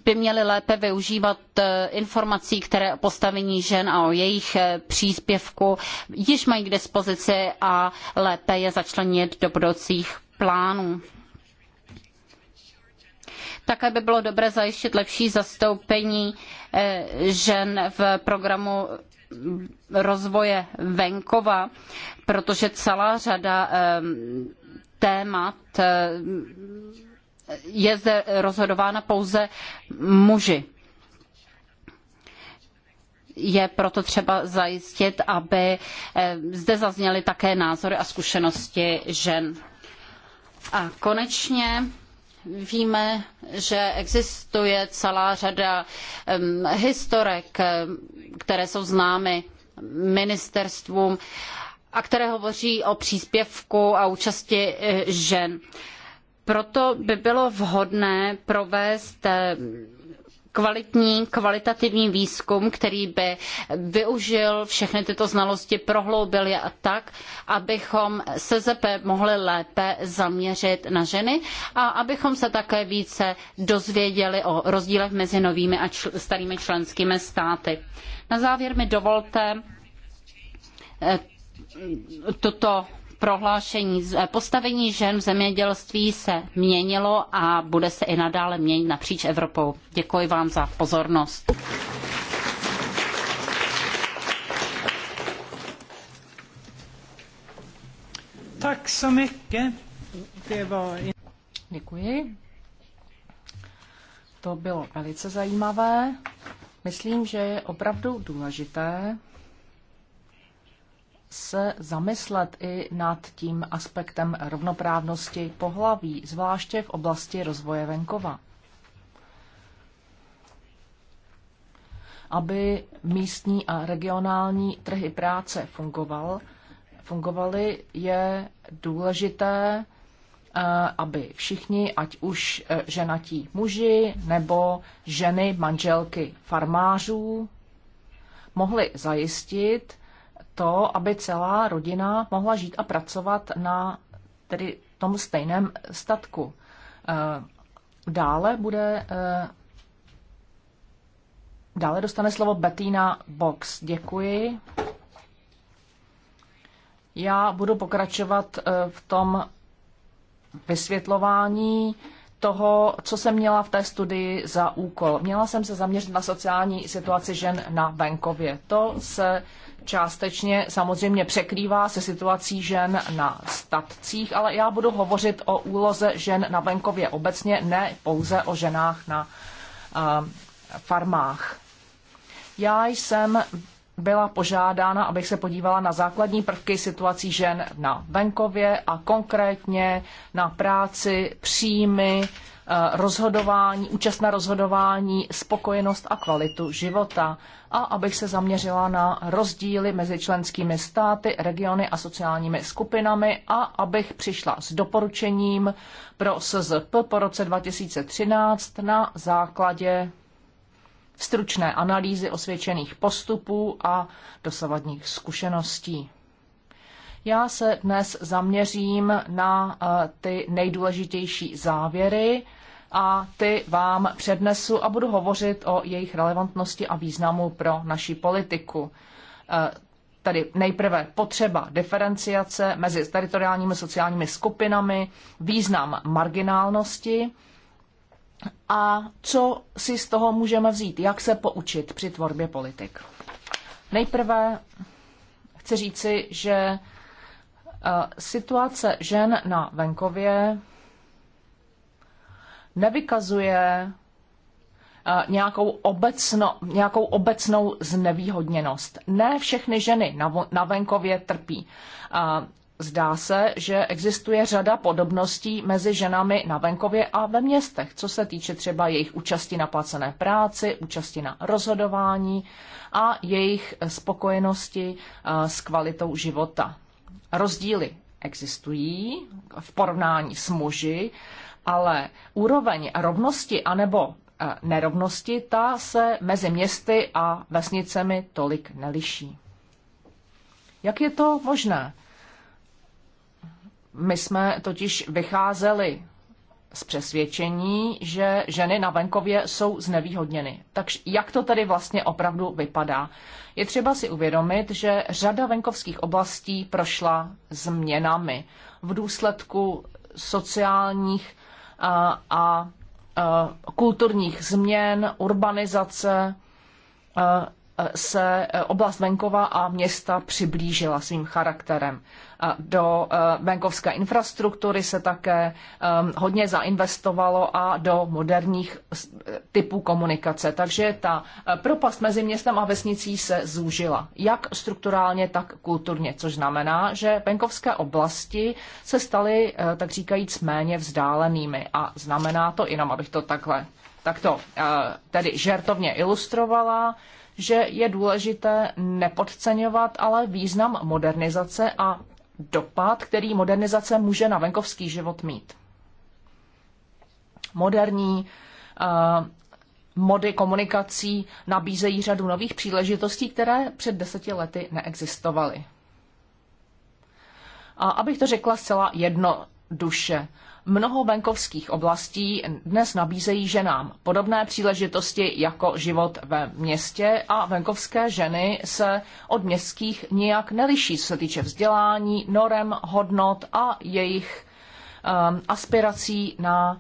by měly lépe využívat eh, informací, které o postavení žen a o jejich eh, příspěvku již mají k dispozici a lépe je začlenit do budoucích plánů. Také by bylo dobré zajistit lepší zastoupení eh, žen v programu rozvoje venkova, protože celá řada témat je zde rozhodována pouze muži. Je proto třeba zajistit, aby eh, zde zazněly také názory a zkušenosti žen. A konečně víme, že existuje celá řada historek, které jsou známy ministerstvům a které hovoří o příspěvku a účasti eh, žen. Proto by bylo vhodné provést eh, kvalitní, kvalitativní výzkum, který by využil všechny tyto znalosti, prohloubil je a tak, abychom SZP mohli lépe zaměřit na ženy a abychom se také více dozvěděli o rozdílech mezi novými a čl starými členskými státy. Na závěr mi dovolte eh, tuto prohlášení. Postavení žen v zemědělství se měnilo a bude se i nadále měnit napříč Evropou. Děkuji vám za pozornost. Tak så
Děkuji. To bylo velice zajímavé. Myslím, že je opravdu důležité, se zamyslet i nad tím aspektem rovnoprávnosti pohlaví, zvláště v oblasti rozvoje venkova. Aby místní a regionální trhy práce fungoval, fungovaly, je důležité, eh, aby všichni, ať už eh, ženatí muži nebo ženy manželky farmářů, mohli zajistit, to, aby celá rodina mohla žít a pracovat na tedy tom stejném statku. Eh, dále bude eh, Dále dostane slovo Bettina Box. Děkuji. Já budu pokračovat eh, v tom vysvětlování toho, co jsem měla v té studii za úkol. Měla jsem se zaměřit na sociální situaci žen na venkově. To se částečně samozřejmě překrývá se situací žen na statcích, ale já budu hovořit o úloze žen na venkově obecně, ne pouze o ženách na uh, farmách. Já jsem byla požádána, abych se podívala na základní prvky situací žen na venkově a konkrétně na práci, příjmy, Eh, rozhodování, účast na rozhodování, spokojenost a kvalitu života a abych se zaměřila na rozdíly mezi členskými státy, regiony a sociálními skupinami a abych přišla s doporučením pro SZP po roce 2013 na základě stručné analýzy osvědčených postupů a dosavadních zkušeností. Já se dnes zaměřím na eh, ty nejdůležitější závěry a ty vám přednesu a budu hovořit o jejich relevantnosti a významu pro naši politiku. Eh, tedy nejprve potřeba diferenciace mezi teritoriálními sociálními skupinami, význam marginálnosti a co si z toho můžeme vzít, jak se poučit při tvorbě politik. Nejprve chci říci, že Eh, situace žen na venkově nevykazuje eh, nějakou, obecno, nějakou obecnou znevýhodněnost. Ne všechny ženy na, na venkově trpí. Eh, zdá se, že existuje řada podobností mezi ženami na venkově a ve městech, co se týče třeba jejich účasti na placené práci, účasti na rozhodování a jejich spokojenosti s kvalitou života rozdíly existují v porovnání s muži, ale úroveň rovnosti anebo e, nerovnosti, ta se mezi městy a vesnicemi tolik neliší. Jak je to možné? My jsme totiž vycházeli z přesvědčení, že ženy na venkově jsou znevýhodněny. Takže jak to tedy vlastně opravdu vypadá? Je třeba si uvědomit, že řada venkovských oblastí prošla změnami v důsledku sociálních a, a, a kulturních změn, urbanizace, a, se oblast venkova a města přiblížila svým charakterem. Do eh, venkovské infrastruktury se také eh, hodně zainvestovalo a do moderních eh, typů komunikace. Takže ta propast mezi městem a vesnicí se zúžila, jak strukturálně, tak kulturně, což znamená, že venkovské oblasti se staly, tak říkajíc, méně vzdálenými. A znamená to, jenom abych to takhle takto tedy žertovně ilustrovala, že je důležité nepodceňovat ale význam modernizace a dopad, který modernizace může na venkovský život mít. Moderní uh, mody komunikací nabízejí řadu nových příležitostí, které před deseti lety neexistovaly. A abych to řekla zcela jednoduše, Mnoho venkovských oblastí dnes nabízejí ženám podobné příležitosti jako život ve městě a venkovské ženy se od městských nijak neliší, co se týče vzdělání, norem, hodnot a jejich um, aspirací na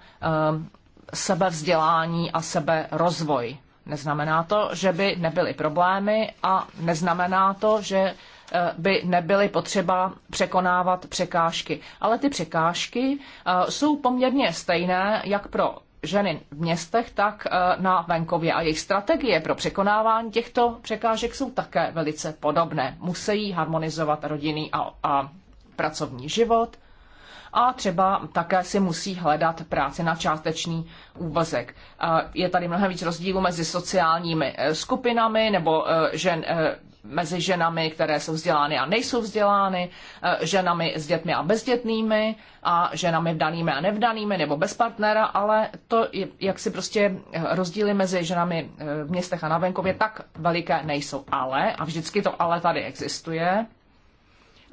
um, sebevzdělání a seberozvoj. Neznamená to, že by nebyly problémy a neznamená to, že Eh, by nebyly potřeba překonávat překážky. Ale ty překážky eh, jsou poměrně stejné jak pro ženy v městech, tak eh, na venkově. A jejich strategie pro překonávání těchto překážek jsou také velice podobné. Musí harmonizovat rodinný a, a pracovní život a třeba také si musí hledat práci na částečný úvazek. Je tady mnohem víc rozdílů mezi sociálními skupinami nebo žen mezi ženami, které jsou vzdělány a nejsou vzdělány, eh, ženami s dětmi a bezdětnými a ženami vdanými a nevdanými nebo bez partnera, ale to, jak si prostě rozdíly mezi ženami eh, v městech a na venkově tak veliké nejsou. Ale, a vždycky to ale tady existuje,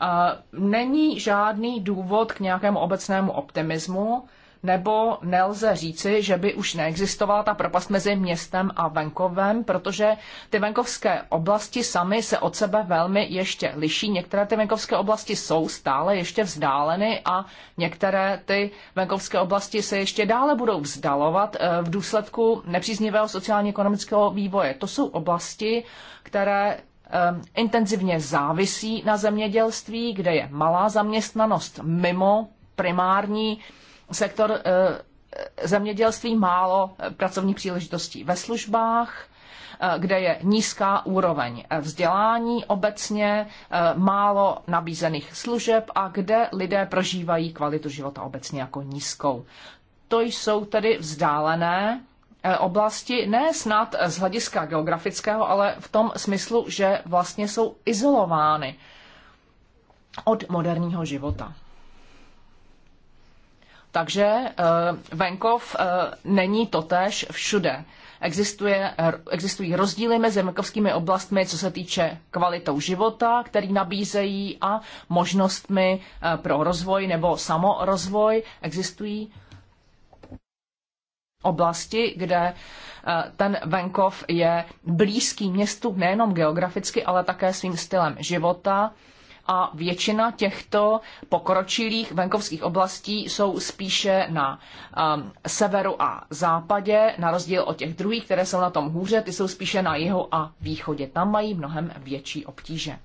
eh, není žádný důvod k nějakému obecnému optimismu, nebo nelze říci, že by už neexistovala ta propast mezi městem a venkovem, protože ty venkovské oblasti samy se od sebe velmi ještě liší. Některé ty venkovské oblasti jsou stále ještě vzdáleny a některé ty venkovské oblasti se ještě dále budou vzdalovat eh, v důsledku nepříznivého sociálně-ekonomického vývoje. To jsou oblasti, které eh, intenzivně závisí na zemědělství, kde je malá zaměstnanost mimo primární sektor eh, zemědělství málo eh, pracovních příležitostí ve službách, eh, kde je nízká úroveň vzdělání obecně, málo nabízených služeb a kde lidé prožívají kvalitu života obecně jako nízkou. To jsou tedy vzdálené oblasti, ne snad z hlediska geografického, ale v tom smyslu, že vlastně jsou izolovány od moderního života. Takže eh, venkov eh, není totéž všude. Existuje, eh, existují rozdíly mezi venkovskými oblastmi, co se týče kvalitou života, který nabízejí, a možnostmi pro rozvoj nebo samorozvoj. Existují oblasti, kde ten venkov je blízký městu nejenom geograficky, ale také svým stylem života a většina těchto pokročilých venkovských oblastí jsou spíše na um, severu a západě, na rozdíl od těch druhých, které jsou na tom hůře, ty jsou spíše na jihu a východě. Tam mají mnohem větší obtíže.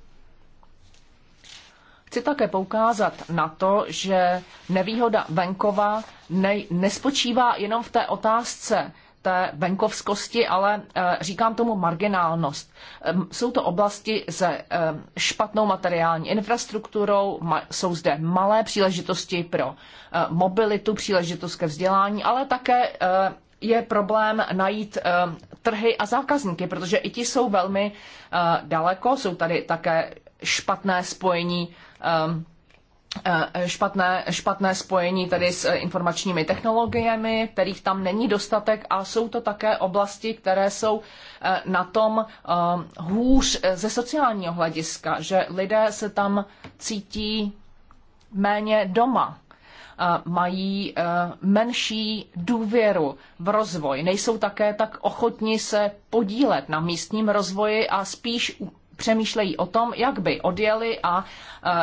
Chci také poukázat na to, že nevýhoda venkova ne, nespočívá jenom v té otázce té venkovskosti, ale e, říkám tomu marginálnost. Jsou to oblasti se e, špatnou materiální infrastrukturou, jsou zde malé příležitosti pro e, mobilitu, příležitost ke vzdělání, ale také je problém najít trhy a zákazníky, protože i ti jsou velmi daleko, jsou tady také špatné spojení Eh, špatné, špatné spojení tedy s eh, informačními technologiemi, kterých tam není dostatek a jsou to také oblasti, které jsou eh, na tom hůř ze sociálního hlediska, že lidé se tam cítí méně doma, mají menší důvěru v rozvoj, nejsou také tak ochotni se podílet na místním rozvoji a spíš přemýšlejí o tom, jak by odjeli a e,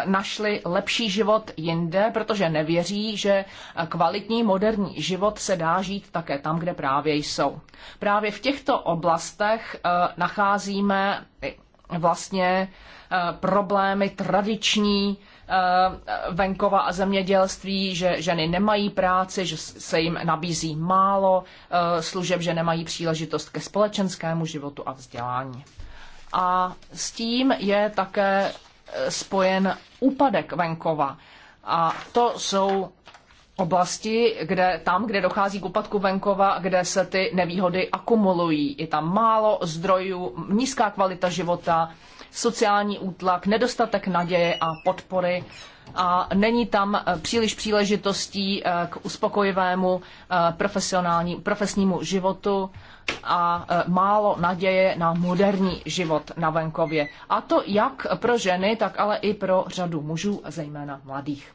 našli lepší život jinde, protože nevěří, že e, kvalitní moderní život se dá žít také tam, kde právě jsou. Právě v těchto oblastech e, nacházíme vlastně problémy tradiční venkova a zemědělství, že ženy nemají práci, že se jim nabízí málo služeb, že nemají příležitost ke společenskému životu a vzdělání a s tím je také e, spojen úpadek venkova. A to jsou oblasti, kde, tam, kde dochází k úpadku venkova, kde se ty nevýhody akumulují. Je tam málo zdrojů, nízká kvalita života, sociální útlak, nedostatek naděje a podpory a není tam e, příliš příležitostí e, k uspokojivému profesionální, profesnímu životu a e, málo naděje na moderní život na venkově. A to jak pro ženy, tak ale i pro řadu mužů, zejména mladých.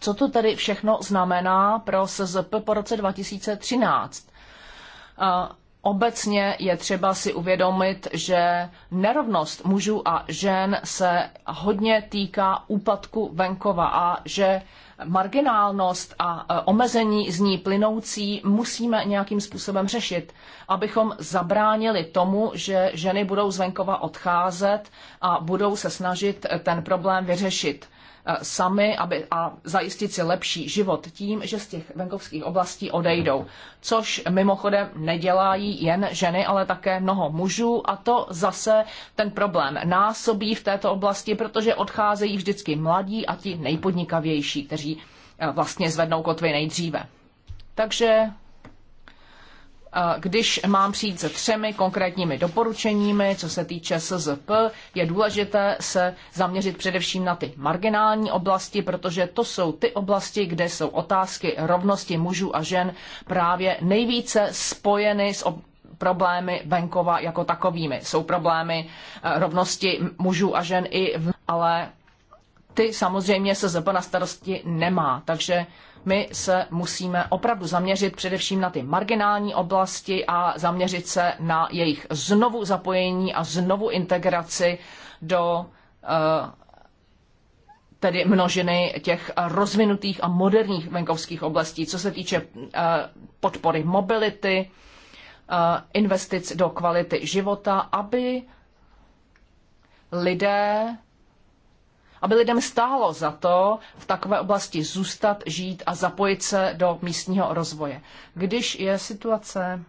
Co to tedy všechno znamená pro SZP po roce 2013? E, obecně je třeba si uvědomit, že nerovnost mužů a žen se hodně týká úpadku venkova a že marginálnost a e, omezení z ní plynoucí musíme nějakým způsobem řešit, abychom zabránili tomu, že ženy budou zvenkova odcházet a budou se snažit ten problém vyřešit Eh, sami aby, a zajistit si lepší život tím, že z těch venkovských oblastí odejdou. Což mimochodem nedělají jen ženy, ale také mnoho mužů a to zase ten problém násobí v této oblasti, protože odcházejí vždycky mladí a ti nejpodnikavější, kteří eh, vlastně zvednou kotvy nejdříve. Takže když mám přijít se třemi konkrétními doporučeními, co se týče SZP, je důležité se zaměřit především na ty marginální oblasti, protože to jsou ty oblasti, kde jsou otázky rovnosti mužů a žen právě nejvíce spojeny s problémy venkova jako takovými. Jsou problémy eh, rovnosti mužů a žen i v... ale ty samozřejmě SZP na starosti nemá, takže my se musíme opravdu zaměřit především na ty marginální oblasti a zaměřit se na jejich znovu zapojení a znovu integraci do eh, tedy množiny těch rozvinutých a moderních venkovských oblastí, co se týče eh, podpory mobility, eh, investic do kvality života, aby lidé aby lidem stálo za to v takové oblasti zůstat, žít a zapojit se do místního rozvoje. Když je situace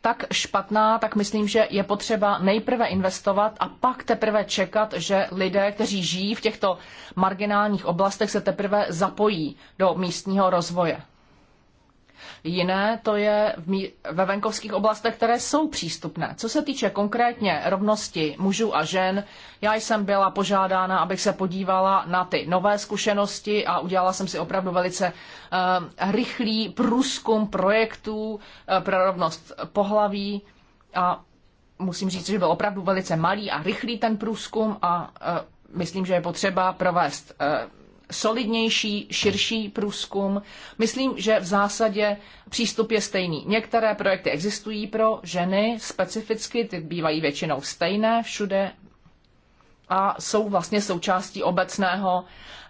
tak špatná, tak myslím, že je potřeba nejprve investovat a pak teprve čekat, že lidé, kteří žijí v těchto marginálních oblastech, se teprve zapojí do místního rozvoje. Jiné to je ve venkovských oblastech, které jsou přístupné. Co se týče konkrétně rovnosti mužů a žen, já jsem byla požádána, abych se podívala na ty nové zkušenosti a udělala jsem si opravdu velice uh, rychlý průzkum projektů uh, pro rovnost pohlaví a musím říct, že byl opravdu velice malý a rychlý ten průzkum a uh, myslím, že je potřeba provést solidnější, širší průzkum. Myslím, že v zásadě přístup je stejný. Některé projekty existují pro ženy specificky, ty bývají většinou stejné všude a jsou vlastně součástí obecného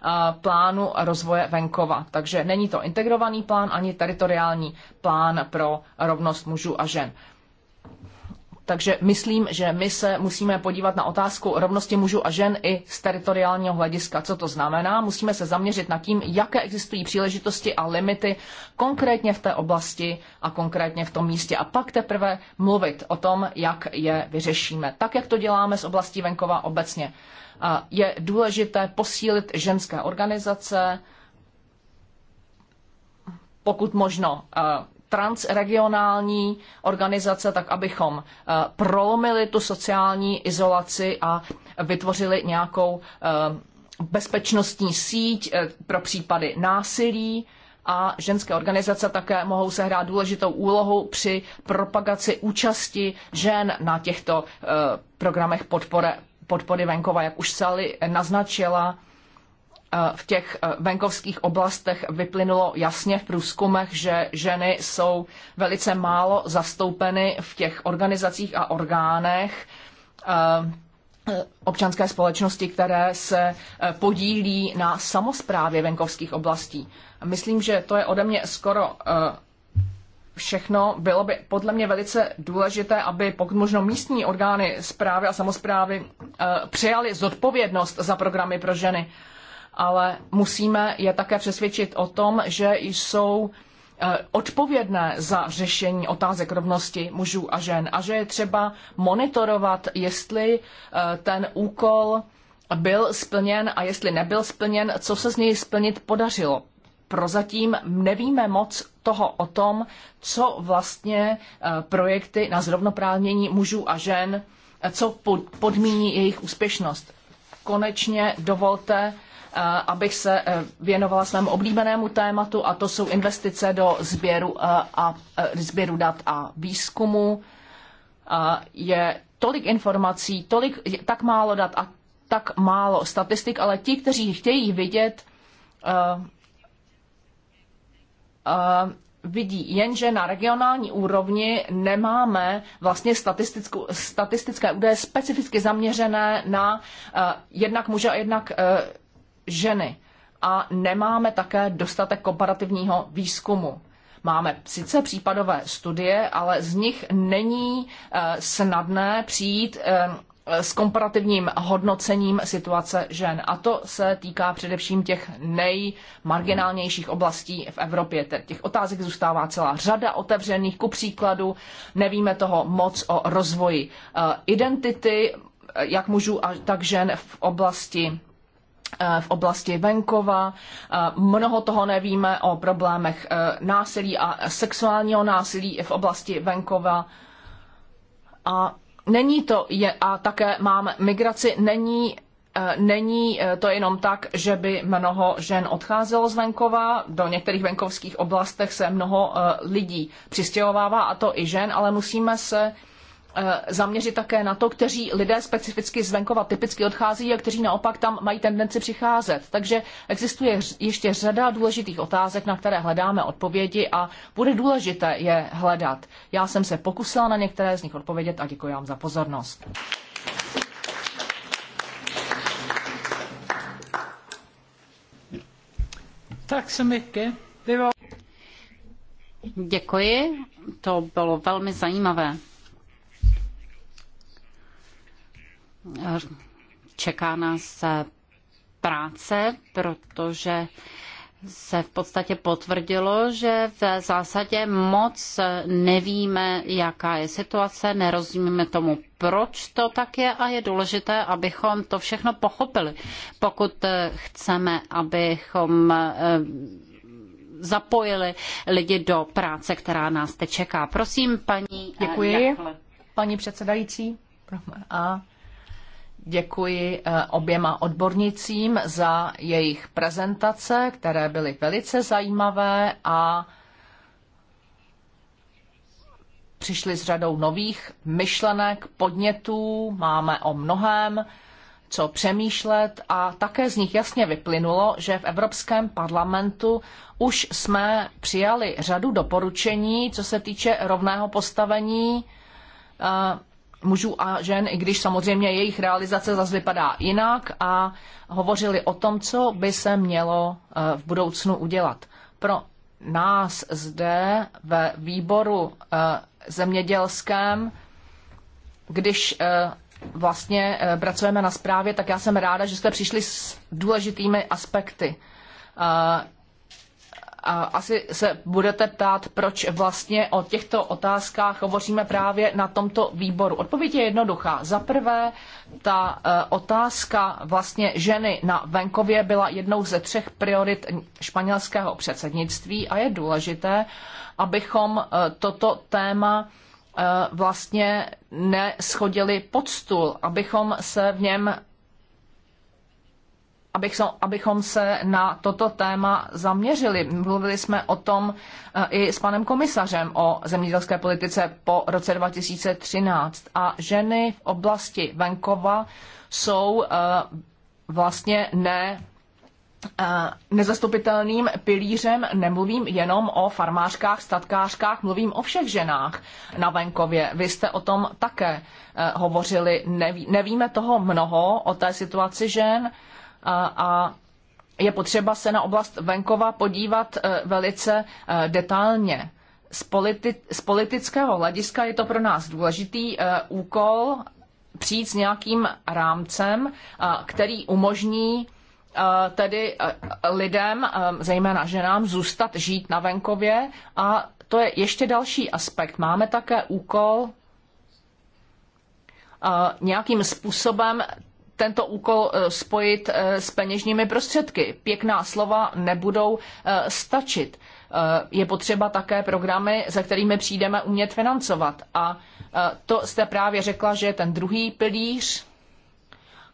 eh, plánu rozvoje venkova. Takže není to integrovaný plán ani teritoriální plán pro rovnost mužů a žen. Takže myslím, že my se musíme podívat na otázku rovnosti mužů a žen i z teritoriálního hlediska. Co to znamená? Musíme se zaměřit na tím, jaké existují příležitosti a limity konkrétně v té oblasti a konkrétně v tom místě. A pak teprve mluvit o tom, jak je vyřešíme. Tak, jak to děláme s oblastí venkova obecně. Je důležité posílit ženské organizace, pokud možno transregionální organizace, tak abychom eh, prolomili tu sociální izolaci a vytvořili nějakou eh, bezpečnostní síť eh, pro případy násilí a ženské organizace také mohou sehrát důležitou úlohu při propagaci účasti žen na těchto programech podpory venkova, jak už Sally naznačila Eh, v těch eh, venkovských oblastech vyplynulo jasně v průzkumech, že ženy jsou velice málo zastoupeny v těch organizacích a orgánech eh, občanské společnosti, které se podílí na samozprávě venkovských oblastí. Myslím, že to je ode mě skoro všechno. Bylo by podle mě velice důležité, aby pokud možno místní orgány zprávy a samozprávy přijali zodpovědnost za programy pro ženy ale musíme je také přesvědčit o tom, že jsou eh, odpovědné za řešení otázek rovnosti mužů a žen a že je třeba monitorovat, jestli eh, ten úkol byl splněn a jestli nebyl splněn, co se z něj splnit podařilo. Prozatím nevíme moc toho o tom, co vlastně eh, projekty na zrovnoprávnění mužů a žen, co podmíní jejich úspěšnost. Konečně dovolte, Eh, abych se eh, věnovala svému oblíbenému tématu, a to jsou investice do sběru, eh, a, sběru dat a výzkumu. Je tolik informací, tolik, tak málo dat a tak málo statistik, ale ti, kteří chtějí vidět, vidí, jenže na regionální úrovni nemáme vlastně statistické údaje specificky zaměřené na uh, jednak muže a jednak uh, ženy a nemáme také dostatek komparativního výzkumu. Máme sice případové studie, ale z nich není eh, snadné přijít eh, s komparativním hodnocením situace žen. A to se týká především těch nejmarginálnějších oblastí v Evropě. Těch otázek zůstává celá řada otevřených. Ku příkladu nevíme toho moc o rozvoji eh, identity, jak mužů, tak žen v oblasti Eh, v oblasti venkova. Eh, mnoho toho nevíme o problémech eh, násilí a sexuálního násilí v oblasti venkova. A není to, je, a také máme migraci, není Není to jenom tak, že by mnoho žen odcházelo z venkova, do některých venkovských oblastech se mnoho lidí přistěhovává, a to i žen, ale musíme se Eh, zaměřit také na to, kteří lidé specificky z venkova typicky odchází a kteří naopak tam mají tendenci přicházet. Takže existuje ještě řada důležitých otázek, na které hledáme odpovědi a bude důležité je hledat. Já jsem se pokusila na některé z nich odpovědět a děkuji vám za pozornost.
Tak se Děkuji, to bylo velmi zajímavé. čeká nás eh, práce, protože se v podstatě potvrdilo, že v zásadě moc eh, nevíme, jaká je situace, nerozumíme tomu, proč to tak je a je důležité, abychom to všechno pochopili, pokud eh, chceme, abychom zapojili lidi do práce, která nás teď čeká. Prosím, paní. Děkuji, Jakle.
paní předsedající. A
Děkuji eh, oběma
odbornicím za jejich prezentace, které byly velice zajímavé a přišly s řadou nových myšlenek, podnětů. Máme o mnohem co přemýšlet a také z nich jasně vyplynulo, že v Evropském parlamentu už jsme přijali řadu doporučení, co se týče rovného postavení eh, mužů a žen, i když samozřejmě jejich realizace zase vypadá jinak a hovořili o tom, co by se mělo eh, v budoucnu udělat. Pro nás zde ve výboru eh, zemědělském, když eh, vlastně pracujeme na zprávě, tak já jsem ráda, že jste přišli s důležitými aspekty asi se budete ptát, proč vlastně o těchto otázkách hovoříme právě na tomto výboru. Odpověď je jednoduchá. Za prvé, ta e, otázka vlastně ženy na venkově byla jednou ze třech priorit španělského předsednictví a je důležité, abychom e, toto téma e, vlastně neschodili pod stůl, abychom se v něm abychom se na toto téma zaměřili. Mluvili jsme o tom eh, i s panem komisařem o zemědělské politice po roce 2013 a ženy v oblasti venkova jsou eh, vlastně ne eh, nezastupitelným pilířem nemluvím jenom o farmářkách, statkářkách, mluvím o všech ženách na venkově. Vy jste o tom také hovořili. nevíme toho mnoho o té situaci žen a je potřeba se na oblast venkova podívat eh, velice eh, detailně. Z, politi- z politického hlediska je to pro nás důležitý eh, úkol přijít s nějakým rámcem, který umožní tedy lidem, zejména ženám, zůstat žít na venkově. A to je ještě další aspekt. Máme také úkol nějakým způsobem tento úkol eh, spojit eh, s peněžními prostředky. Pěkná slova nebudou eh, stačit. Je potřeba také programy, se kterými přijdeme umět financovat. A to jste právě řekla, že je ten druhý pilíř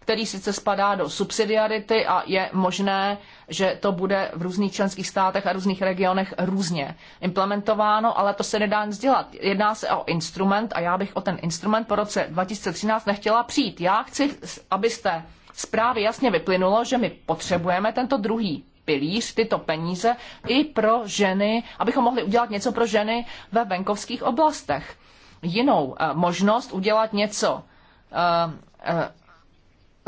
který sice spadá do subsidiarity a je možné, že to bude v různých členských státech a různých regionech různě implementováno, ale to se nedá nic dělat. Jedná se o instrument a já bych o ten instrument po roce 2013 nechtěla přijít. Já chci, abyste zprávy jasně vyplynulo, že my potřebujeme tento druhý pilíř, tyto peníze i pro ženy, abychom mohli udělat něco pro ženy ve venkovských oblastech. Jinou eh, možnost udělat něco eh, eh,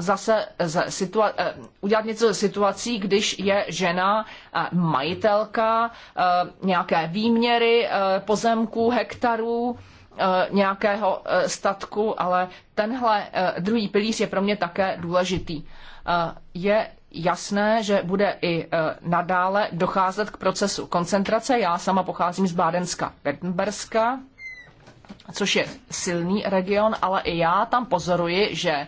zase situa- eh, udělat něco ze situací, když je žena eh, majitelka eh, nějaké výměry pozemků, hektarů, nějakého statku, ale tenhle druhý pilíř je pro mě také důležitý. Je jasné, že bude i nadále docházet k procesu koncentrace. Já sama pocházím z Bádenska, Württemberska, což je silný region, ale i já tam pozoruji, že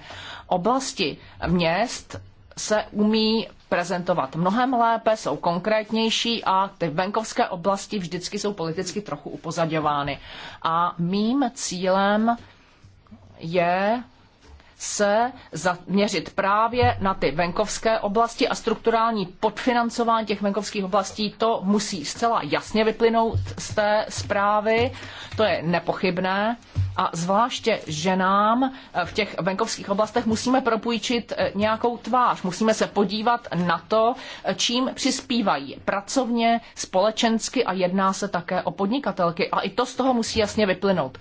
oblasti měst se umí prezentovat mnohem lépe, jsou konkrétnější a ty venkovské oblasti vždycky jsou politicky trochu upozaděvány. A mým cílem je se zaměřit právě na ty venkovské oblasti a strukturální podfinancování těch venkovských oblastí, to musí zcela jasně vyplynout z té zprávy, to je nepochybné. A zvláště ženám v těch venkovských oblastech musíme propůjčit eh, nějakou tvář, musíme se podívat na to, eh, čím přispívají pracovně, společensky a jedná se také o podnikatelky. A i to z toho musí jasně vyplynout.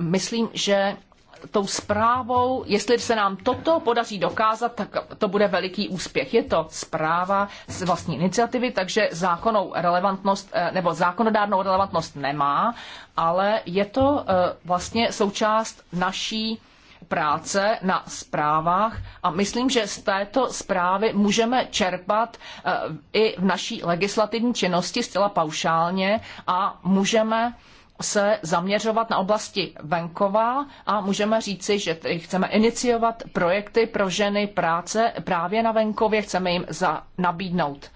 Myslím, že tou zprávou, jestli se nám toto podaří dokázat, tak to bude veliký úspěch. Je to zpráva z vlastní iniciativy, takže zákonnou relevantnost eh, nebo zákonodárnou relevantnost nemá, ale je to eh, vlastně součást naší práce na zprávách a myslím, že z této zprávy můžeme čerpat eh, i v naší legislativní činnosti zcela paušálně a můžeme se zaměřovat na oblasti venkova a můžeme říci, že chceme iniciovat projekty pro ženy práce právě na venkově, chceme jim za, nabídnout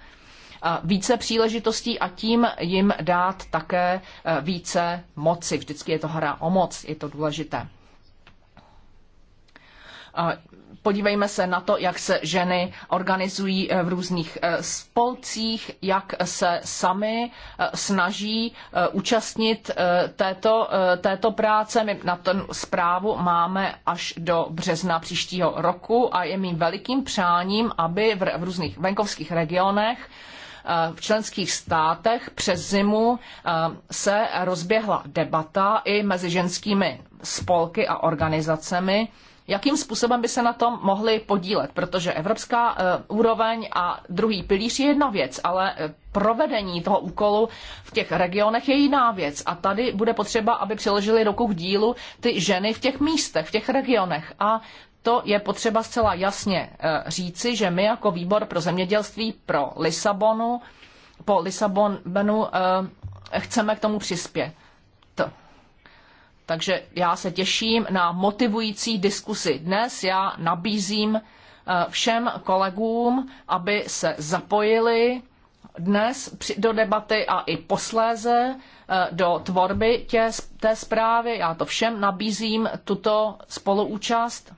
eh, více příležitostí a tím jim dát také eh, více moci. Vždycky je to hra o moc, je to důležité. Eh, podívejme se na to, jak se ženy organizují eh, v různých eh, spolcích, jak se sami eh, snaží účastnit této, této práce. My na tu zprávu máme až do března příštího roku a je mým velikým přáním, aby v různých venkovských regionech v členských státech přes zimu se rozběhla debata i mezi ženskými spolky a organizacemi, jakým způsobem by se na tom mohli podílet, protože evropská eh, úroveň a druhý pilíř je jedna věc, ale eh, provedení toho úkolu v těch regionech je jiná věc. A tady bude potřeba, aby přiložili ruku k dílu ty ženy v těch místech, v těch regionech. A to je potřeba zcela jasně eh, říci, že my jako výbor pro zemědělství pro Lisabonu, po Lisabonu chceme k tomu přispět. Takže já se těším na motivující diskusi. Dnes já nabízím eh, všem kolegům, aby se zapojili dnes do debaty a i posléze eh, do tvorby tě, té zprávy. Já to všem nabízím, tuto spoluúčast.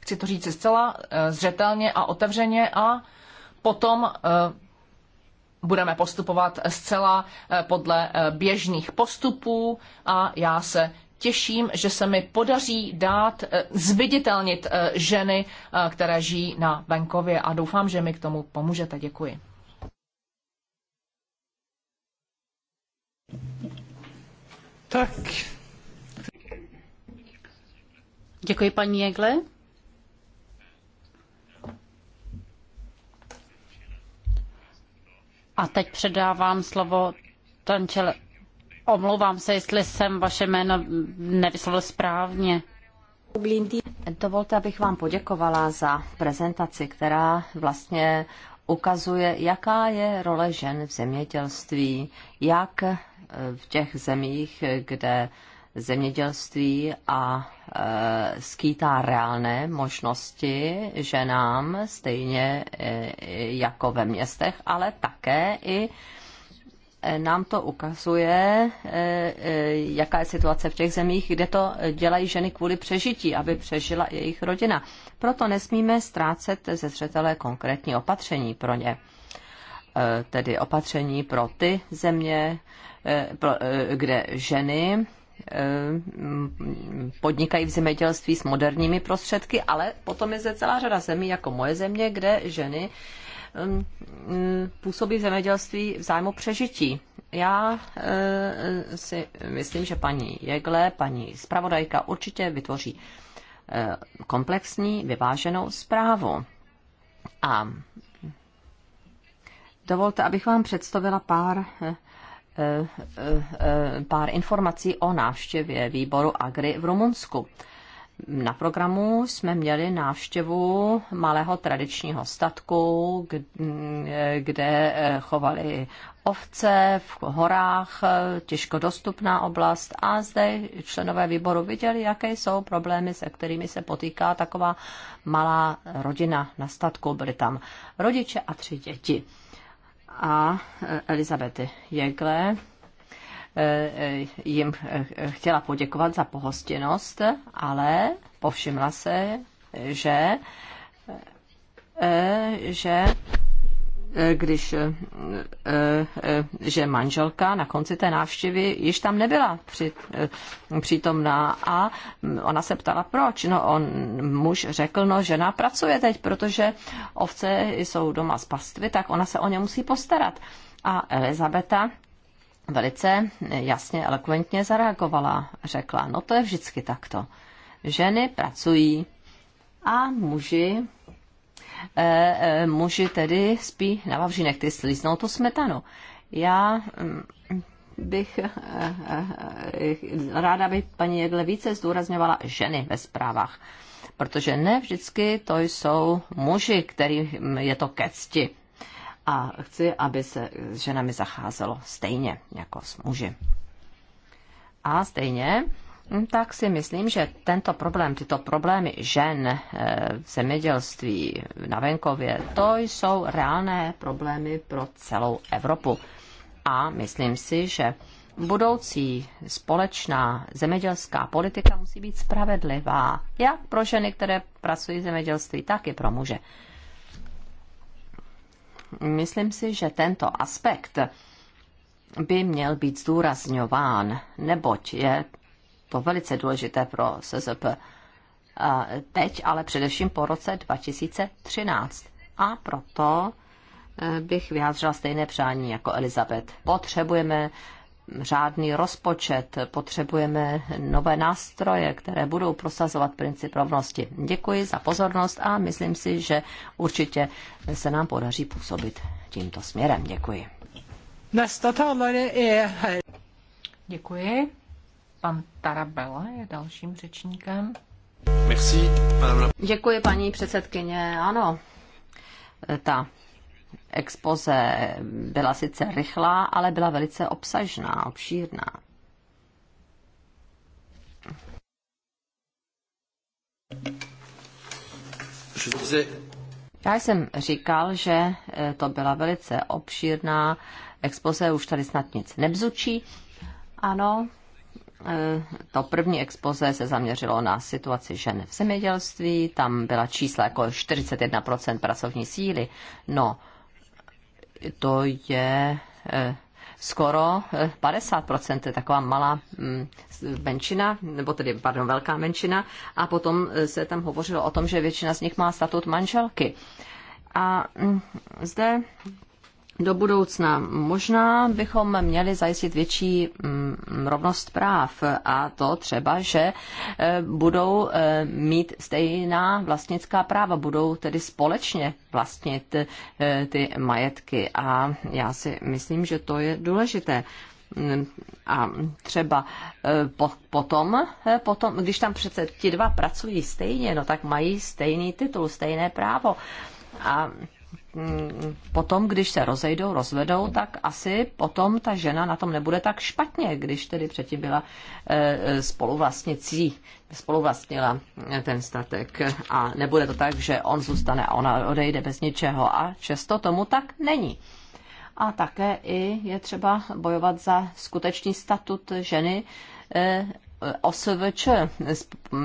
Chci to říct zcela eh, zřetelně a otevřeně a potom budeme postupovat zcela eh, podle eh, běžných postupů a já se těším, že se mi podaří dát eh, zviditelnit ženy, které žijí na venkově a doufám, že mi k tomu pomůžete. Děkuji.
Tak. Děkuji paní Jegle. A teď předávám slovo Tančele. Omlouvám se, jestli jsem vaše jméno
nevyslovil správně. Dovolte, abych vám poděkovala za prezentaci, která vlastně ukazuje, jaká je role žen v zemědělství, jak v těch zemích, kde zemědělství a e, skýtá reálné možnosti ženám, stejně e, jako ve městech, ale také i eh, nám to ukazuje, jaká je situace v těch zemích, kde to dělají ženy kvůli přežití, aby přežila jejich rodina. Proto nesmíme ztrácet ze zřetele konkrétní opatření pro ně. Tedy opatření pro ty země, kde ženy podnikají v zemědělství s moderními prostředky, ale potom je zde celá řada zemí, jako moje země, kde ženy um, působí v zemědělství v zájmu přežití. Já eh, si myslím, že paní Jegle, paní zpravodajka určitě vytvoří eh, komplexní, vyváženou zprávu. A dovolte, abych vám představila pár eh, Eh, eh, pár informací o návštěvě výboru Agri v Rumunsku. Na programu jsme měli návštěvu malého tradičního statku, eh, kde chovali ovce v horách, těžko dostupná oblast a zde členové výboru viděli, jaké jsou problémy, se kterými se potýká taková malá rodina na statku. Byli tam rodiče a tři děti a e, Elizabety Jegle e, e, jim chtěla poděkovat za pohostinnost, ale povšimla se, že že Eh, když eh, eh, že manželka na konci té návštěvy již tam nebyla při, přítomná a ona se ptala proč. No on muž řekl, no žena pracuje teď, protože ovce jsou doma z pastvy, tak ona se o ně musí postarat. A Elizabeta velice jasně, elokventně zareagovala. Řekla, no to je vždycky takto. Ženy pracují a muži E, e, muži tedy spí na vavřinech ty slíznou to smetanu. Já mm, bych e, ráda, by paní Jedle více zdůrazňovala ženy ve zprávách. Protože ne vždycky to jsou muži, kterým je to ke cti. A chci, aby se s ženami zacházelo stejně jako s muži. A stejně Hm, tak si myslím, že tento problém, tyto problémy žen eh, v zemědělství na venkově, to jsou reálné problémy pro celou Evropu. A myslím si, že budoucí společná zemědělská politika musí být spravedlivá, jak pro ženy, které pracují v zemědělství, tak i pro muže. Myslím si, že tento aspekt by měl být zdůrazňován, neboť je to velice důležité pro SZP teď, ale především po roce 2013. A proto eh, bych vyjádřila stejné přání jako Elizabeth. Potřebujeme řádný rozpočet, potřebujeme nové nástroje, které budou prosazovat princip rovnosti. Děkuji za pozornost a myslím si, že určitě se nám podaří působit tímto směrem. Děkuji.
talare Děkuji. Pan Tarabella
je dalším řečníkem. Merci, Děkuji, paní předsedkyně. Ano, ta expoze byla sice rychlá, ale byla velice obsažná, obšírná. Já jsem říkal, že eh, to byla velice obšírná expoze, už tady snad nic nebzučí. Ano, Eh, to první expoze se zaměřilo na situaci žen v zemědělství, tam byla čísla jako 41% pracovní síly. No, to je eh, skoro 50%, eh, to je taková malá mm, menšina, nebo tedy, pardon, velká menšina. A potom se tam hovořilo o tom, že většina z nich má statut manželky. A mm, zde do budoucna možná bychom měli zajistit větší mm, rovnost práv a to třeba, že e, budou e, mít stejná vlastnická práva, budou tedy společně vlastnit e, ty majetky a já si myslím, že to je důležité a třeba potom, potom, když tam přece ti dva pracují stejně, no tak mají stejný titul, stejné právo. A Mm, potom, když se rozejdou, rozvedou, tak asi potom ta žena na tom nebude tak špatně, když tedy předtím byla eh, eh, spoluvlastnicí, spoluvlastnila eh, ten statek a nebude to tak, že on zůstane a ona odejde bez ničeho a často tomu tak není. A také i je třeba bojovat za skutečný statut ženy OSVČ,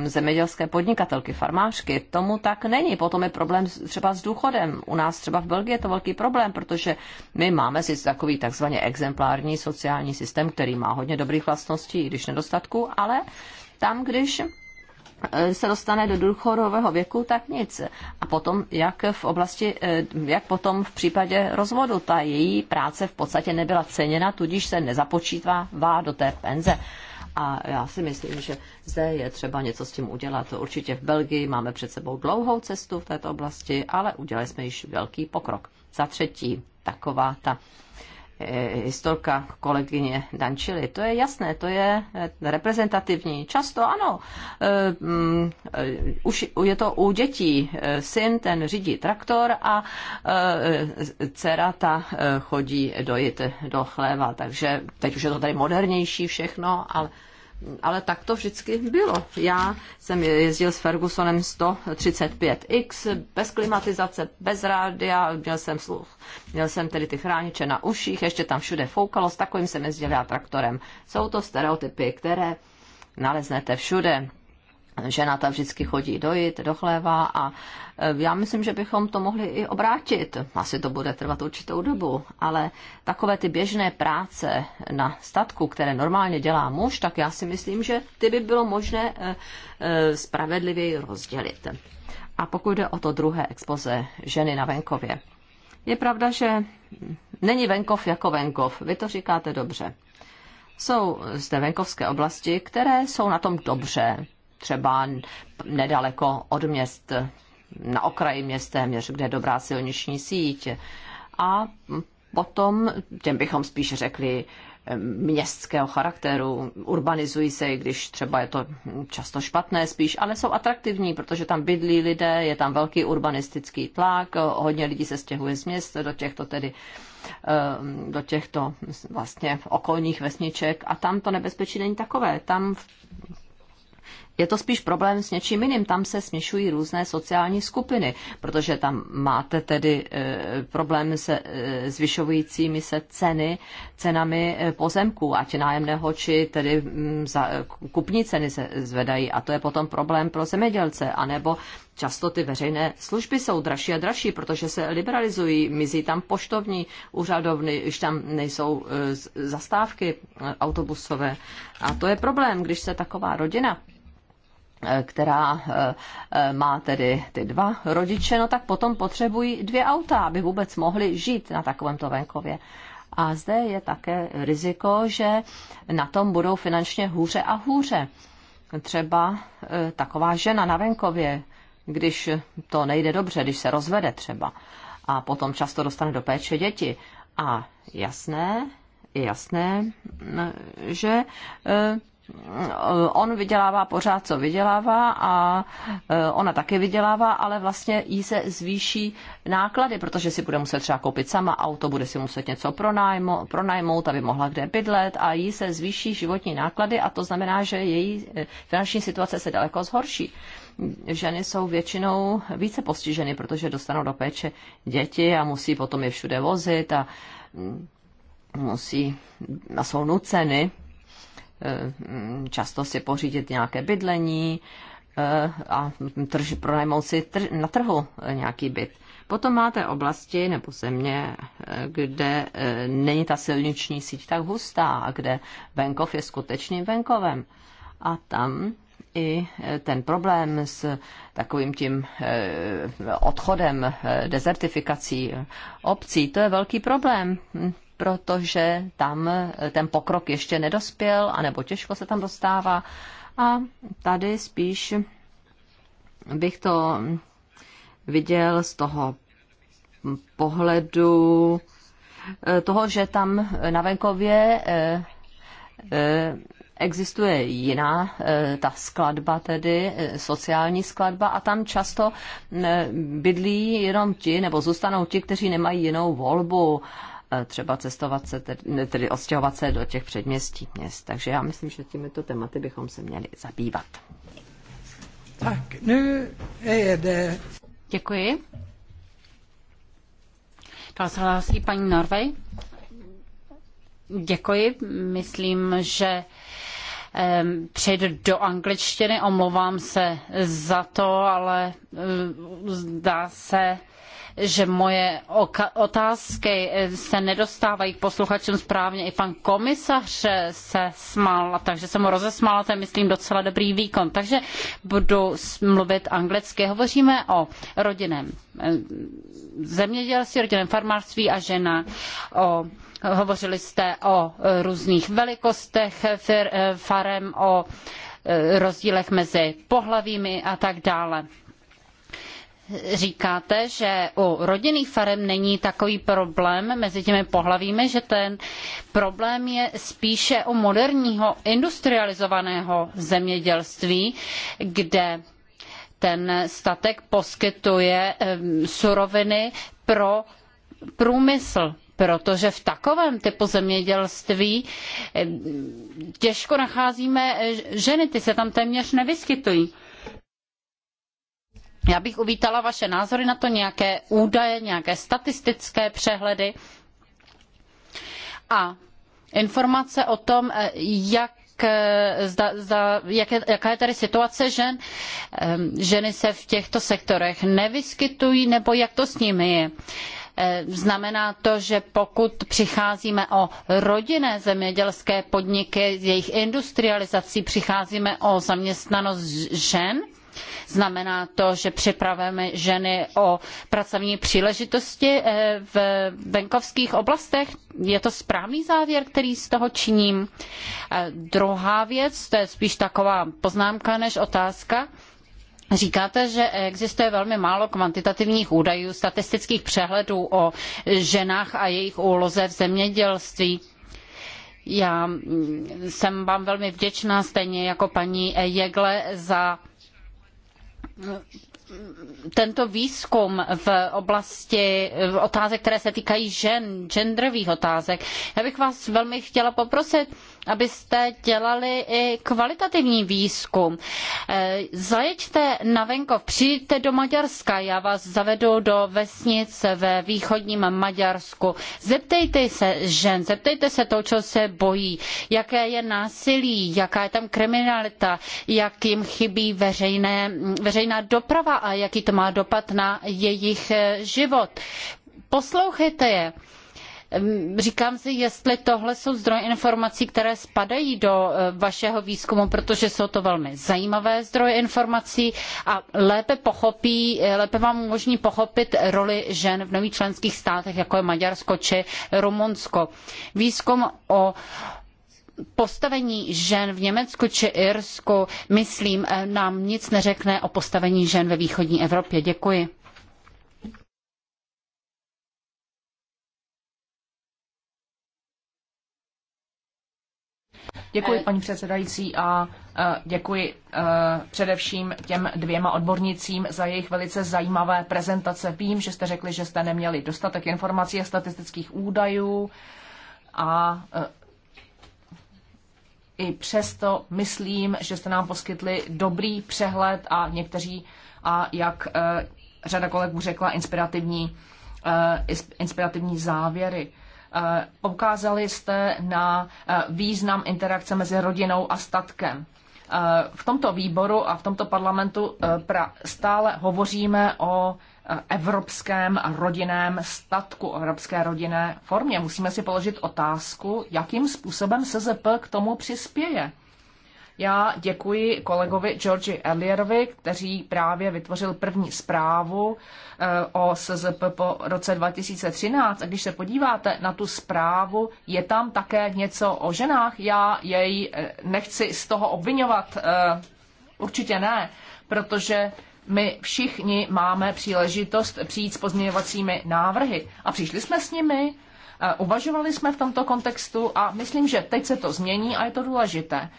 zemědělské podnikatelky, farmářky, tomu tak není. Potom je problém třeba s důchodem. U nás třeba v Belgii je to velký problém, protože my máme si takový takzvaně exemplární sociální systém, který má hodně dobrých vlastností, i když nedostatku, ale tam, když e, se dostane do důchodového věku, tak nic. A potom, jak v oblasti, e, jak potom v případě rozvodu, ta její práce v podstatě nebyla ceněna, tudíž se vá do té penze. A já si myslím, že zde je třeba něco s tím udělat. Určitě v Belgii máme před sebou dlouhou cestu v této oblasti, ale udělali jsme již velký pokrok. Za třetí, taková ta eh, historka kolegyně Dančily. To je jasné, to je eh, reprezentativní. Často ano, eh, mm, už je to u dětí. Syn ten řídí traktor a dcera ta chodí dojít do chléva. Takže teď už je to tady modernější všechno, ale ale tak to vždycky bylo. Já jsem jezdil s Fergusonem 135X, bez klimatizace, bez rádia, měl jsem sluch, měl jsem tedy ty chrániče na uších, ještě tam všude foukalo, s takovým jsem jezdil já traktorem. Jsou to stereotypy, které naleznete všude žena ta vždycky chodí dojít, do chléva a e, já myslím, že bychom to mohli i obrátit. Asi to bude trvat určitou dobu, ale takové ty běžné práce na statku, které normálně dělá muž, tak já si myslím, že ty by bylo možné e, e, spravedlivěji rozdělit. A pokud jde o to druhé expoze ženy na venkově, je pravda, že není venkov jako venkov. Vy to říkáte dobře. Jsou zde venkovské oblasti, které jsou na tom dobře třeba nedaleko od měst, na okraji měst téměř, kde je dobrá silniční síť. A potom, těm bychom spíš řekli, městského charakteru, urbanizují se, i když třeba je to často špatné spíš, ale jsou atraktivní, protože tam bydlí lidé, je tam velký urbanistický tlak, hodně lidí se stěhuje z měst do těchto tedy eh, do těchto vlastně okolních vesniček a tam to nebezpečí není takové. Tam je to spíš problém s něčím jiným. Tam se směšují různé sociální skupiny, protože tam máte tedy eh, problém se eh, zvyšujícími se ceny, cenami eh, pozemků, ať nájemného, či tedy mm, za, kupní ceny se zvedají. A to je potom problém pro zemědělce, anebo Často ty veřejné služby jsou dražší a dražší, protože se liberalizují, mizí tam poštovní úřadovny, už tam nejsou zastávky autobusové. A to je problém, když se taková rodina která eh, eh, má tedy ty dva rodiče, no tak potom potřebují dvě auta, aby vůbec mohli žít na takovémto venkově. A zde je také riziko, že na tom budou finančně hůře a hůře. Třeba eh, taková žena na venkově, když to nejde dobře, když se rozvede třeba a potom často dostane do péče děti. A jasné, jasné, že on vydělává pořád, co vydělává a e, ona také vydělává, ale vlastně jí se zvýší náklady, protože si bude muset třeba koupit sama auto, bude si muset něco pronajmout, aby mohla kde bydlet a jí se zvýší životní náklady a to znamená, že její e, finanční situace se daleko zhorší. Ženy jsou většinou více postiženy, protože dostanou do péče děti a musí potom je všude vozit a mm, musí a jsou nuceny Eh, často si pořídit nějaké bydlení eh, a trž, pronajmout si trž, na trhu eh, nějaký byt. Potom máte oblasti nebo země, kde není ta silniční síť tak hustá a kde venkov je skutečným venkovem. A tam i ten problém s takovým tím odchodem, dezertifikací obcí, to je velký problém protože tam eh, ten pokrok ještě nedospěl, anebo těžko se tam dostává. A tady spíš bych to viděl z toho pohledu eh, toho, že tam na venkově eh, existuje jiná ta skladba tedy, sociální skladba a tam často bydlí jenom ti, nebo zůstanou ti, kteří nemají jinou volbu Eh, třeba cestovat se, tedy odstěhovat se do těch předměstí měst. Takže já myslím, že těmito tématy bychom se měli zabývat.
Tak, nu jede. Děkuji. Dál se hlásí paní Norvej. Děkuji. Myslím, že přejdu do angličtiny, omlouvám se za to, ale eh, zdá se, že moje otázky eh, se nedostávají k posluchačům správně. I pan komisař se smál, takže jsem ho rozesmála, to je myslím docela dobrý výkon. Takže budu mluvit anglicky. Hovoříme o rodinném eh, zemědělství, rodinném farmářství a žena, o hovořili jste o eh, různých velikostech farem, o rozdílech mezi pohlavími a tak dále říkáte, že u rodinných farem není takový problém mezi těmi pohlavími, že ten problém je spíše u moderního industrializovaného zemědělství, kde ten statek poskytuje suroviny pro průmysl, protože v takovém typu zemědělství těžko nacházíme e, ženy, ty se tam téměř nevyskytují. Já bych uvítala vaše názory na to, nějaké údaje, nějaké statistické přehledy a informace o tom, eh, jak eh, Zda, zda, jak je, jaká je tady situace žen. Ehm, ženy se v těchto sektorech nevyskytují, nebo jak to s nimi je. Ehm, znamená to, že pokud přicházíme o rodinné zemědělské podniky, jejich industrializací, přicházíme o zaměstnanost žen, Znamená to, že připravujeme ženy o pracovní příležitosti eh, v venkovských oblastech? Je to správný závěr, který z toho činím? Eh, druhá věc, to je spíš taková poznámka než otázka. Říkáte, že existuje velmi málo kvantitativních údajů, statistických přehledů o ženách a jejich úloze v zemědělství. Já mm, jsem vám velmi vděčná, stejně jako paní Jegle, za tento výzkum v oblasti otázek, které se týkají žen, genderových otázek. Já bych vás velmi chtěla poprosit, abyste dělali i kvalitativní výzkum. Eh, Zajeďte na venkov, přijďte do Maďarska, já vás zavedu do vesnic ve východním Maďarsku. Zeptejte se žen, zeptejte se toho, čeho se bojí, jaké je násilí, jaká je tam kriminalita, jak jim chybí veřejné, veřejná doprava a jaký to má dopad na jejich eh, život. Poslouchejte je Říkám si, jestli tohle jsou zdroje informací, které spadají do eh, vašeho výzkumu, protože jsou to velmi zajímavé zdroje informací a lépe, pochopí, eh, lépe vám umožní pochopit roli žen v nových členských státech, jako je Maďarsko či Rumunsko. Výzkum o postavení žen v Německu či Irsku, myslím, eh, nám nic neřekne o postavení žen ve východní Evropě. Děkuji.
Děkuji, paní předsedající, a e, děkuji e, především těm dvěma odbornicím za jejich velice zajímavé prezentace. Vím, že jste řekli, že jste neměli dostatek informací a statistických údajů a e, i přesto myslím, že jste nám poskytli dobrý přehled a někteří, a jak řada kolegů řekla, inspirativní, inspirativní závěry. Poukázali eh, jste na eh, význam interakce mezi rodinou a statkem. Eh, v tomto výboru a v tomto parlamentu stále hovoříme o evropském rodinném statku, o evropské rodinné formě. Musíme si položit otázku, jakým způsobem SZP k tomu přispěje já děkuji kolegovi Georgi Elierovi, který právě vytvořil první zprávu eh, o SZP po roce 2013. A když se podíváte na tu zprávu, je tam také něco o ženách. Já jej eh, nechci z toho obvinovat, eh, určitě ne, protože my všichni máme příležitost přijít s pozměňovacími návrhy. A přišli jsme s nimi, uvažovali jsme v tomto kontextu a myslím, že teď se to změní a je to důležité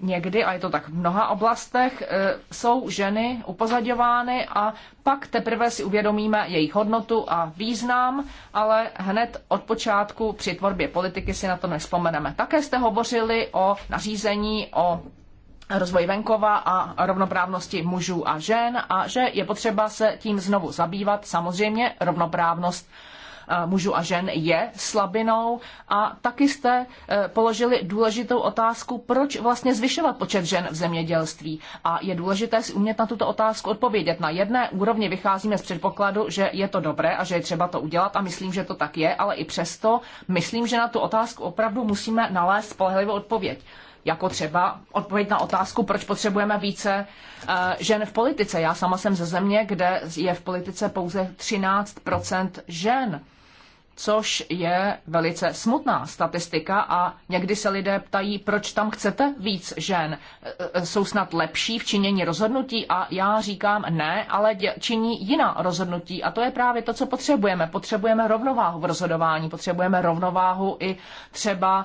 někdy, a je to tak v mnoha oblastech, e, jsou ženy upozaděvány a pak teprve si uvědomíme jejich hodnotu a význam, ale hned od počátku při tvorbě politiky si na to nespomeneme. Také jste hovořili o nařízení o rozvoji venkova a rovnoprávnosti mužů a žen a že je potřeba se tím znovu zabývat. Samozřejmě rovnoprávnost mužů a žen je slabinou. A taky jste eh, položili důležitou otázku, proč vlastně zvyšovat počet žen v zemědělství. A je důležité si umět na tuto otázku odpovědět. Na jedné úrovni vycházíme z předpokladu, že je to dobré a že je třeba to udělat a myslím, že to tak je, ale i přesto myslím, že na tu otázku opravdu musíme nalézt spolehlivou odpověď jako třeba odpověď na otázku, proč potřebujeme více eh, žen v politice. Já sama jsem ze země, kde je v politice pouze 13 žen což je velice smutná statistika a někdy se lidé ptají, proč tam chcete víc žen. E, e, jsou snad lepší v činění rozhodnutí a já říkám ne, ale činí jiná rozhodnutí a to je právě to, co potřebujeme. Potřebujeme rovnováhu v rozhodování, potřebujeme rovnováhu i třeba e,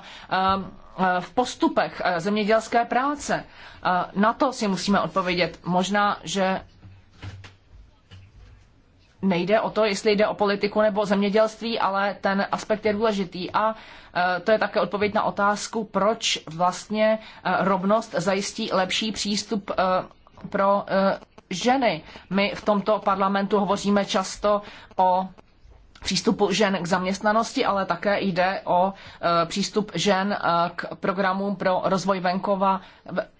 v postupech zemědělské práce. Na to si musíme odpovědět. Možná, že nejde o to, jestli jde o politiku nebo o zemědělství, ale ten aspekt je důležitý. A e, to je také odpověď na otázku, proč vlastně e, rovnost zajistí lepší přístup e, pro ženy. My v tomto parlamentu hovoříme často o přístupu žen k zaměstnanosti, ale také jde o přístup žen k programům pro rozvoj venkova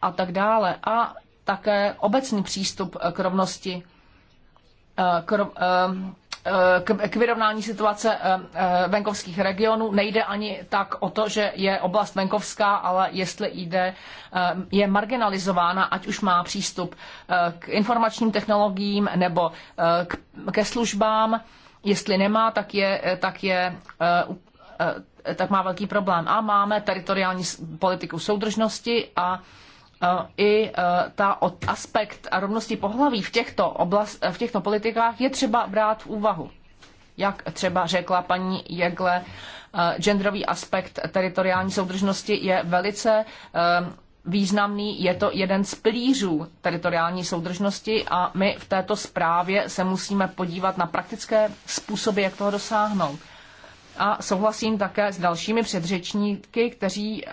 a tak dále. A také obecný přístup k rovnosti Eh, krom, eh, eh, k vyrovnání situace venkovských regionů. Nejde ani tak o to, že je oblast venkovská, ale jestli jde, je marginalizována, ať už má přístup k informačním technologiím nebo ke službám. Jestli nemá, tak je, tak je tak má velký problém. A máme teritoriální politiku soudržnosti a E, i e, ta od aspekt rovnosti pohlaví v těchto, oblast, e, v těchto politikách je třeba brát v úvahu. Jak třeba řekla paní Jegle, genderový aspekt teritoriální soudržnosti je velice významný, je to jeden z pilířů teritoriální soudržnosti a my v této zprávě se musíme podívat na praktické způsoby, jak toho dosáhnout. A souhlasím také s dalšími předřečníky, kteří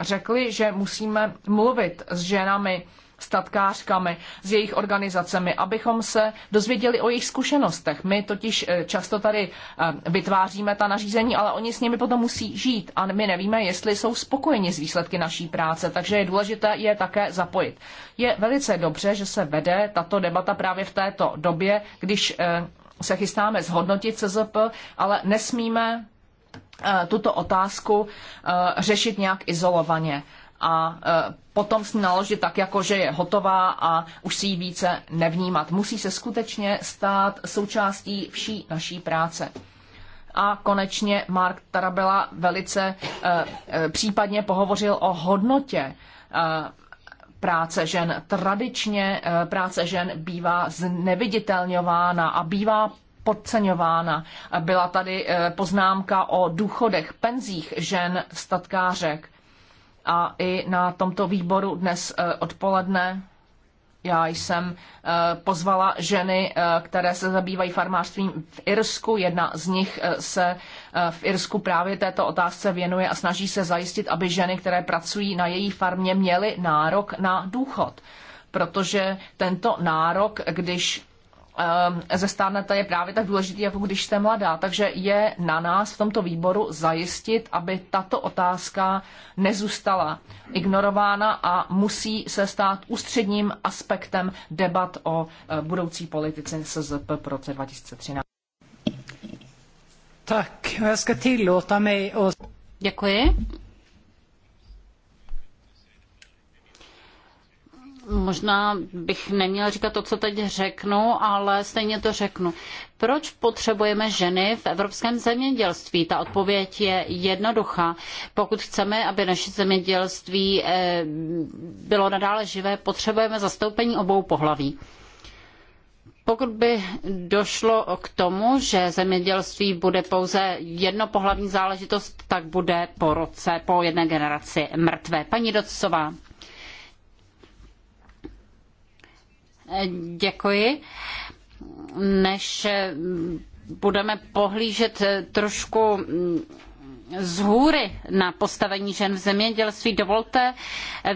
řekli, že musíme mluvit s ženami, statkářkami, s jejich organizacemi, abychom se dozvěděli o jejich zkušenostech. My totiž eh, často tady eh, vytváříme ta nařízení, ale oni s nimi potom musí žít a my nevíme, jestli jsou spokojeni s výsledky naší práce, takže je důležité je také zapojit. Je velice dobře, že se vede tato debata právě v této době, když eh, se chystáme zhodnotit CZP, ale nesmíme Eh, tuto otázku eh, řešit nějak izolovaně a eh, potom s ní naložit tak, jako že je hotová a už si ji více nevnímat. Musí se skutečně stát součástí vší naší práce. A konečně Mark Tarabella velice případně pohovořil o hodnotě práce žen. Tradičně práce žen bývá zneviditelňována a bývá podceňována. Byla tady eh, poznámka o důchodech, penzích žen statkářek. A i na tomto výboru dnes eh, odpoledne já jsem eh, pozvala ženy, které se zabývají farmářstvím v Irsku. Jedna z nich se v Irsku právě této otázce věnuje a snaží se zajistit, aby ženy, které pracují na její farmě, měly nárok na důchod. Protože tento nárok, když Eh, stárnete je právě tak důležitý, jako když jste mladá. Takže je na nás v tomto výboru zajistit, aby tato otázka nezůstala ignorována a musí se stát ústředním aspektem debat o eh, budoucí politice SZP pro roce
2013. Tak, já ska tillåta mig Děkuji. možná bych neměla říkat to, co teď řeknu, ale stejně to řeknu. Proč potřebujeme ženy v evropském zemědělství? Ta odpověď je jednoduchá. Pokud chceme, aby naše zemědělství eh, bylo nadále živé, potřebujeme zastoupení obou pohlaví. Pokud by došlo k tomu, že zemědělství bude pouze jednopohlavní záležitost, tak bude po roce, po jedné generaci mrtvé. Paní Docová. Děkuji. Než budeme pohlížet trošku z hůry na postavení žen v zemědělství, dovolte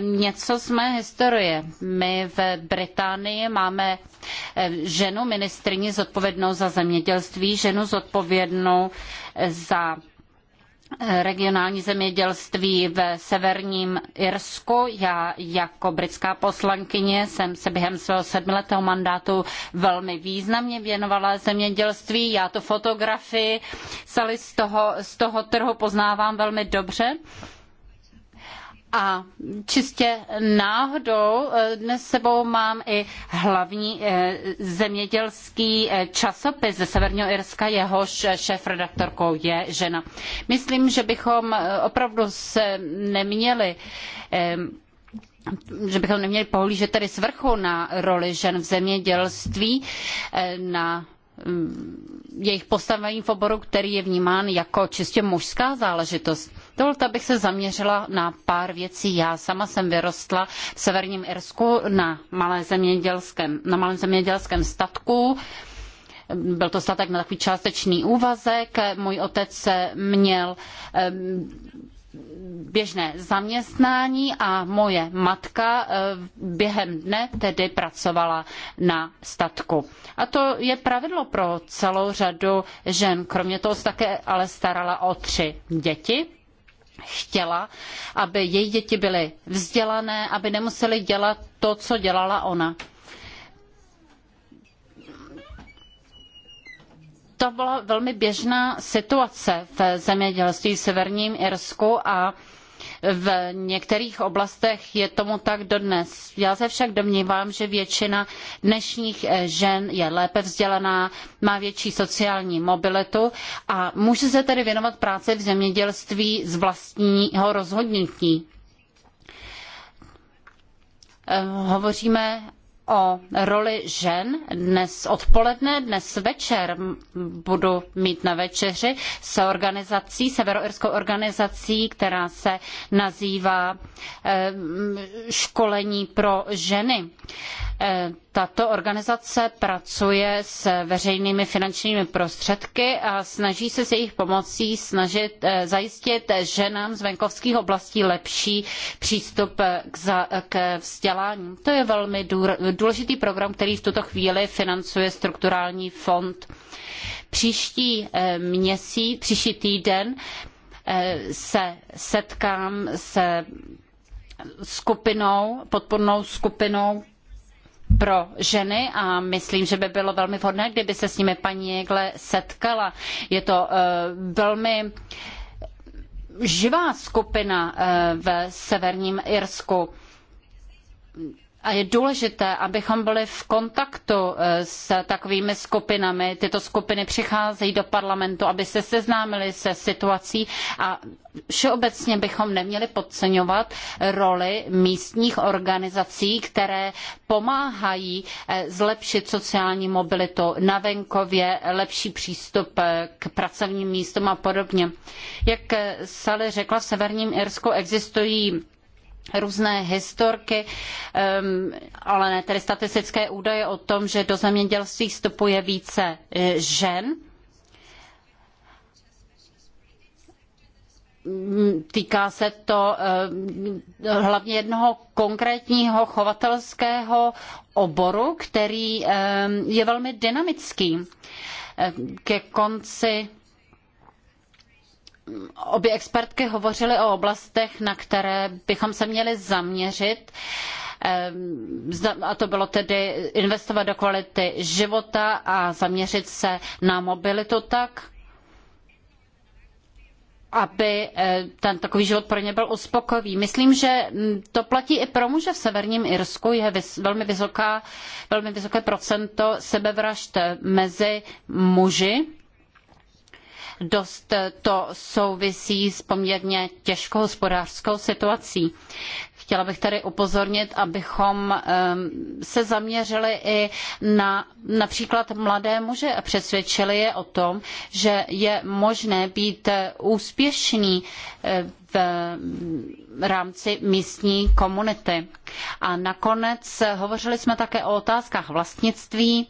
něco z mé historie. My v Británii máme eh, ženu ministrině zodpovědnou za zemědělství, ženu zodpovědnou za regionální zemědělství v severním Irsku. Já jako britská poslankyně jsem se během svého sedmiletého mandátu velmi významně věnovala zemědělství. Já tu fotografii z toho, z toho trhu poznávám velmi dobře. A čistě náhodou eh, dnes sebou mám i hlavní eh, zemědělský eh, časopis ze Severního Irska, jehož šéfredaktorkou je žena. Myslím, že bychom opravdu se neměli že bychom neměli pohlížet tedy svrchu na roli žen v zemědělství, na Eh, jejich postavení v oboru, který je vnímán jako čistě mužská záležitost. Dovolte, abych se zaměřila na pár věcí. Já sama jsem vyrostla v severním Irsku na, malé zemědělském, na malém zemědělském statku. Byl to statek na takový částečný úvazek. Můj otec měl eh, běžné zaměstnání a moje matka eh, během dne tedy pracovala na statku. A to je pravidlo pro celou řadu žen. Kromě toho se také ale starala o tři děti, chtěla, aby její děti byly vzdělané, aby nemuseli dělat to, co dělala ona. to byla velmi běžná situace v zemědělství v severním Irsku a v některých oblastech je tomu tak dodnes. Já se však domnívám, že většina dnešních eh, žen je lépe vzdělaná, má větší sociální mobilitu a může se tedy věnovat práci v zemědělství z vlastního rozhodnutí. Eh, hovoříme o roli žen dnes odpoledne, dnes večer budu mít na večeři s organizací, severoirskou organizací, která se nazývá eh, školení pro ženy. Eh, tato organizace pracuje s veřejnými finančními prostředky a snaží se s jejich pomocí snažit eh, zajistit ženám z venkovských oblastí lepší přístup k, vzdělání. To je velmi důležitý program, který v tuto chvíli financuje strukturální fond. Příští eh, měsíc, příští týden eh, se setkám se skupinou, podpornou skupinou pro ženy a myslím, že by bylo velmi vhodné, kdyby se s nimi paní Jegle setkala. Je to eh, velmi živá skupina v severním Irsku a je důležité, abychom byli v kontaktu eh, s takovými skupinami. Tyto skupiny přicházejí do parlamentu, aby se seznámili se situací a všeobecně bychom neměli podceňovat roli místních organizací, které pomáhají eh, zlepšit sociální mobilitu na venkově, lepší přístup eh, k pracovním místům a podobně. Jak Sally řekla, v Severním Irsku existují různé historky, ehm, ale ne tedy statistické údaje o tom, že do zemědělství vstupuje více e, žen. Mm, týká se to ehm, hlavně jednoho konkrétního chovatelského oboru, který ehm, je velmi dynamický. Ke konci obě expertky hovořily o oblastech, na které bychom se měli zaměřit. Ehm, a to bylo tedy investovat do kvality života a zaměřit se na mobilitu tak, aby e, ten takový život pro ně byl uspokojivý. Myslím, že mm, to platí i pro muže v severním Irsku. Je velmi, vysoká, velmi vysoké procento sebevražd mezi muži dost to souvisí s poměrně těžkou hospodářskou situací. Chtěla bych tady upozornit, abychom se zaměřili i na například mladé muže a přesvědčili je o tom, že je možné být eh, úspěšný eh, v rámci místní komunity. A nakonec eh, hovořili jsme také o otázkách vlastnictví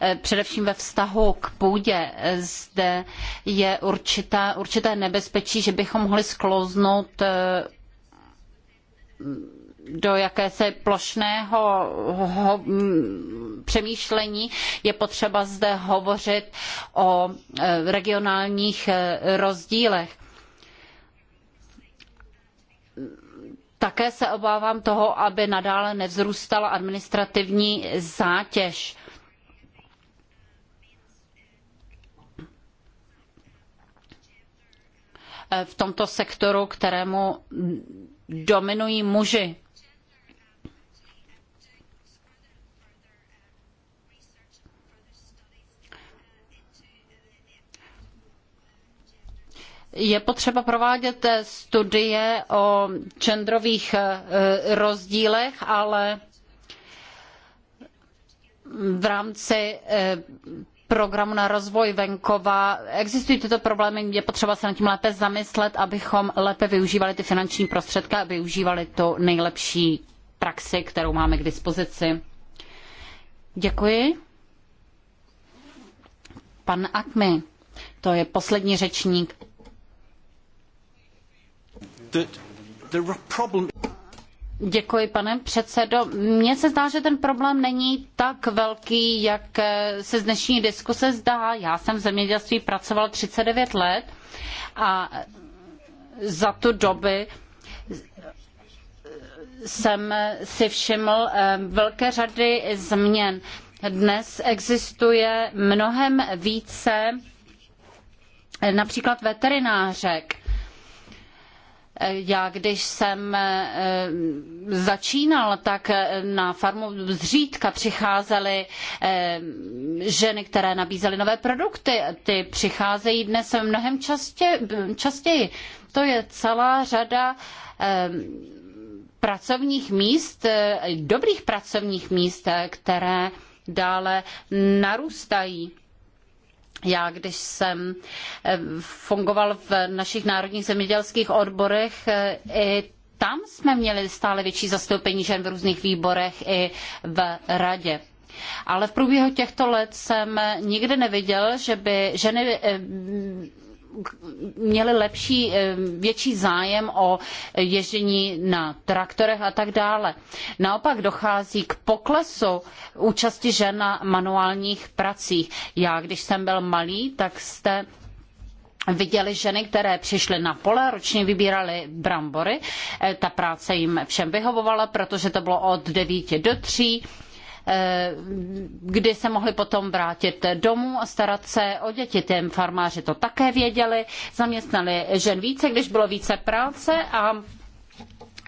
Eh, především ve vztahu k půdě eh, zde je určitá, určité nebezpečí, že bychom mohli sklouznout eh, do jakési plošného přemýšlení je potřeba zde hovořit o regionálních rozdílech. Také se obávám toho, aby nadále nevzrůstala administrativní zátěž Eh, v tomto sektoru, kterému dominují muži. je potřeba provádět eh, studie o genderových eh, rozdílech, ale v rámci programu na rozvoj venkova. Existují tyto problémy, je potřeba se nad tím lépe zamyslet, abychom lépe využívali ty finanční prostředky a využívali tu nejlepší praxi, kterou máme k dispozici. Děkuji. Pan Akmi, to je poslední řečník.
The, the problem...
Děkuji, pane předsedo. Mně se zdá, že ten problém není tak velký, jak se z dnešní diskuse zdá. Já jsem v zemědělství pracoval 39 let a za tu dobu jsem si všiml eh, velké řady změn. Dnes existuje mnohem více eh, například veterinářek já když jsem eh, začínal, tak eh, na farmu zřídka přicházely eh, ženy, které nabízely nové produkty. Ty přicházejí dnes mnohem častěji. To je celá řada pracovních míst, dobrých pracovních míst, které dále narůstají. Já, když jsem eh, fungoval v našich národních zemědělských odborech, eh, i tam jsme měli stále větší zastoupení žen v různých výborech i v radě. Ale v průběhu těchto let jsem nikdy neviděl, že by ženy eh, měli lepší, eh, větší zájem o ježdění na traktorech a tak dále. Naopak dochází k poklesu účasti žen na manuálních pracích. Já, když jsem byl malý, tak jste viděli ženy, které přišly na pole, ročně vybíraly brambory. Eh, ta práce jim všem vyhovovala, protože to bylo od 9 do 3 Eh, kdy se mohli potom vrátit domů a starat se o děti. Těm farmáři to také věděli, zaměstnali žen více, když bylo více práce a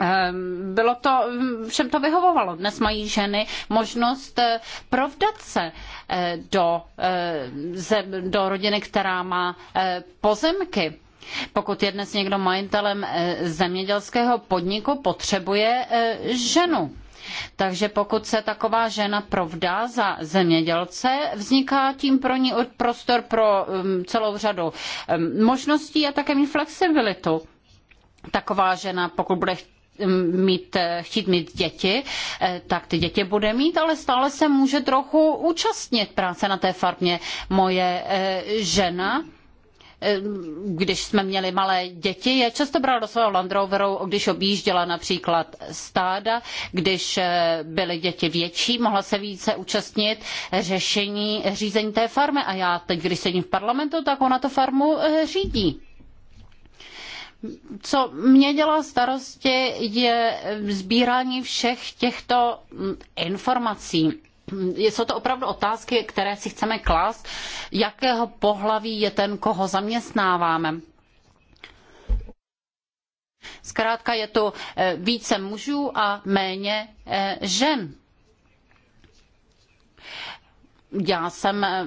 eh, bylo to, všem to vyhovovalo. Dnes mají ženy možnost eh, provdat se do, do rodiny, která má pozemky. Pokud je dnes někdo majitelem zemědělského podniku, potřebuje ženu takže pokud se taková žena provdá za zemědělce, vzniká tím pro ní prostor pro um, celou řadu um, možností a také mít flexibilitu. Taková žena, pokud bude um, mít, eh, chtít mít děti, eh, tak ty děti bude mít, ale stále se může trochu účastnit práce na té farmě. Moje eh, žena Eh, když jsme měli malé děti, je často brala do svého Land Roveru, když objížděla například stáda, když eh, byly děti větší, mohla se více účastnit řešení, řízení té farmy. A já teď, když sedím v parlamentu, tak ona to farmu eh, řídí. Co mě dělá starosti, je sbírání všech těchto hm, informací jsou to opravdu otázky, které si chceme klást, jakého pohlaví je ten, koho zaměstnáváme. Zkrátka je tu eh, více mužů a méně eh, žen. Já jsem eh,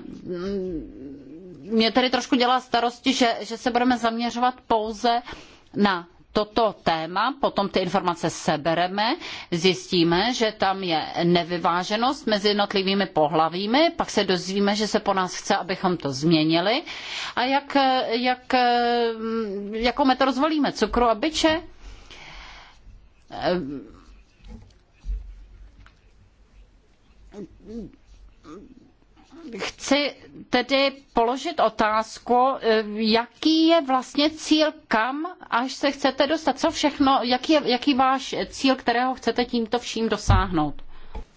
mě tedy trošku dělá starosti, že, že se budeme zaměřovat pouze na toto téma, potom ty informace sebereme, zjistíme, že tam je nevyváženost mezi jednotlivými pohlavími, pak se dozvíme, že se po nás chce, abychom to změnili. A jak, jak, mm, jakou metodu zvolíme? Cukru a byče? Ehm chci tedy položit otázku, eh, jaký je vlastně cíl, kam až se chcete dostat, co všechno, jaký je jaký váš cíl, kterého chcete tímto vším dosáhnout.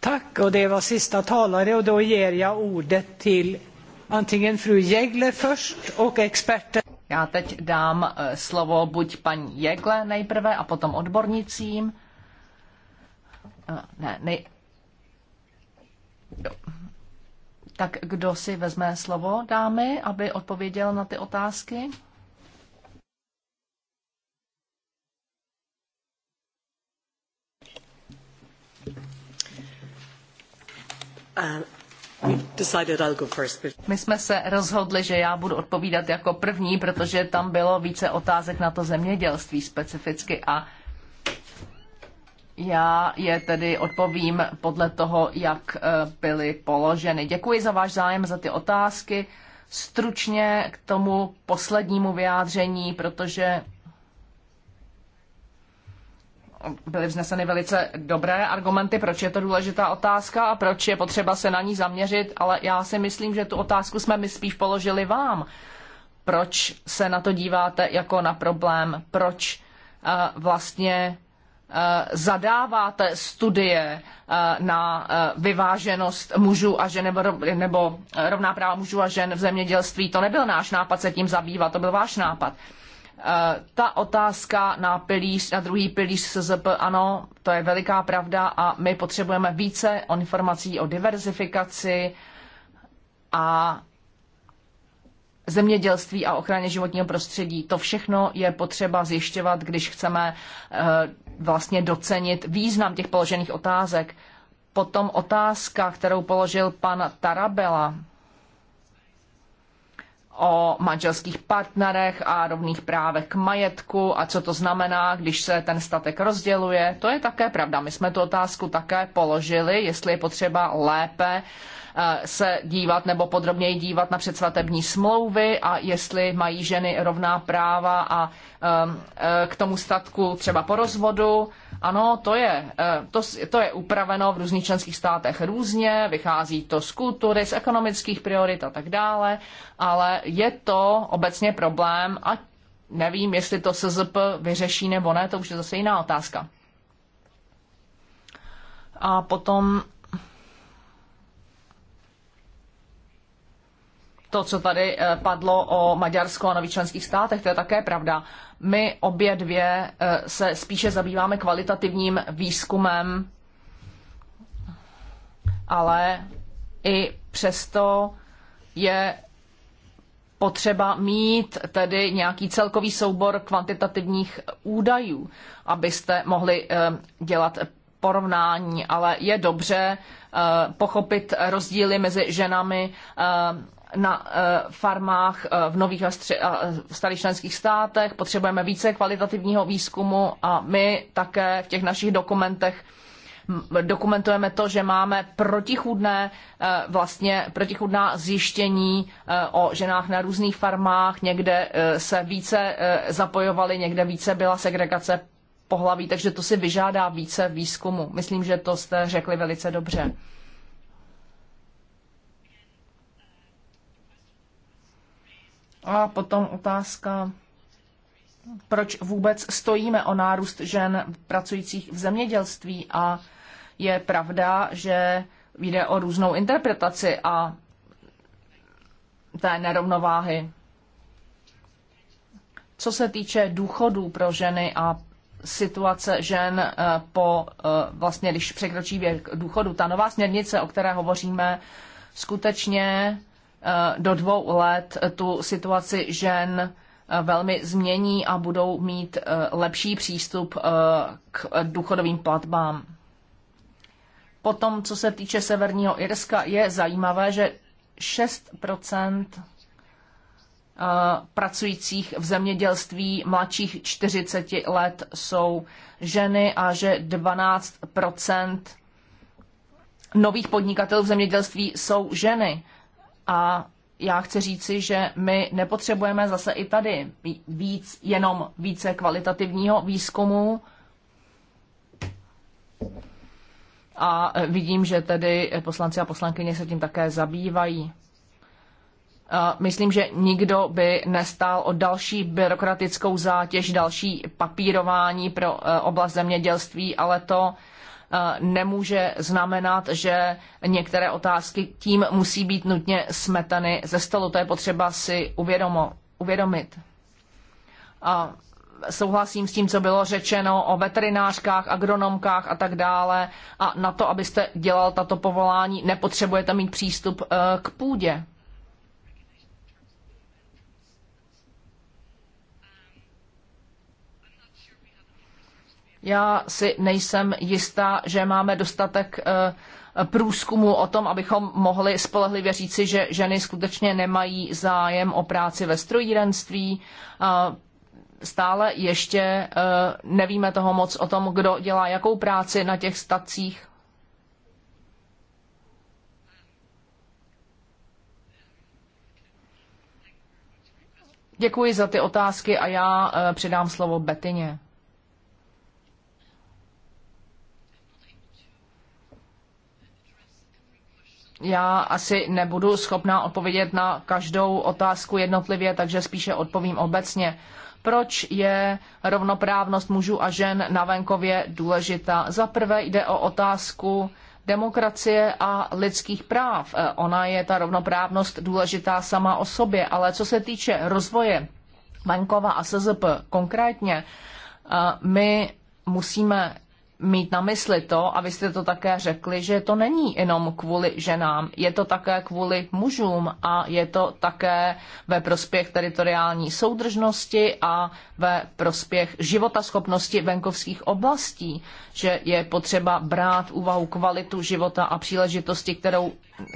Tack, och det var sista talare a då ger jag ordet till
antingen fru Jägle först och experten. Já teď dám eh, slovo buď paní Jegle nejprve a potom odbornicím. Eh, ne, nej... Tak kdo si vezme slovo, dámy, aby odpověděl na ty otázky? Uh, My jsme se rozhodli, že já budu odpovídat jako první, protože tam bylo více otázek na to zemědělství specificky a já je tedy odpovím podle toho, jak eh, byly položeny. Děkuji za váš zájem, za ty otázky. Stručně k tomu poslednímu vyjádření, protože byly vzneseny velice dobré argumenty, proč je to důležitá otázka a proč je potřeba se na ní zaměřit, ale já si myslím, že tu otázku jsme my spíš položili vám. Proč se na to díváte jako na problém? Proč eh, vlastně Eh, zadáváte studie eh, na eh, vyváženost mužů a žen nebo rovná práva mužů a žen v zemědělství. To nebyl náš nápad se tím zabývat, to byl váš nápad. Ta otázka na pilíř, na druhý pilíř SZP, ano, to je veliká pravda a my potřebujeme více informací o diverzifikaci a zemědělství a ochraně životního prostředí. To všechno je potřeba zjišťovat, když chceme vlastně docenit význam těch položených otázek. Potom otázka, kterou položil pan Tarabela o manželských partnerech a rovných právech k majetku a co to znamená, když se ten statek rozděluje. To je také pravda. My jsme tu otázku také položili, jestli je potřeba lépe Eh, se dívat nebo podrobněji dívat na předsvatební smlouvy a jestli mají ženy rovná práva a eh, eh, k tomu statku třeba po rozvodu. Ano, to je, to, to je upraveno v různých členských státech různě, vychází to z kultury, z ekonomických priorit a tak dále, ale je to obecně problém a nevím, jestli to SZP vyřeší nebo ne, to už je zase jiná otázka. A potom to, co tady eh, padlo o Maďarsko a nových členských státech, to je také pravda. My obě dvě eh, se spíše zabýváme kvalitativním výzkumem, ale i přesto je potřeba mít tedy nějaký celkový soubor kvantitativních údajů, abyste mohli eh, dělat porovnání, ale je dobře pochopit rozdíly mezi ženami na eh, farmách eh, v nových a starých členských státech, potřebujeme více kvalitativního výzkumu a my také v těch našich dokumentech dokumentujeme to, že máme protichudné eh, vlastně protichudná zjištění o ženách na různých farmách, někde se více zapojovaly, někde více byla segregace pohlaví, takže to si vyžádá více výzkumu. Myslím, že to jste řekli velice dobře. A potom otázka, proč vůbec stojíme o nárůst žen pracujících v zemědělství a je pravda, že jde o různou interpretaci a té nerovnováhy. Co se týče důchodů pro ženy a situace žen eh, po, eh, vlastně, když překročí věk důchodu, ta nová směrnice, o které hovoříme, skutečně Eh, do dvou let tu situaci žen eh, velmi změní a budou mít eh, lepší přístup k důchodovým platbám. Potom, co se týče Severního Irska, je zajímavé, že 6 pracujících v zemědělství mladších 40 let jsou ženy a že 12 nových podnikatelů v zemědělství jsou ženy. A já chci říci, že my nepotřebujeme zase i tady víc, jenom více kvalitativního výzkumu. A vidím, že tedy poslanci a poslankyně se tím také zabývají. Myslím, že nikdo by nestál o další byrokratickou zátěž, další papírování pro e, oblast zemědělství, ale to Eh, nemůže znamenat, že některé otázky tím musí být nutně smetany ze stolu. To je potřeba si uvědomo, uvědomit. A souhlasím s tím, co bylo řečeno o veterinářkách, agronomkách a tak dále. A na to, abyste dělal tato povolání, nepotřebujete mít přístup eh, k půdě. Já si nejsem jistá, že máme dostatek eh, průzkumu o tom, abychom mohli spolehlivě říci, že ženy skutečně nemají zájem o práci ve strojírenství. Stále ještě eh, nevíme toho moc o tom, kdo dělá jakou práci na těch stacích. Děkuji za ty otázky a já eh, předám slovo Betině. já asi nebudu schopná odpovědět na každou otázku jednotlivě, takže spíše odpovím obecně. Proč je rovnoprávnost mužů a žen na venkově důležitá? Za prvé jde o otázku demokracie a lidských práv. E, ona je ta rovnoprávnost důležitá sama o sobě, ale co se týče rozvoje venkova a SZP konkrétně, e, my musíme mít na mysli to, a vy jste to také řekli, že to není jenom kvůli ženám, je to také kvůli mužům a je to také ve prospěch teritoriální soudržnosti a ve prospěch životaschopnosti venkovských oblastí, že je potřeba brát úvahu kvalitu života a příležitosti, kterou,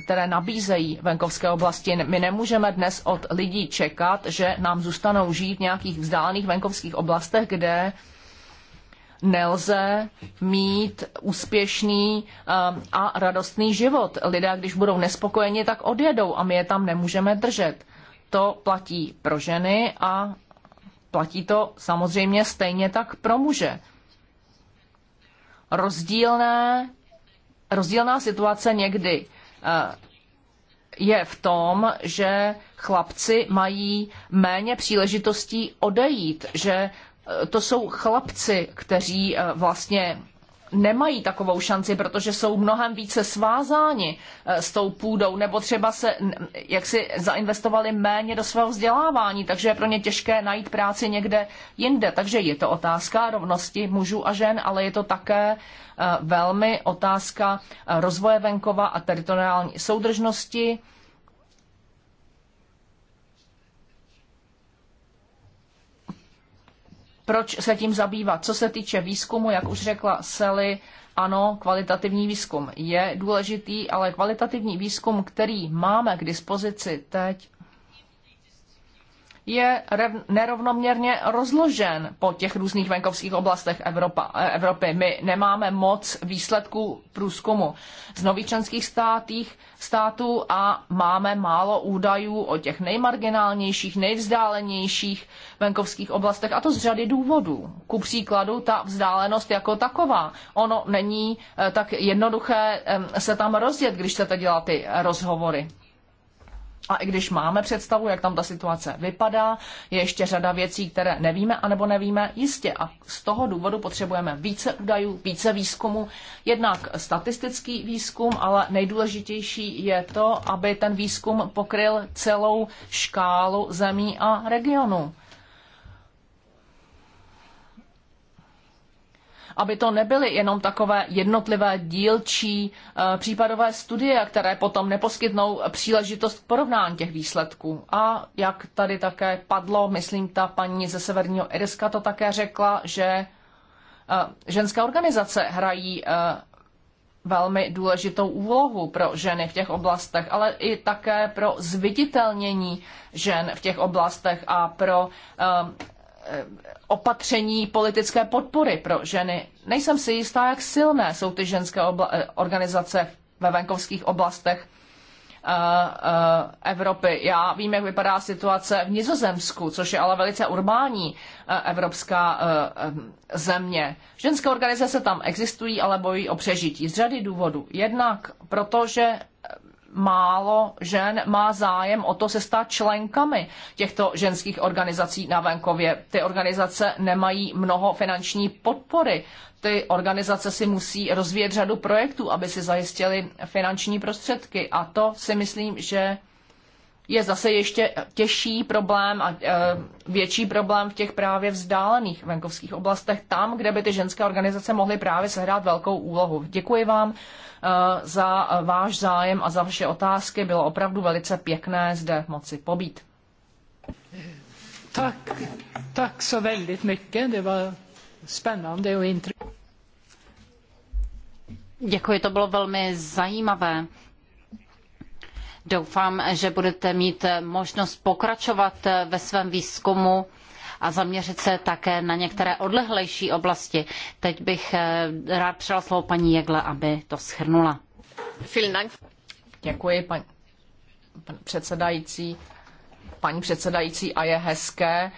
které nabízejí venkovské oblasti. My nemůžeme dnes od lidí čekat, že nám zůstanou žít v nějakých vzdálených venkovských oblastech, kde nelze mít úspěšný um, a radostný život. Lidé, když budou nespokojeni, tak odjedou a my je tam nemůžeme držet. To platí pro ženy a platí to samozřejmě stejně tak pro muže. Rozdílné, rozdílná situace někdy uh, je v tom, že chlapci mají méně příležitostí odejít, že to jsou chlapci, kteří eh, vlastně nemají takovou šanci, protože jsou mnohem více svázáni eh, s tou půdou, nebo třeba se, jak si zainvestovali méně do svého vzdělávání, takže je pro ně těžké najít práci někde jinde. Takže je to otázka rovnosti mužů a žen, ale je to také eh, velmi otázka rozvoje venkova a teritoriální soudržnosti proč se tím zabývat. Co se týče výzkumu, jak už řekla Sally, ano, kvalitativní výzkum je důležitý, ale kvalitativní výzkum, který máme k dispozici teď, je nerovnoměrně rozložen po těch různých venkovských oblastech Evropa, eh, Evropy. My nemáme moc výsledků průzkumu z nových členských státích, států a máme málo údajů o těch nejmarginálnějších, nejvzdálenějších venkovských oblastech a to z řady důvodů. Ku příkladu ta vzdálenost jako taková. Ono není eh, tak jednoduché se tam rozjet, když chcete dělat ty rozhovory. A i když máme představu, jak tam ta situace vypadá, je ještě řada věcí, které nevíme anebo nevíme jistě. A z toho důvodu potřebujeme více údajů, více výzkumu, jednak statistický výzkum, ale nejdůležitější je to, aby ten výzkum pokryl celou škálu zemí a regionů. aby to nebyly jenom takové jednotlivé dílčí eh, případové studie, které potom neposkytnou příležitost k porovnání těch výsledků. A jak tady také padlo, myslím, ta paní ze Severního Irska to také řekla, že eh, ženské organizace hrají eh, velmi důležitou úlohu pro ženy v těch oblastech, ale i také pro zviditelnění žen v těch oblastech a pro Eh, opatření politické podpory pro ženy. Nejsem si jistá, jak silné jsou ty ženské eh, organizace ve venkovských oblastech eh, Evropy. Já vím, jak vypadá situace v Nizozemsku, což je ale velice urbání evropská země. Ženské organizace tam existují, ale bojují o přežití z řady důvodů. Jednak protože málo žen má zájem o to se stát členkami těchto ženských organizací na venkově. Ty organizace nemají mnoho finanční podpory. Ty organizace si musí rozvíjet řadu projektů, aby si zajistili finanční prostředky. A to si myslím, že je zase ještě těžší problém a e, větší problém v těch právě vzdálených venkovských oblastech, tam, kde by ty ženské organizace mohly právě sehrát velkou úlohu. Děkuji vám e, za váš zájem a za vaše otázky. Bylo opravdu velice pěkné zde moci pobít. Tak, tak so väldigt
mycket. Det var spännande och intressant. Děkuji, to bylo velmi zajímavé. Doufám, že budete mít možnost pokračovat ve svém výzkumu a zaměřit se také na některé odlehlejší oblasti. Teď bych eh, rád předal slovo paní Jegle, aby to schrnula.
Děkuji, paní předsedající. Paní předsedající, a je hezké,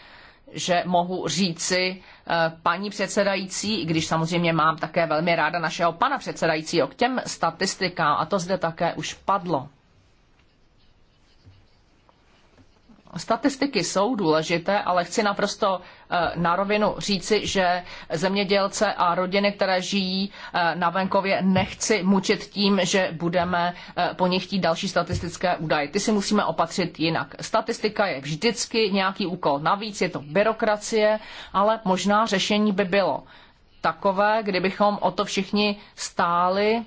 že mohu říci eh, paní předsedající, i když samozřejmě mám také velmi ráda našeho pana předsedajícího, k těm statistikám, a to zde také už padlo. Statistiky jsou důležité, ale chci naprosto eh, na rovinu říci, že zemědělce a rodiny, které žijí eh, na venkově, nechci mučit tím, že budeme eh, po nich chtít další statistické údaje. Ty si musíme opatřit jinak. Statistika je vždycky nějaký úkol. Navíc je to byrokracie, ale možná řešení by bylo takové, kdybychom o to všichni stáli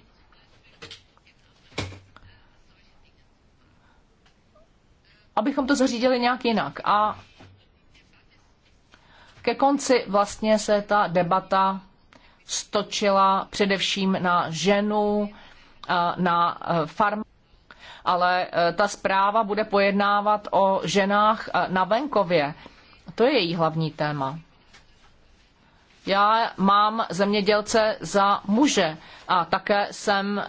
abychom to zařídili nějak jinak. A ke konci vlastně se ta debata stočila především na ženu, na e, farm. Ale e, ta zpráva bude pojednávat o ženách e, na venkově. To je její hlavní téma. Já mám zemědělce za muže a také jsem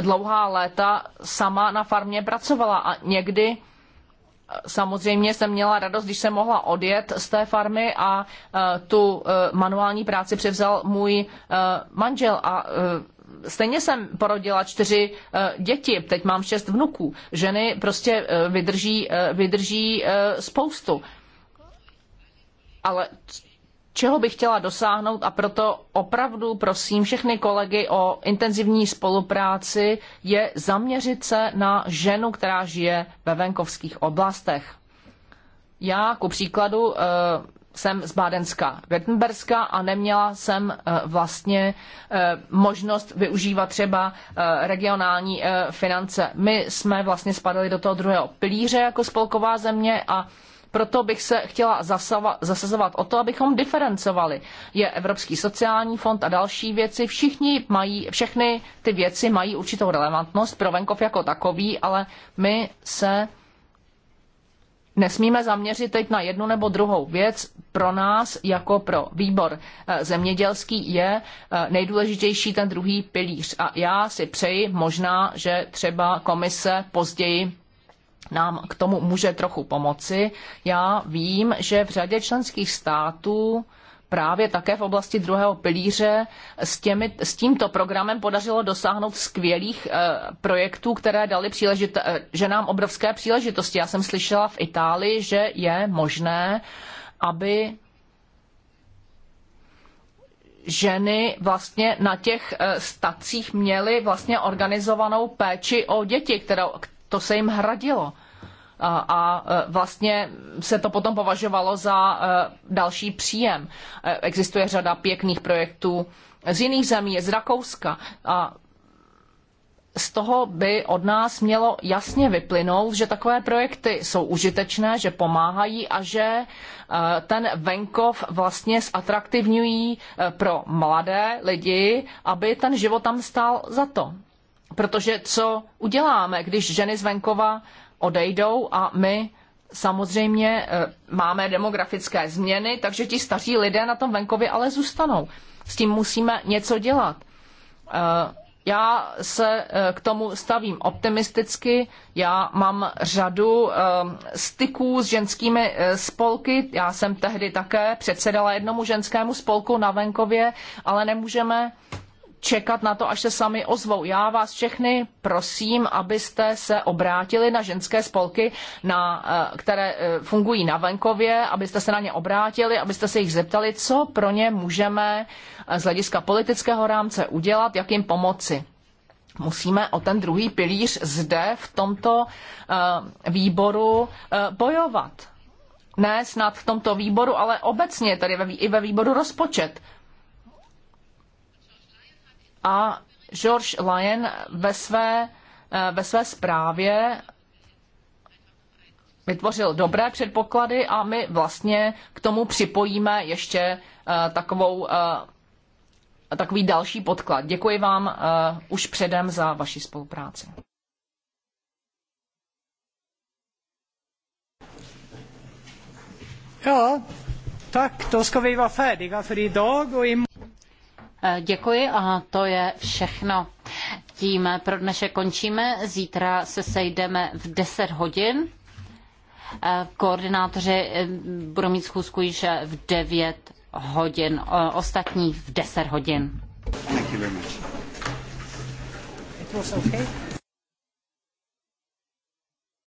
dlouhá léta sama na farmě pracovala a někdy samozřejmě jsem měla radost, když jsem mohla odjet z té farmy a e, tu e, manuální práci převzal můj e, manžel a stejně jsem porodila čtyři děti, teď mám šest vnuků. Ženy prostě vydrží, vydrží spoustu. Ale čeho bych chtěla dosáhnout a proto opravdu prosím všechny kolegy o intenzivní spolupráci, je zaměřit se na ženu, která žije ve venkovských oblastech. Já ku příkladu eh, jsem z Bádenska, Württemberska a neměla jsem eh, vlastně eh, možnost využívat třeba regionální finance. My jsme vlastně spadali do toho druhého pilíře jako spolková země a proto bych se chtěla zasazovat o to, abychom diferencovali. Je Evropský sociální fond a další věci. Všichni mají, všechny ty věci mají určitou relevantnost pro venkov jako takový, ale my se nesmíme zaměřit teď na jednu nebo druhou věc. Pro nás, jako pro výbor eh, zemědělský, je eh, nejdůležitější ten druhý pilíř. A já si přeji možná, že třeba komise později nám k tomu může trochu pomoci. Já vím, že v řadě členských států právě také v oblasti druhého pilíře s, těmi, s tímto programem podařilo dosáhnout skvělých e, projektů, které dali příležit, e, nám obrovské příležitosti. Já jsem slyšela v Itálii, že je možné, aby ženy vlastně na těch eh, stacích měly vlastně organizovanou péči o děti, kterou, to se jim hradilo. A, a e, vlastně se to potom považovalo za e, další příjem. E, existuje řada pěkných projektů z jiných zemí, z Rakouska. A z toho by od nás mělo jasně vyplynout, že takové projekty jsou užitečné, že pomáhají a že ten venkov vlastně zatraktivňují pro mladé lidi, aby ten život tam stál za to. Protože co uděláme, když ženy z venkova odejdou a my samozřejmě eh, máme demografické změny, takže ti staří lidé na tom venkově ale zůstanou. S tím musíme něco dělat. Eh, já se eh, k tomu stavím optimisticky. Já mám řadu styků s ženskými spolky. Já jsem tehdy také předsedala jednomu ženskému spolku na venkově, ale nemůžeme čekat na to, až se sami ozvou. Já vás všechny prosím, abyste se obrátili na ženské spolky, na, eh, které eh, fungují na venkově, abyste se na ně obrátili, abyste se jich zeptali, co pro ně můžeme eh, z hlediska politického rámce udělat, jak jim pomoci musíme o ten druhý pilíř zde v tomto výboru bojovat. Ne snad v tomto výboru, ale obecně, tedy i ve výboru rozpočet a George Lyon ve své, eh, ve své zprávě vytvořil dobré předpoklady a my vlastně k tomu připojíme ještě eh, takovou, eh, takový další podklad. Děkuji vám už předem za vaši spolupráci.
Ja, tack. Då ska vi vara färdiga för idag och im- Eh, děkuji a to je všechno. Tím pro dnešek končíme. Zítra se sejdeme v 10 hodin. Eh, koordinátoři eh, budou mít schůzku již v 9 hodin, ostatní v 10 hodin. Thank you very much. It was okay.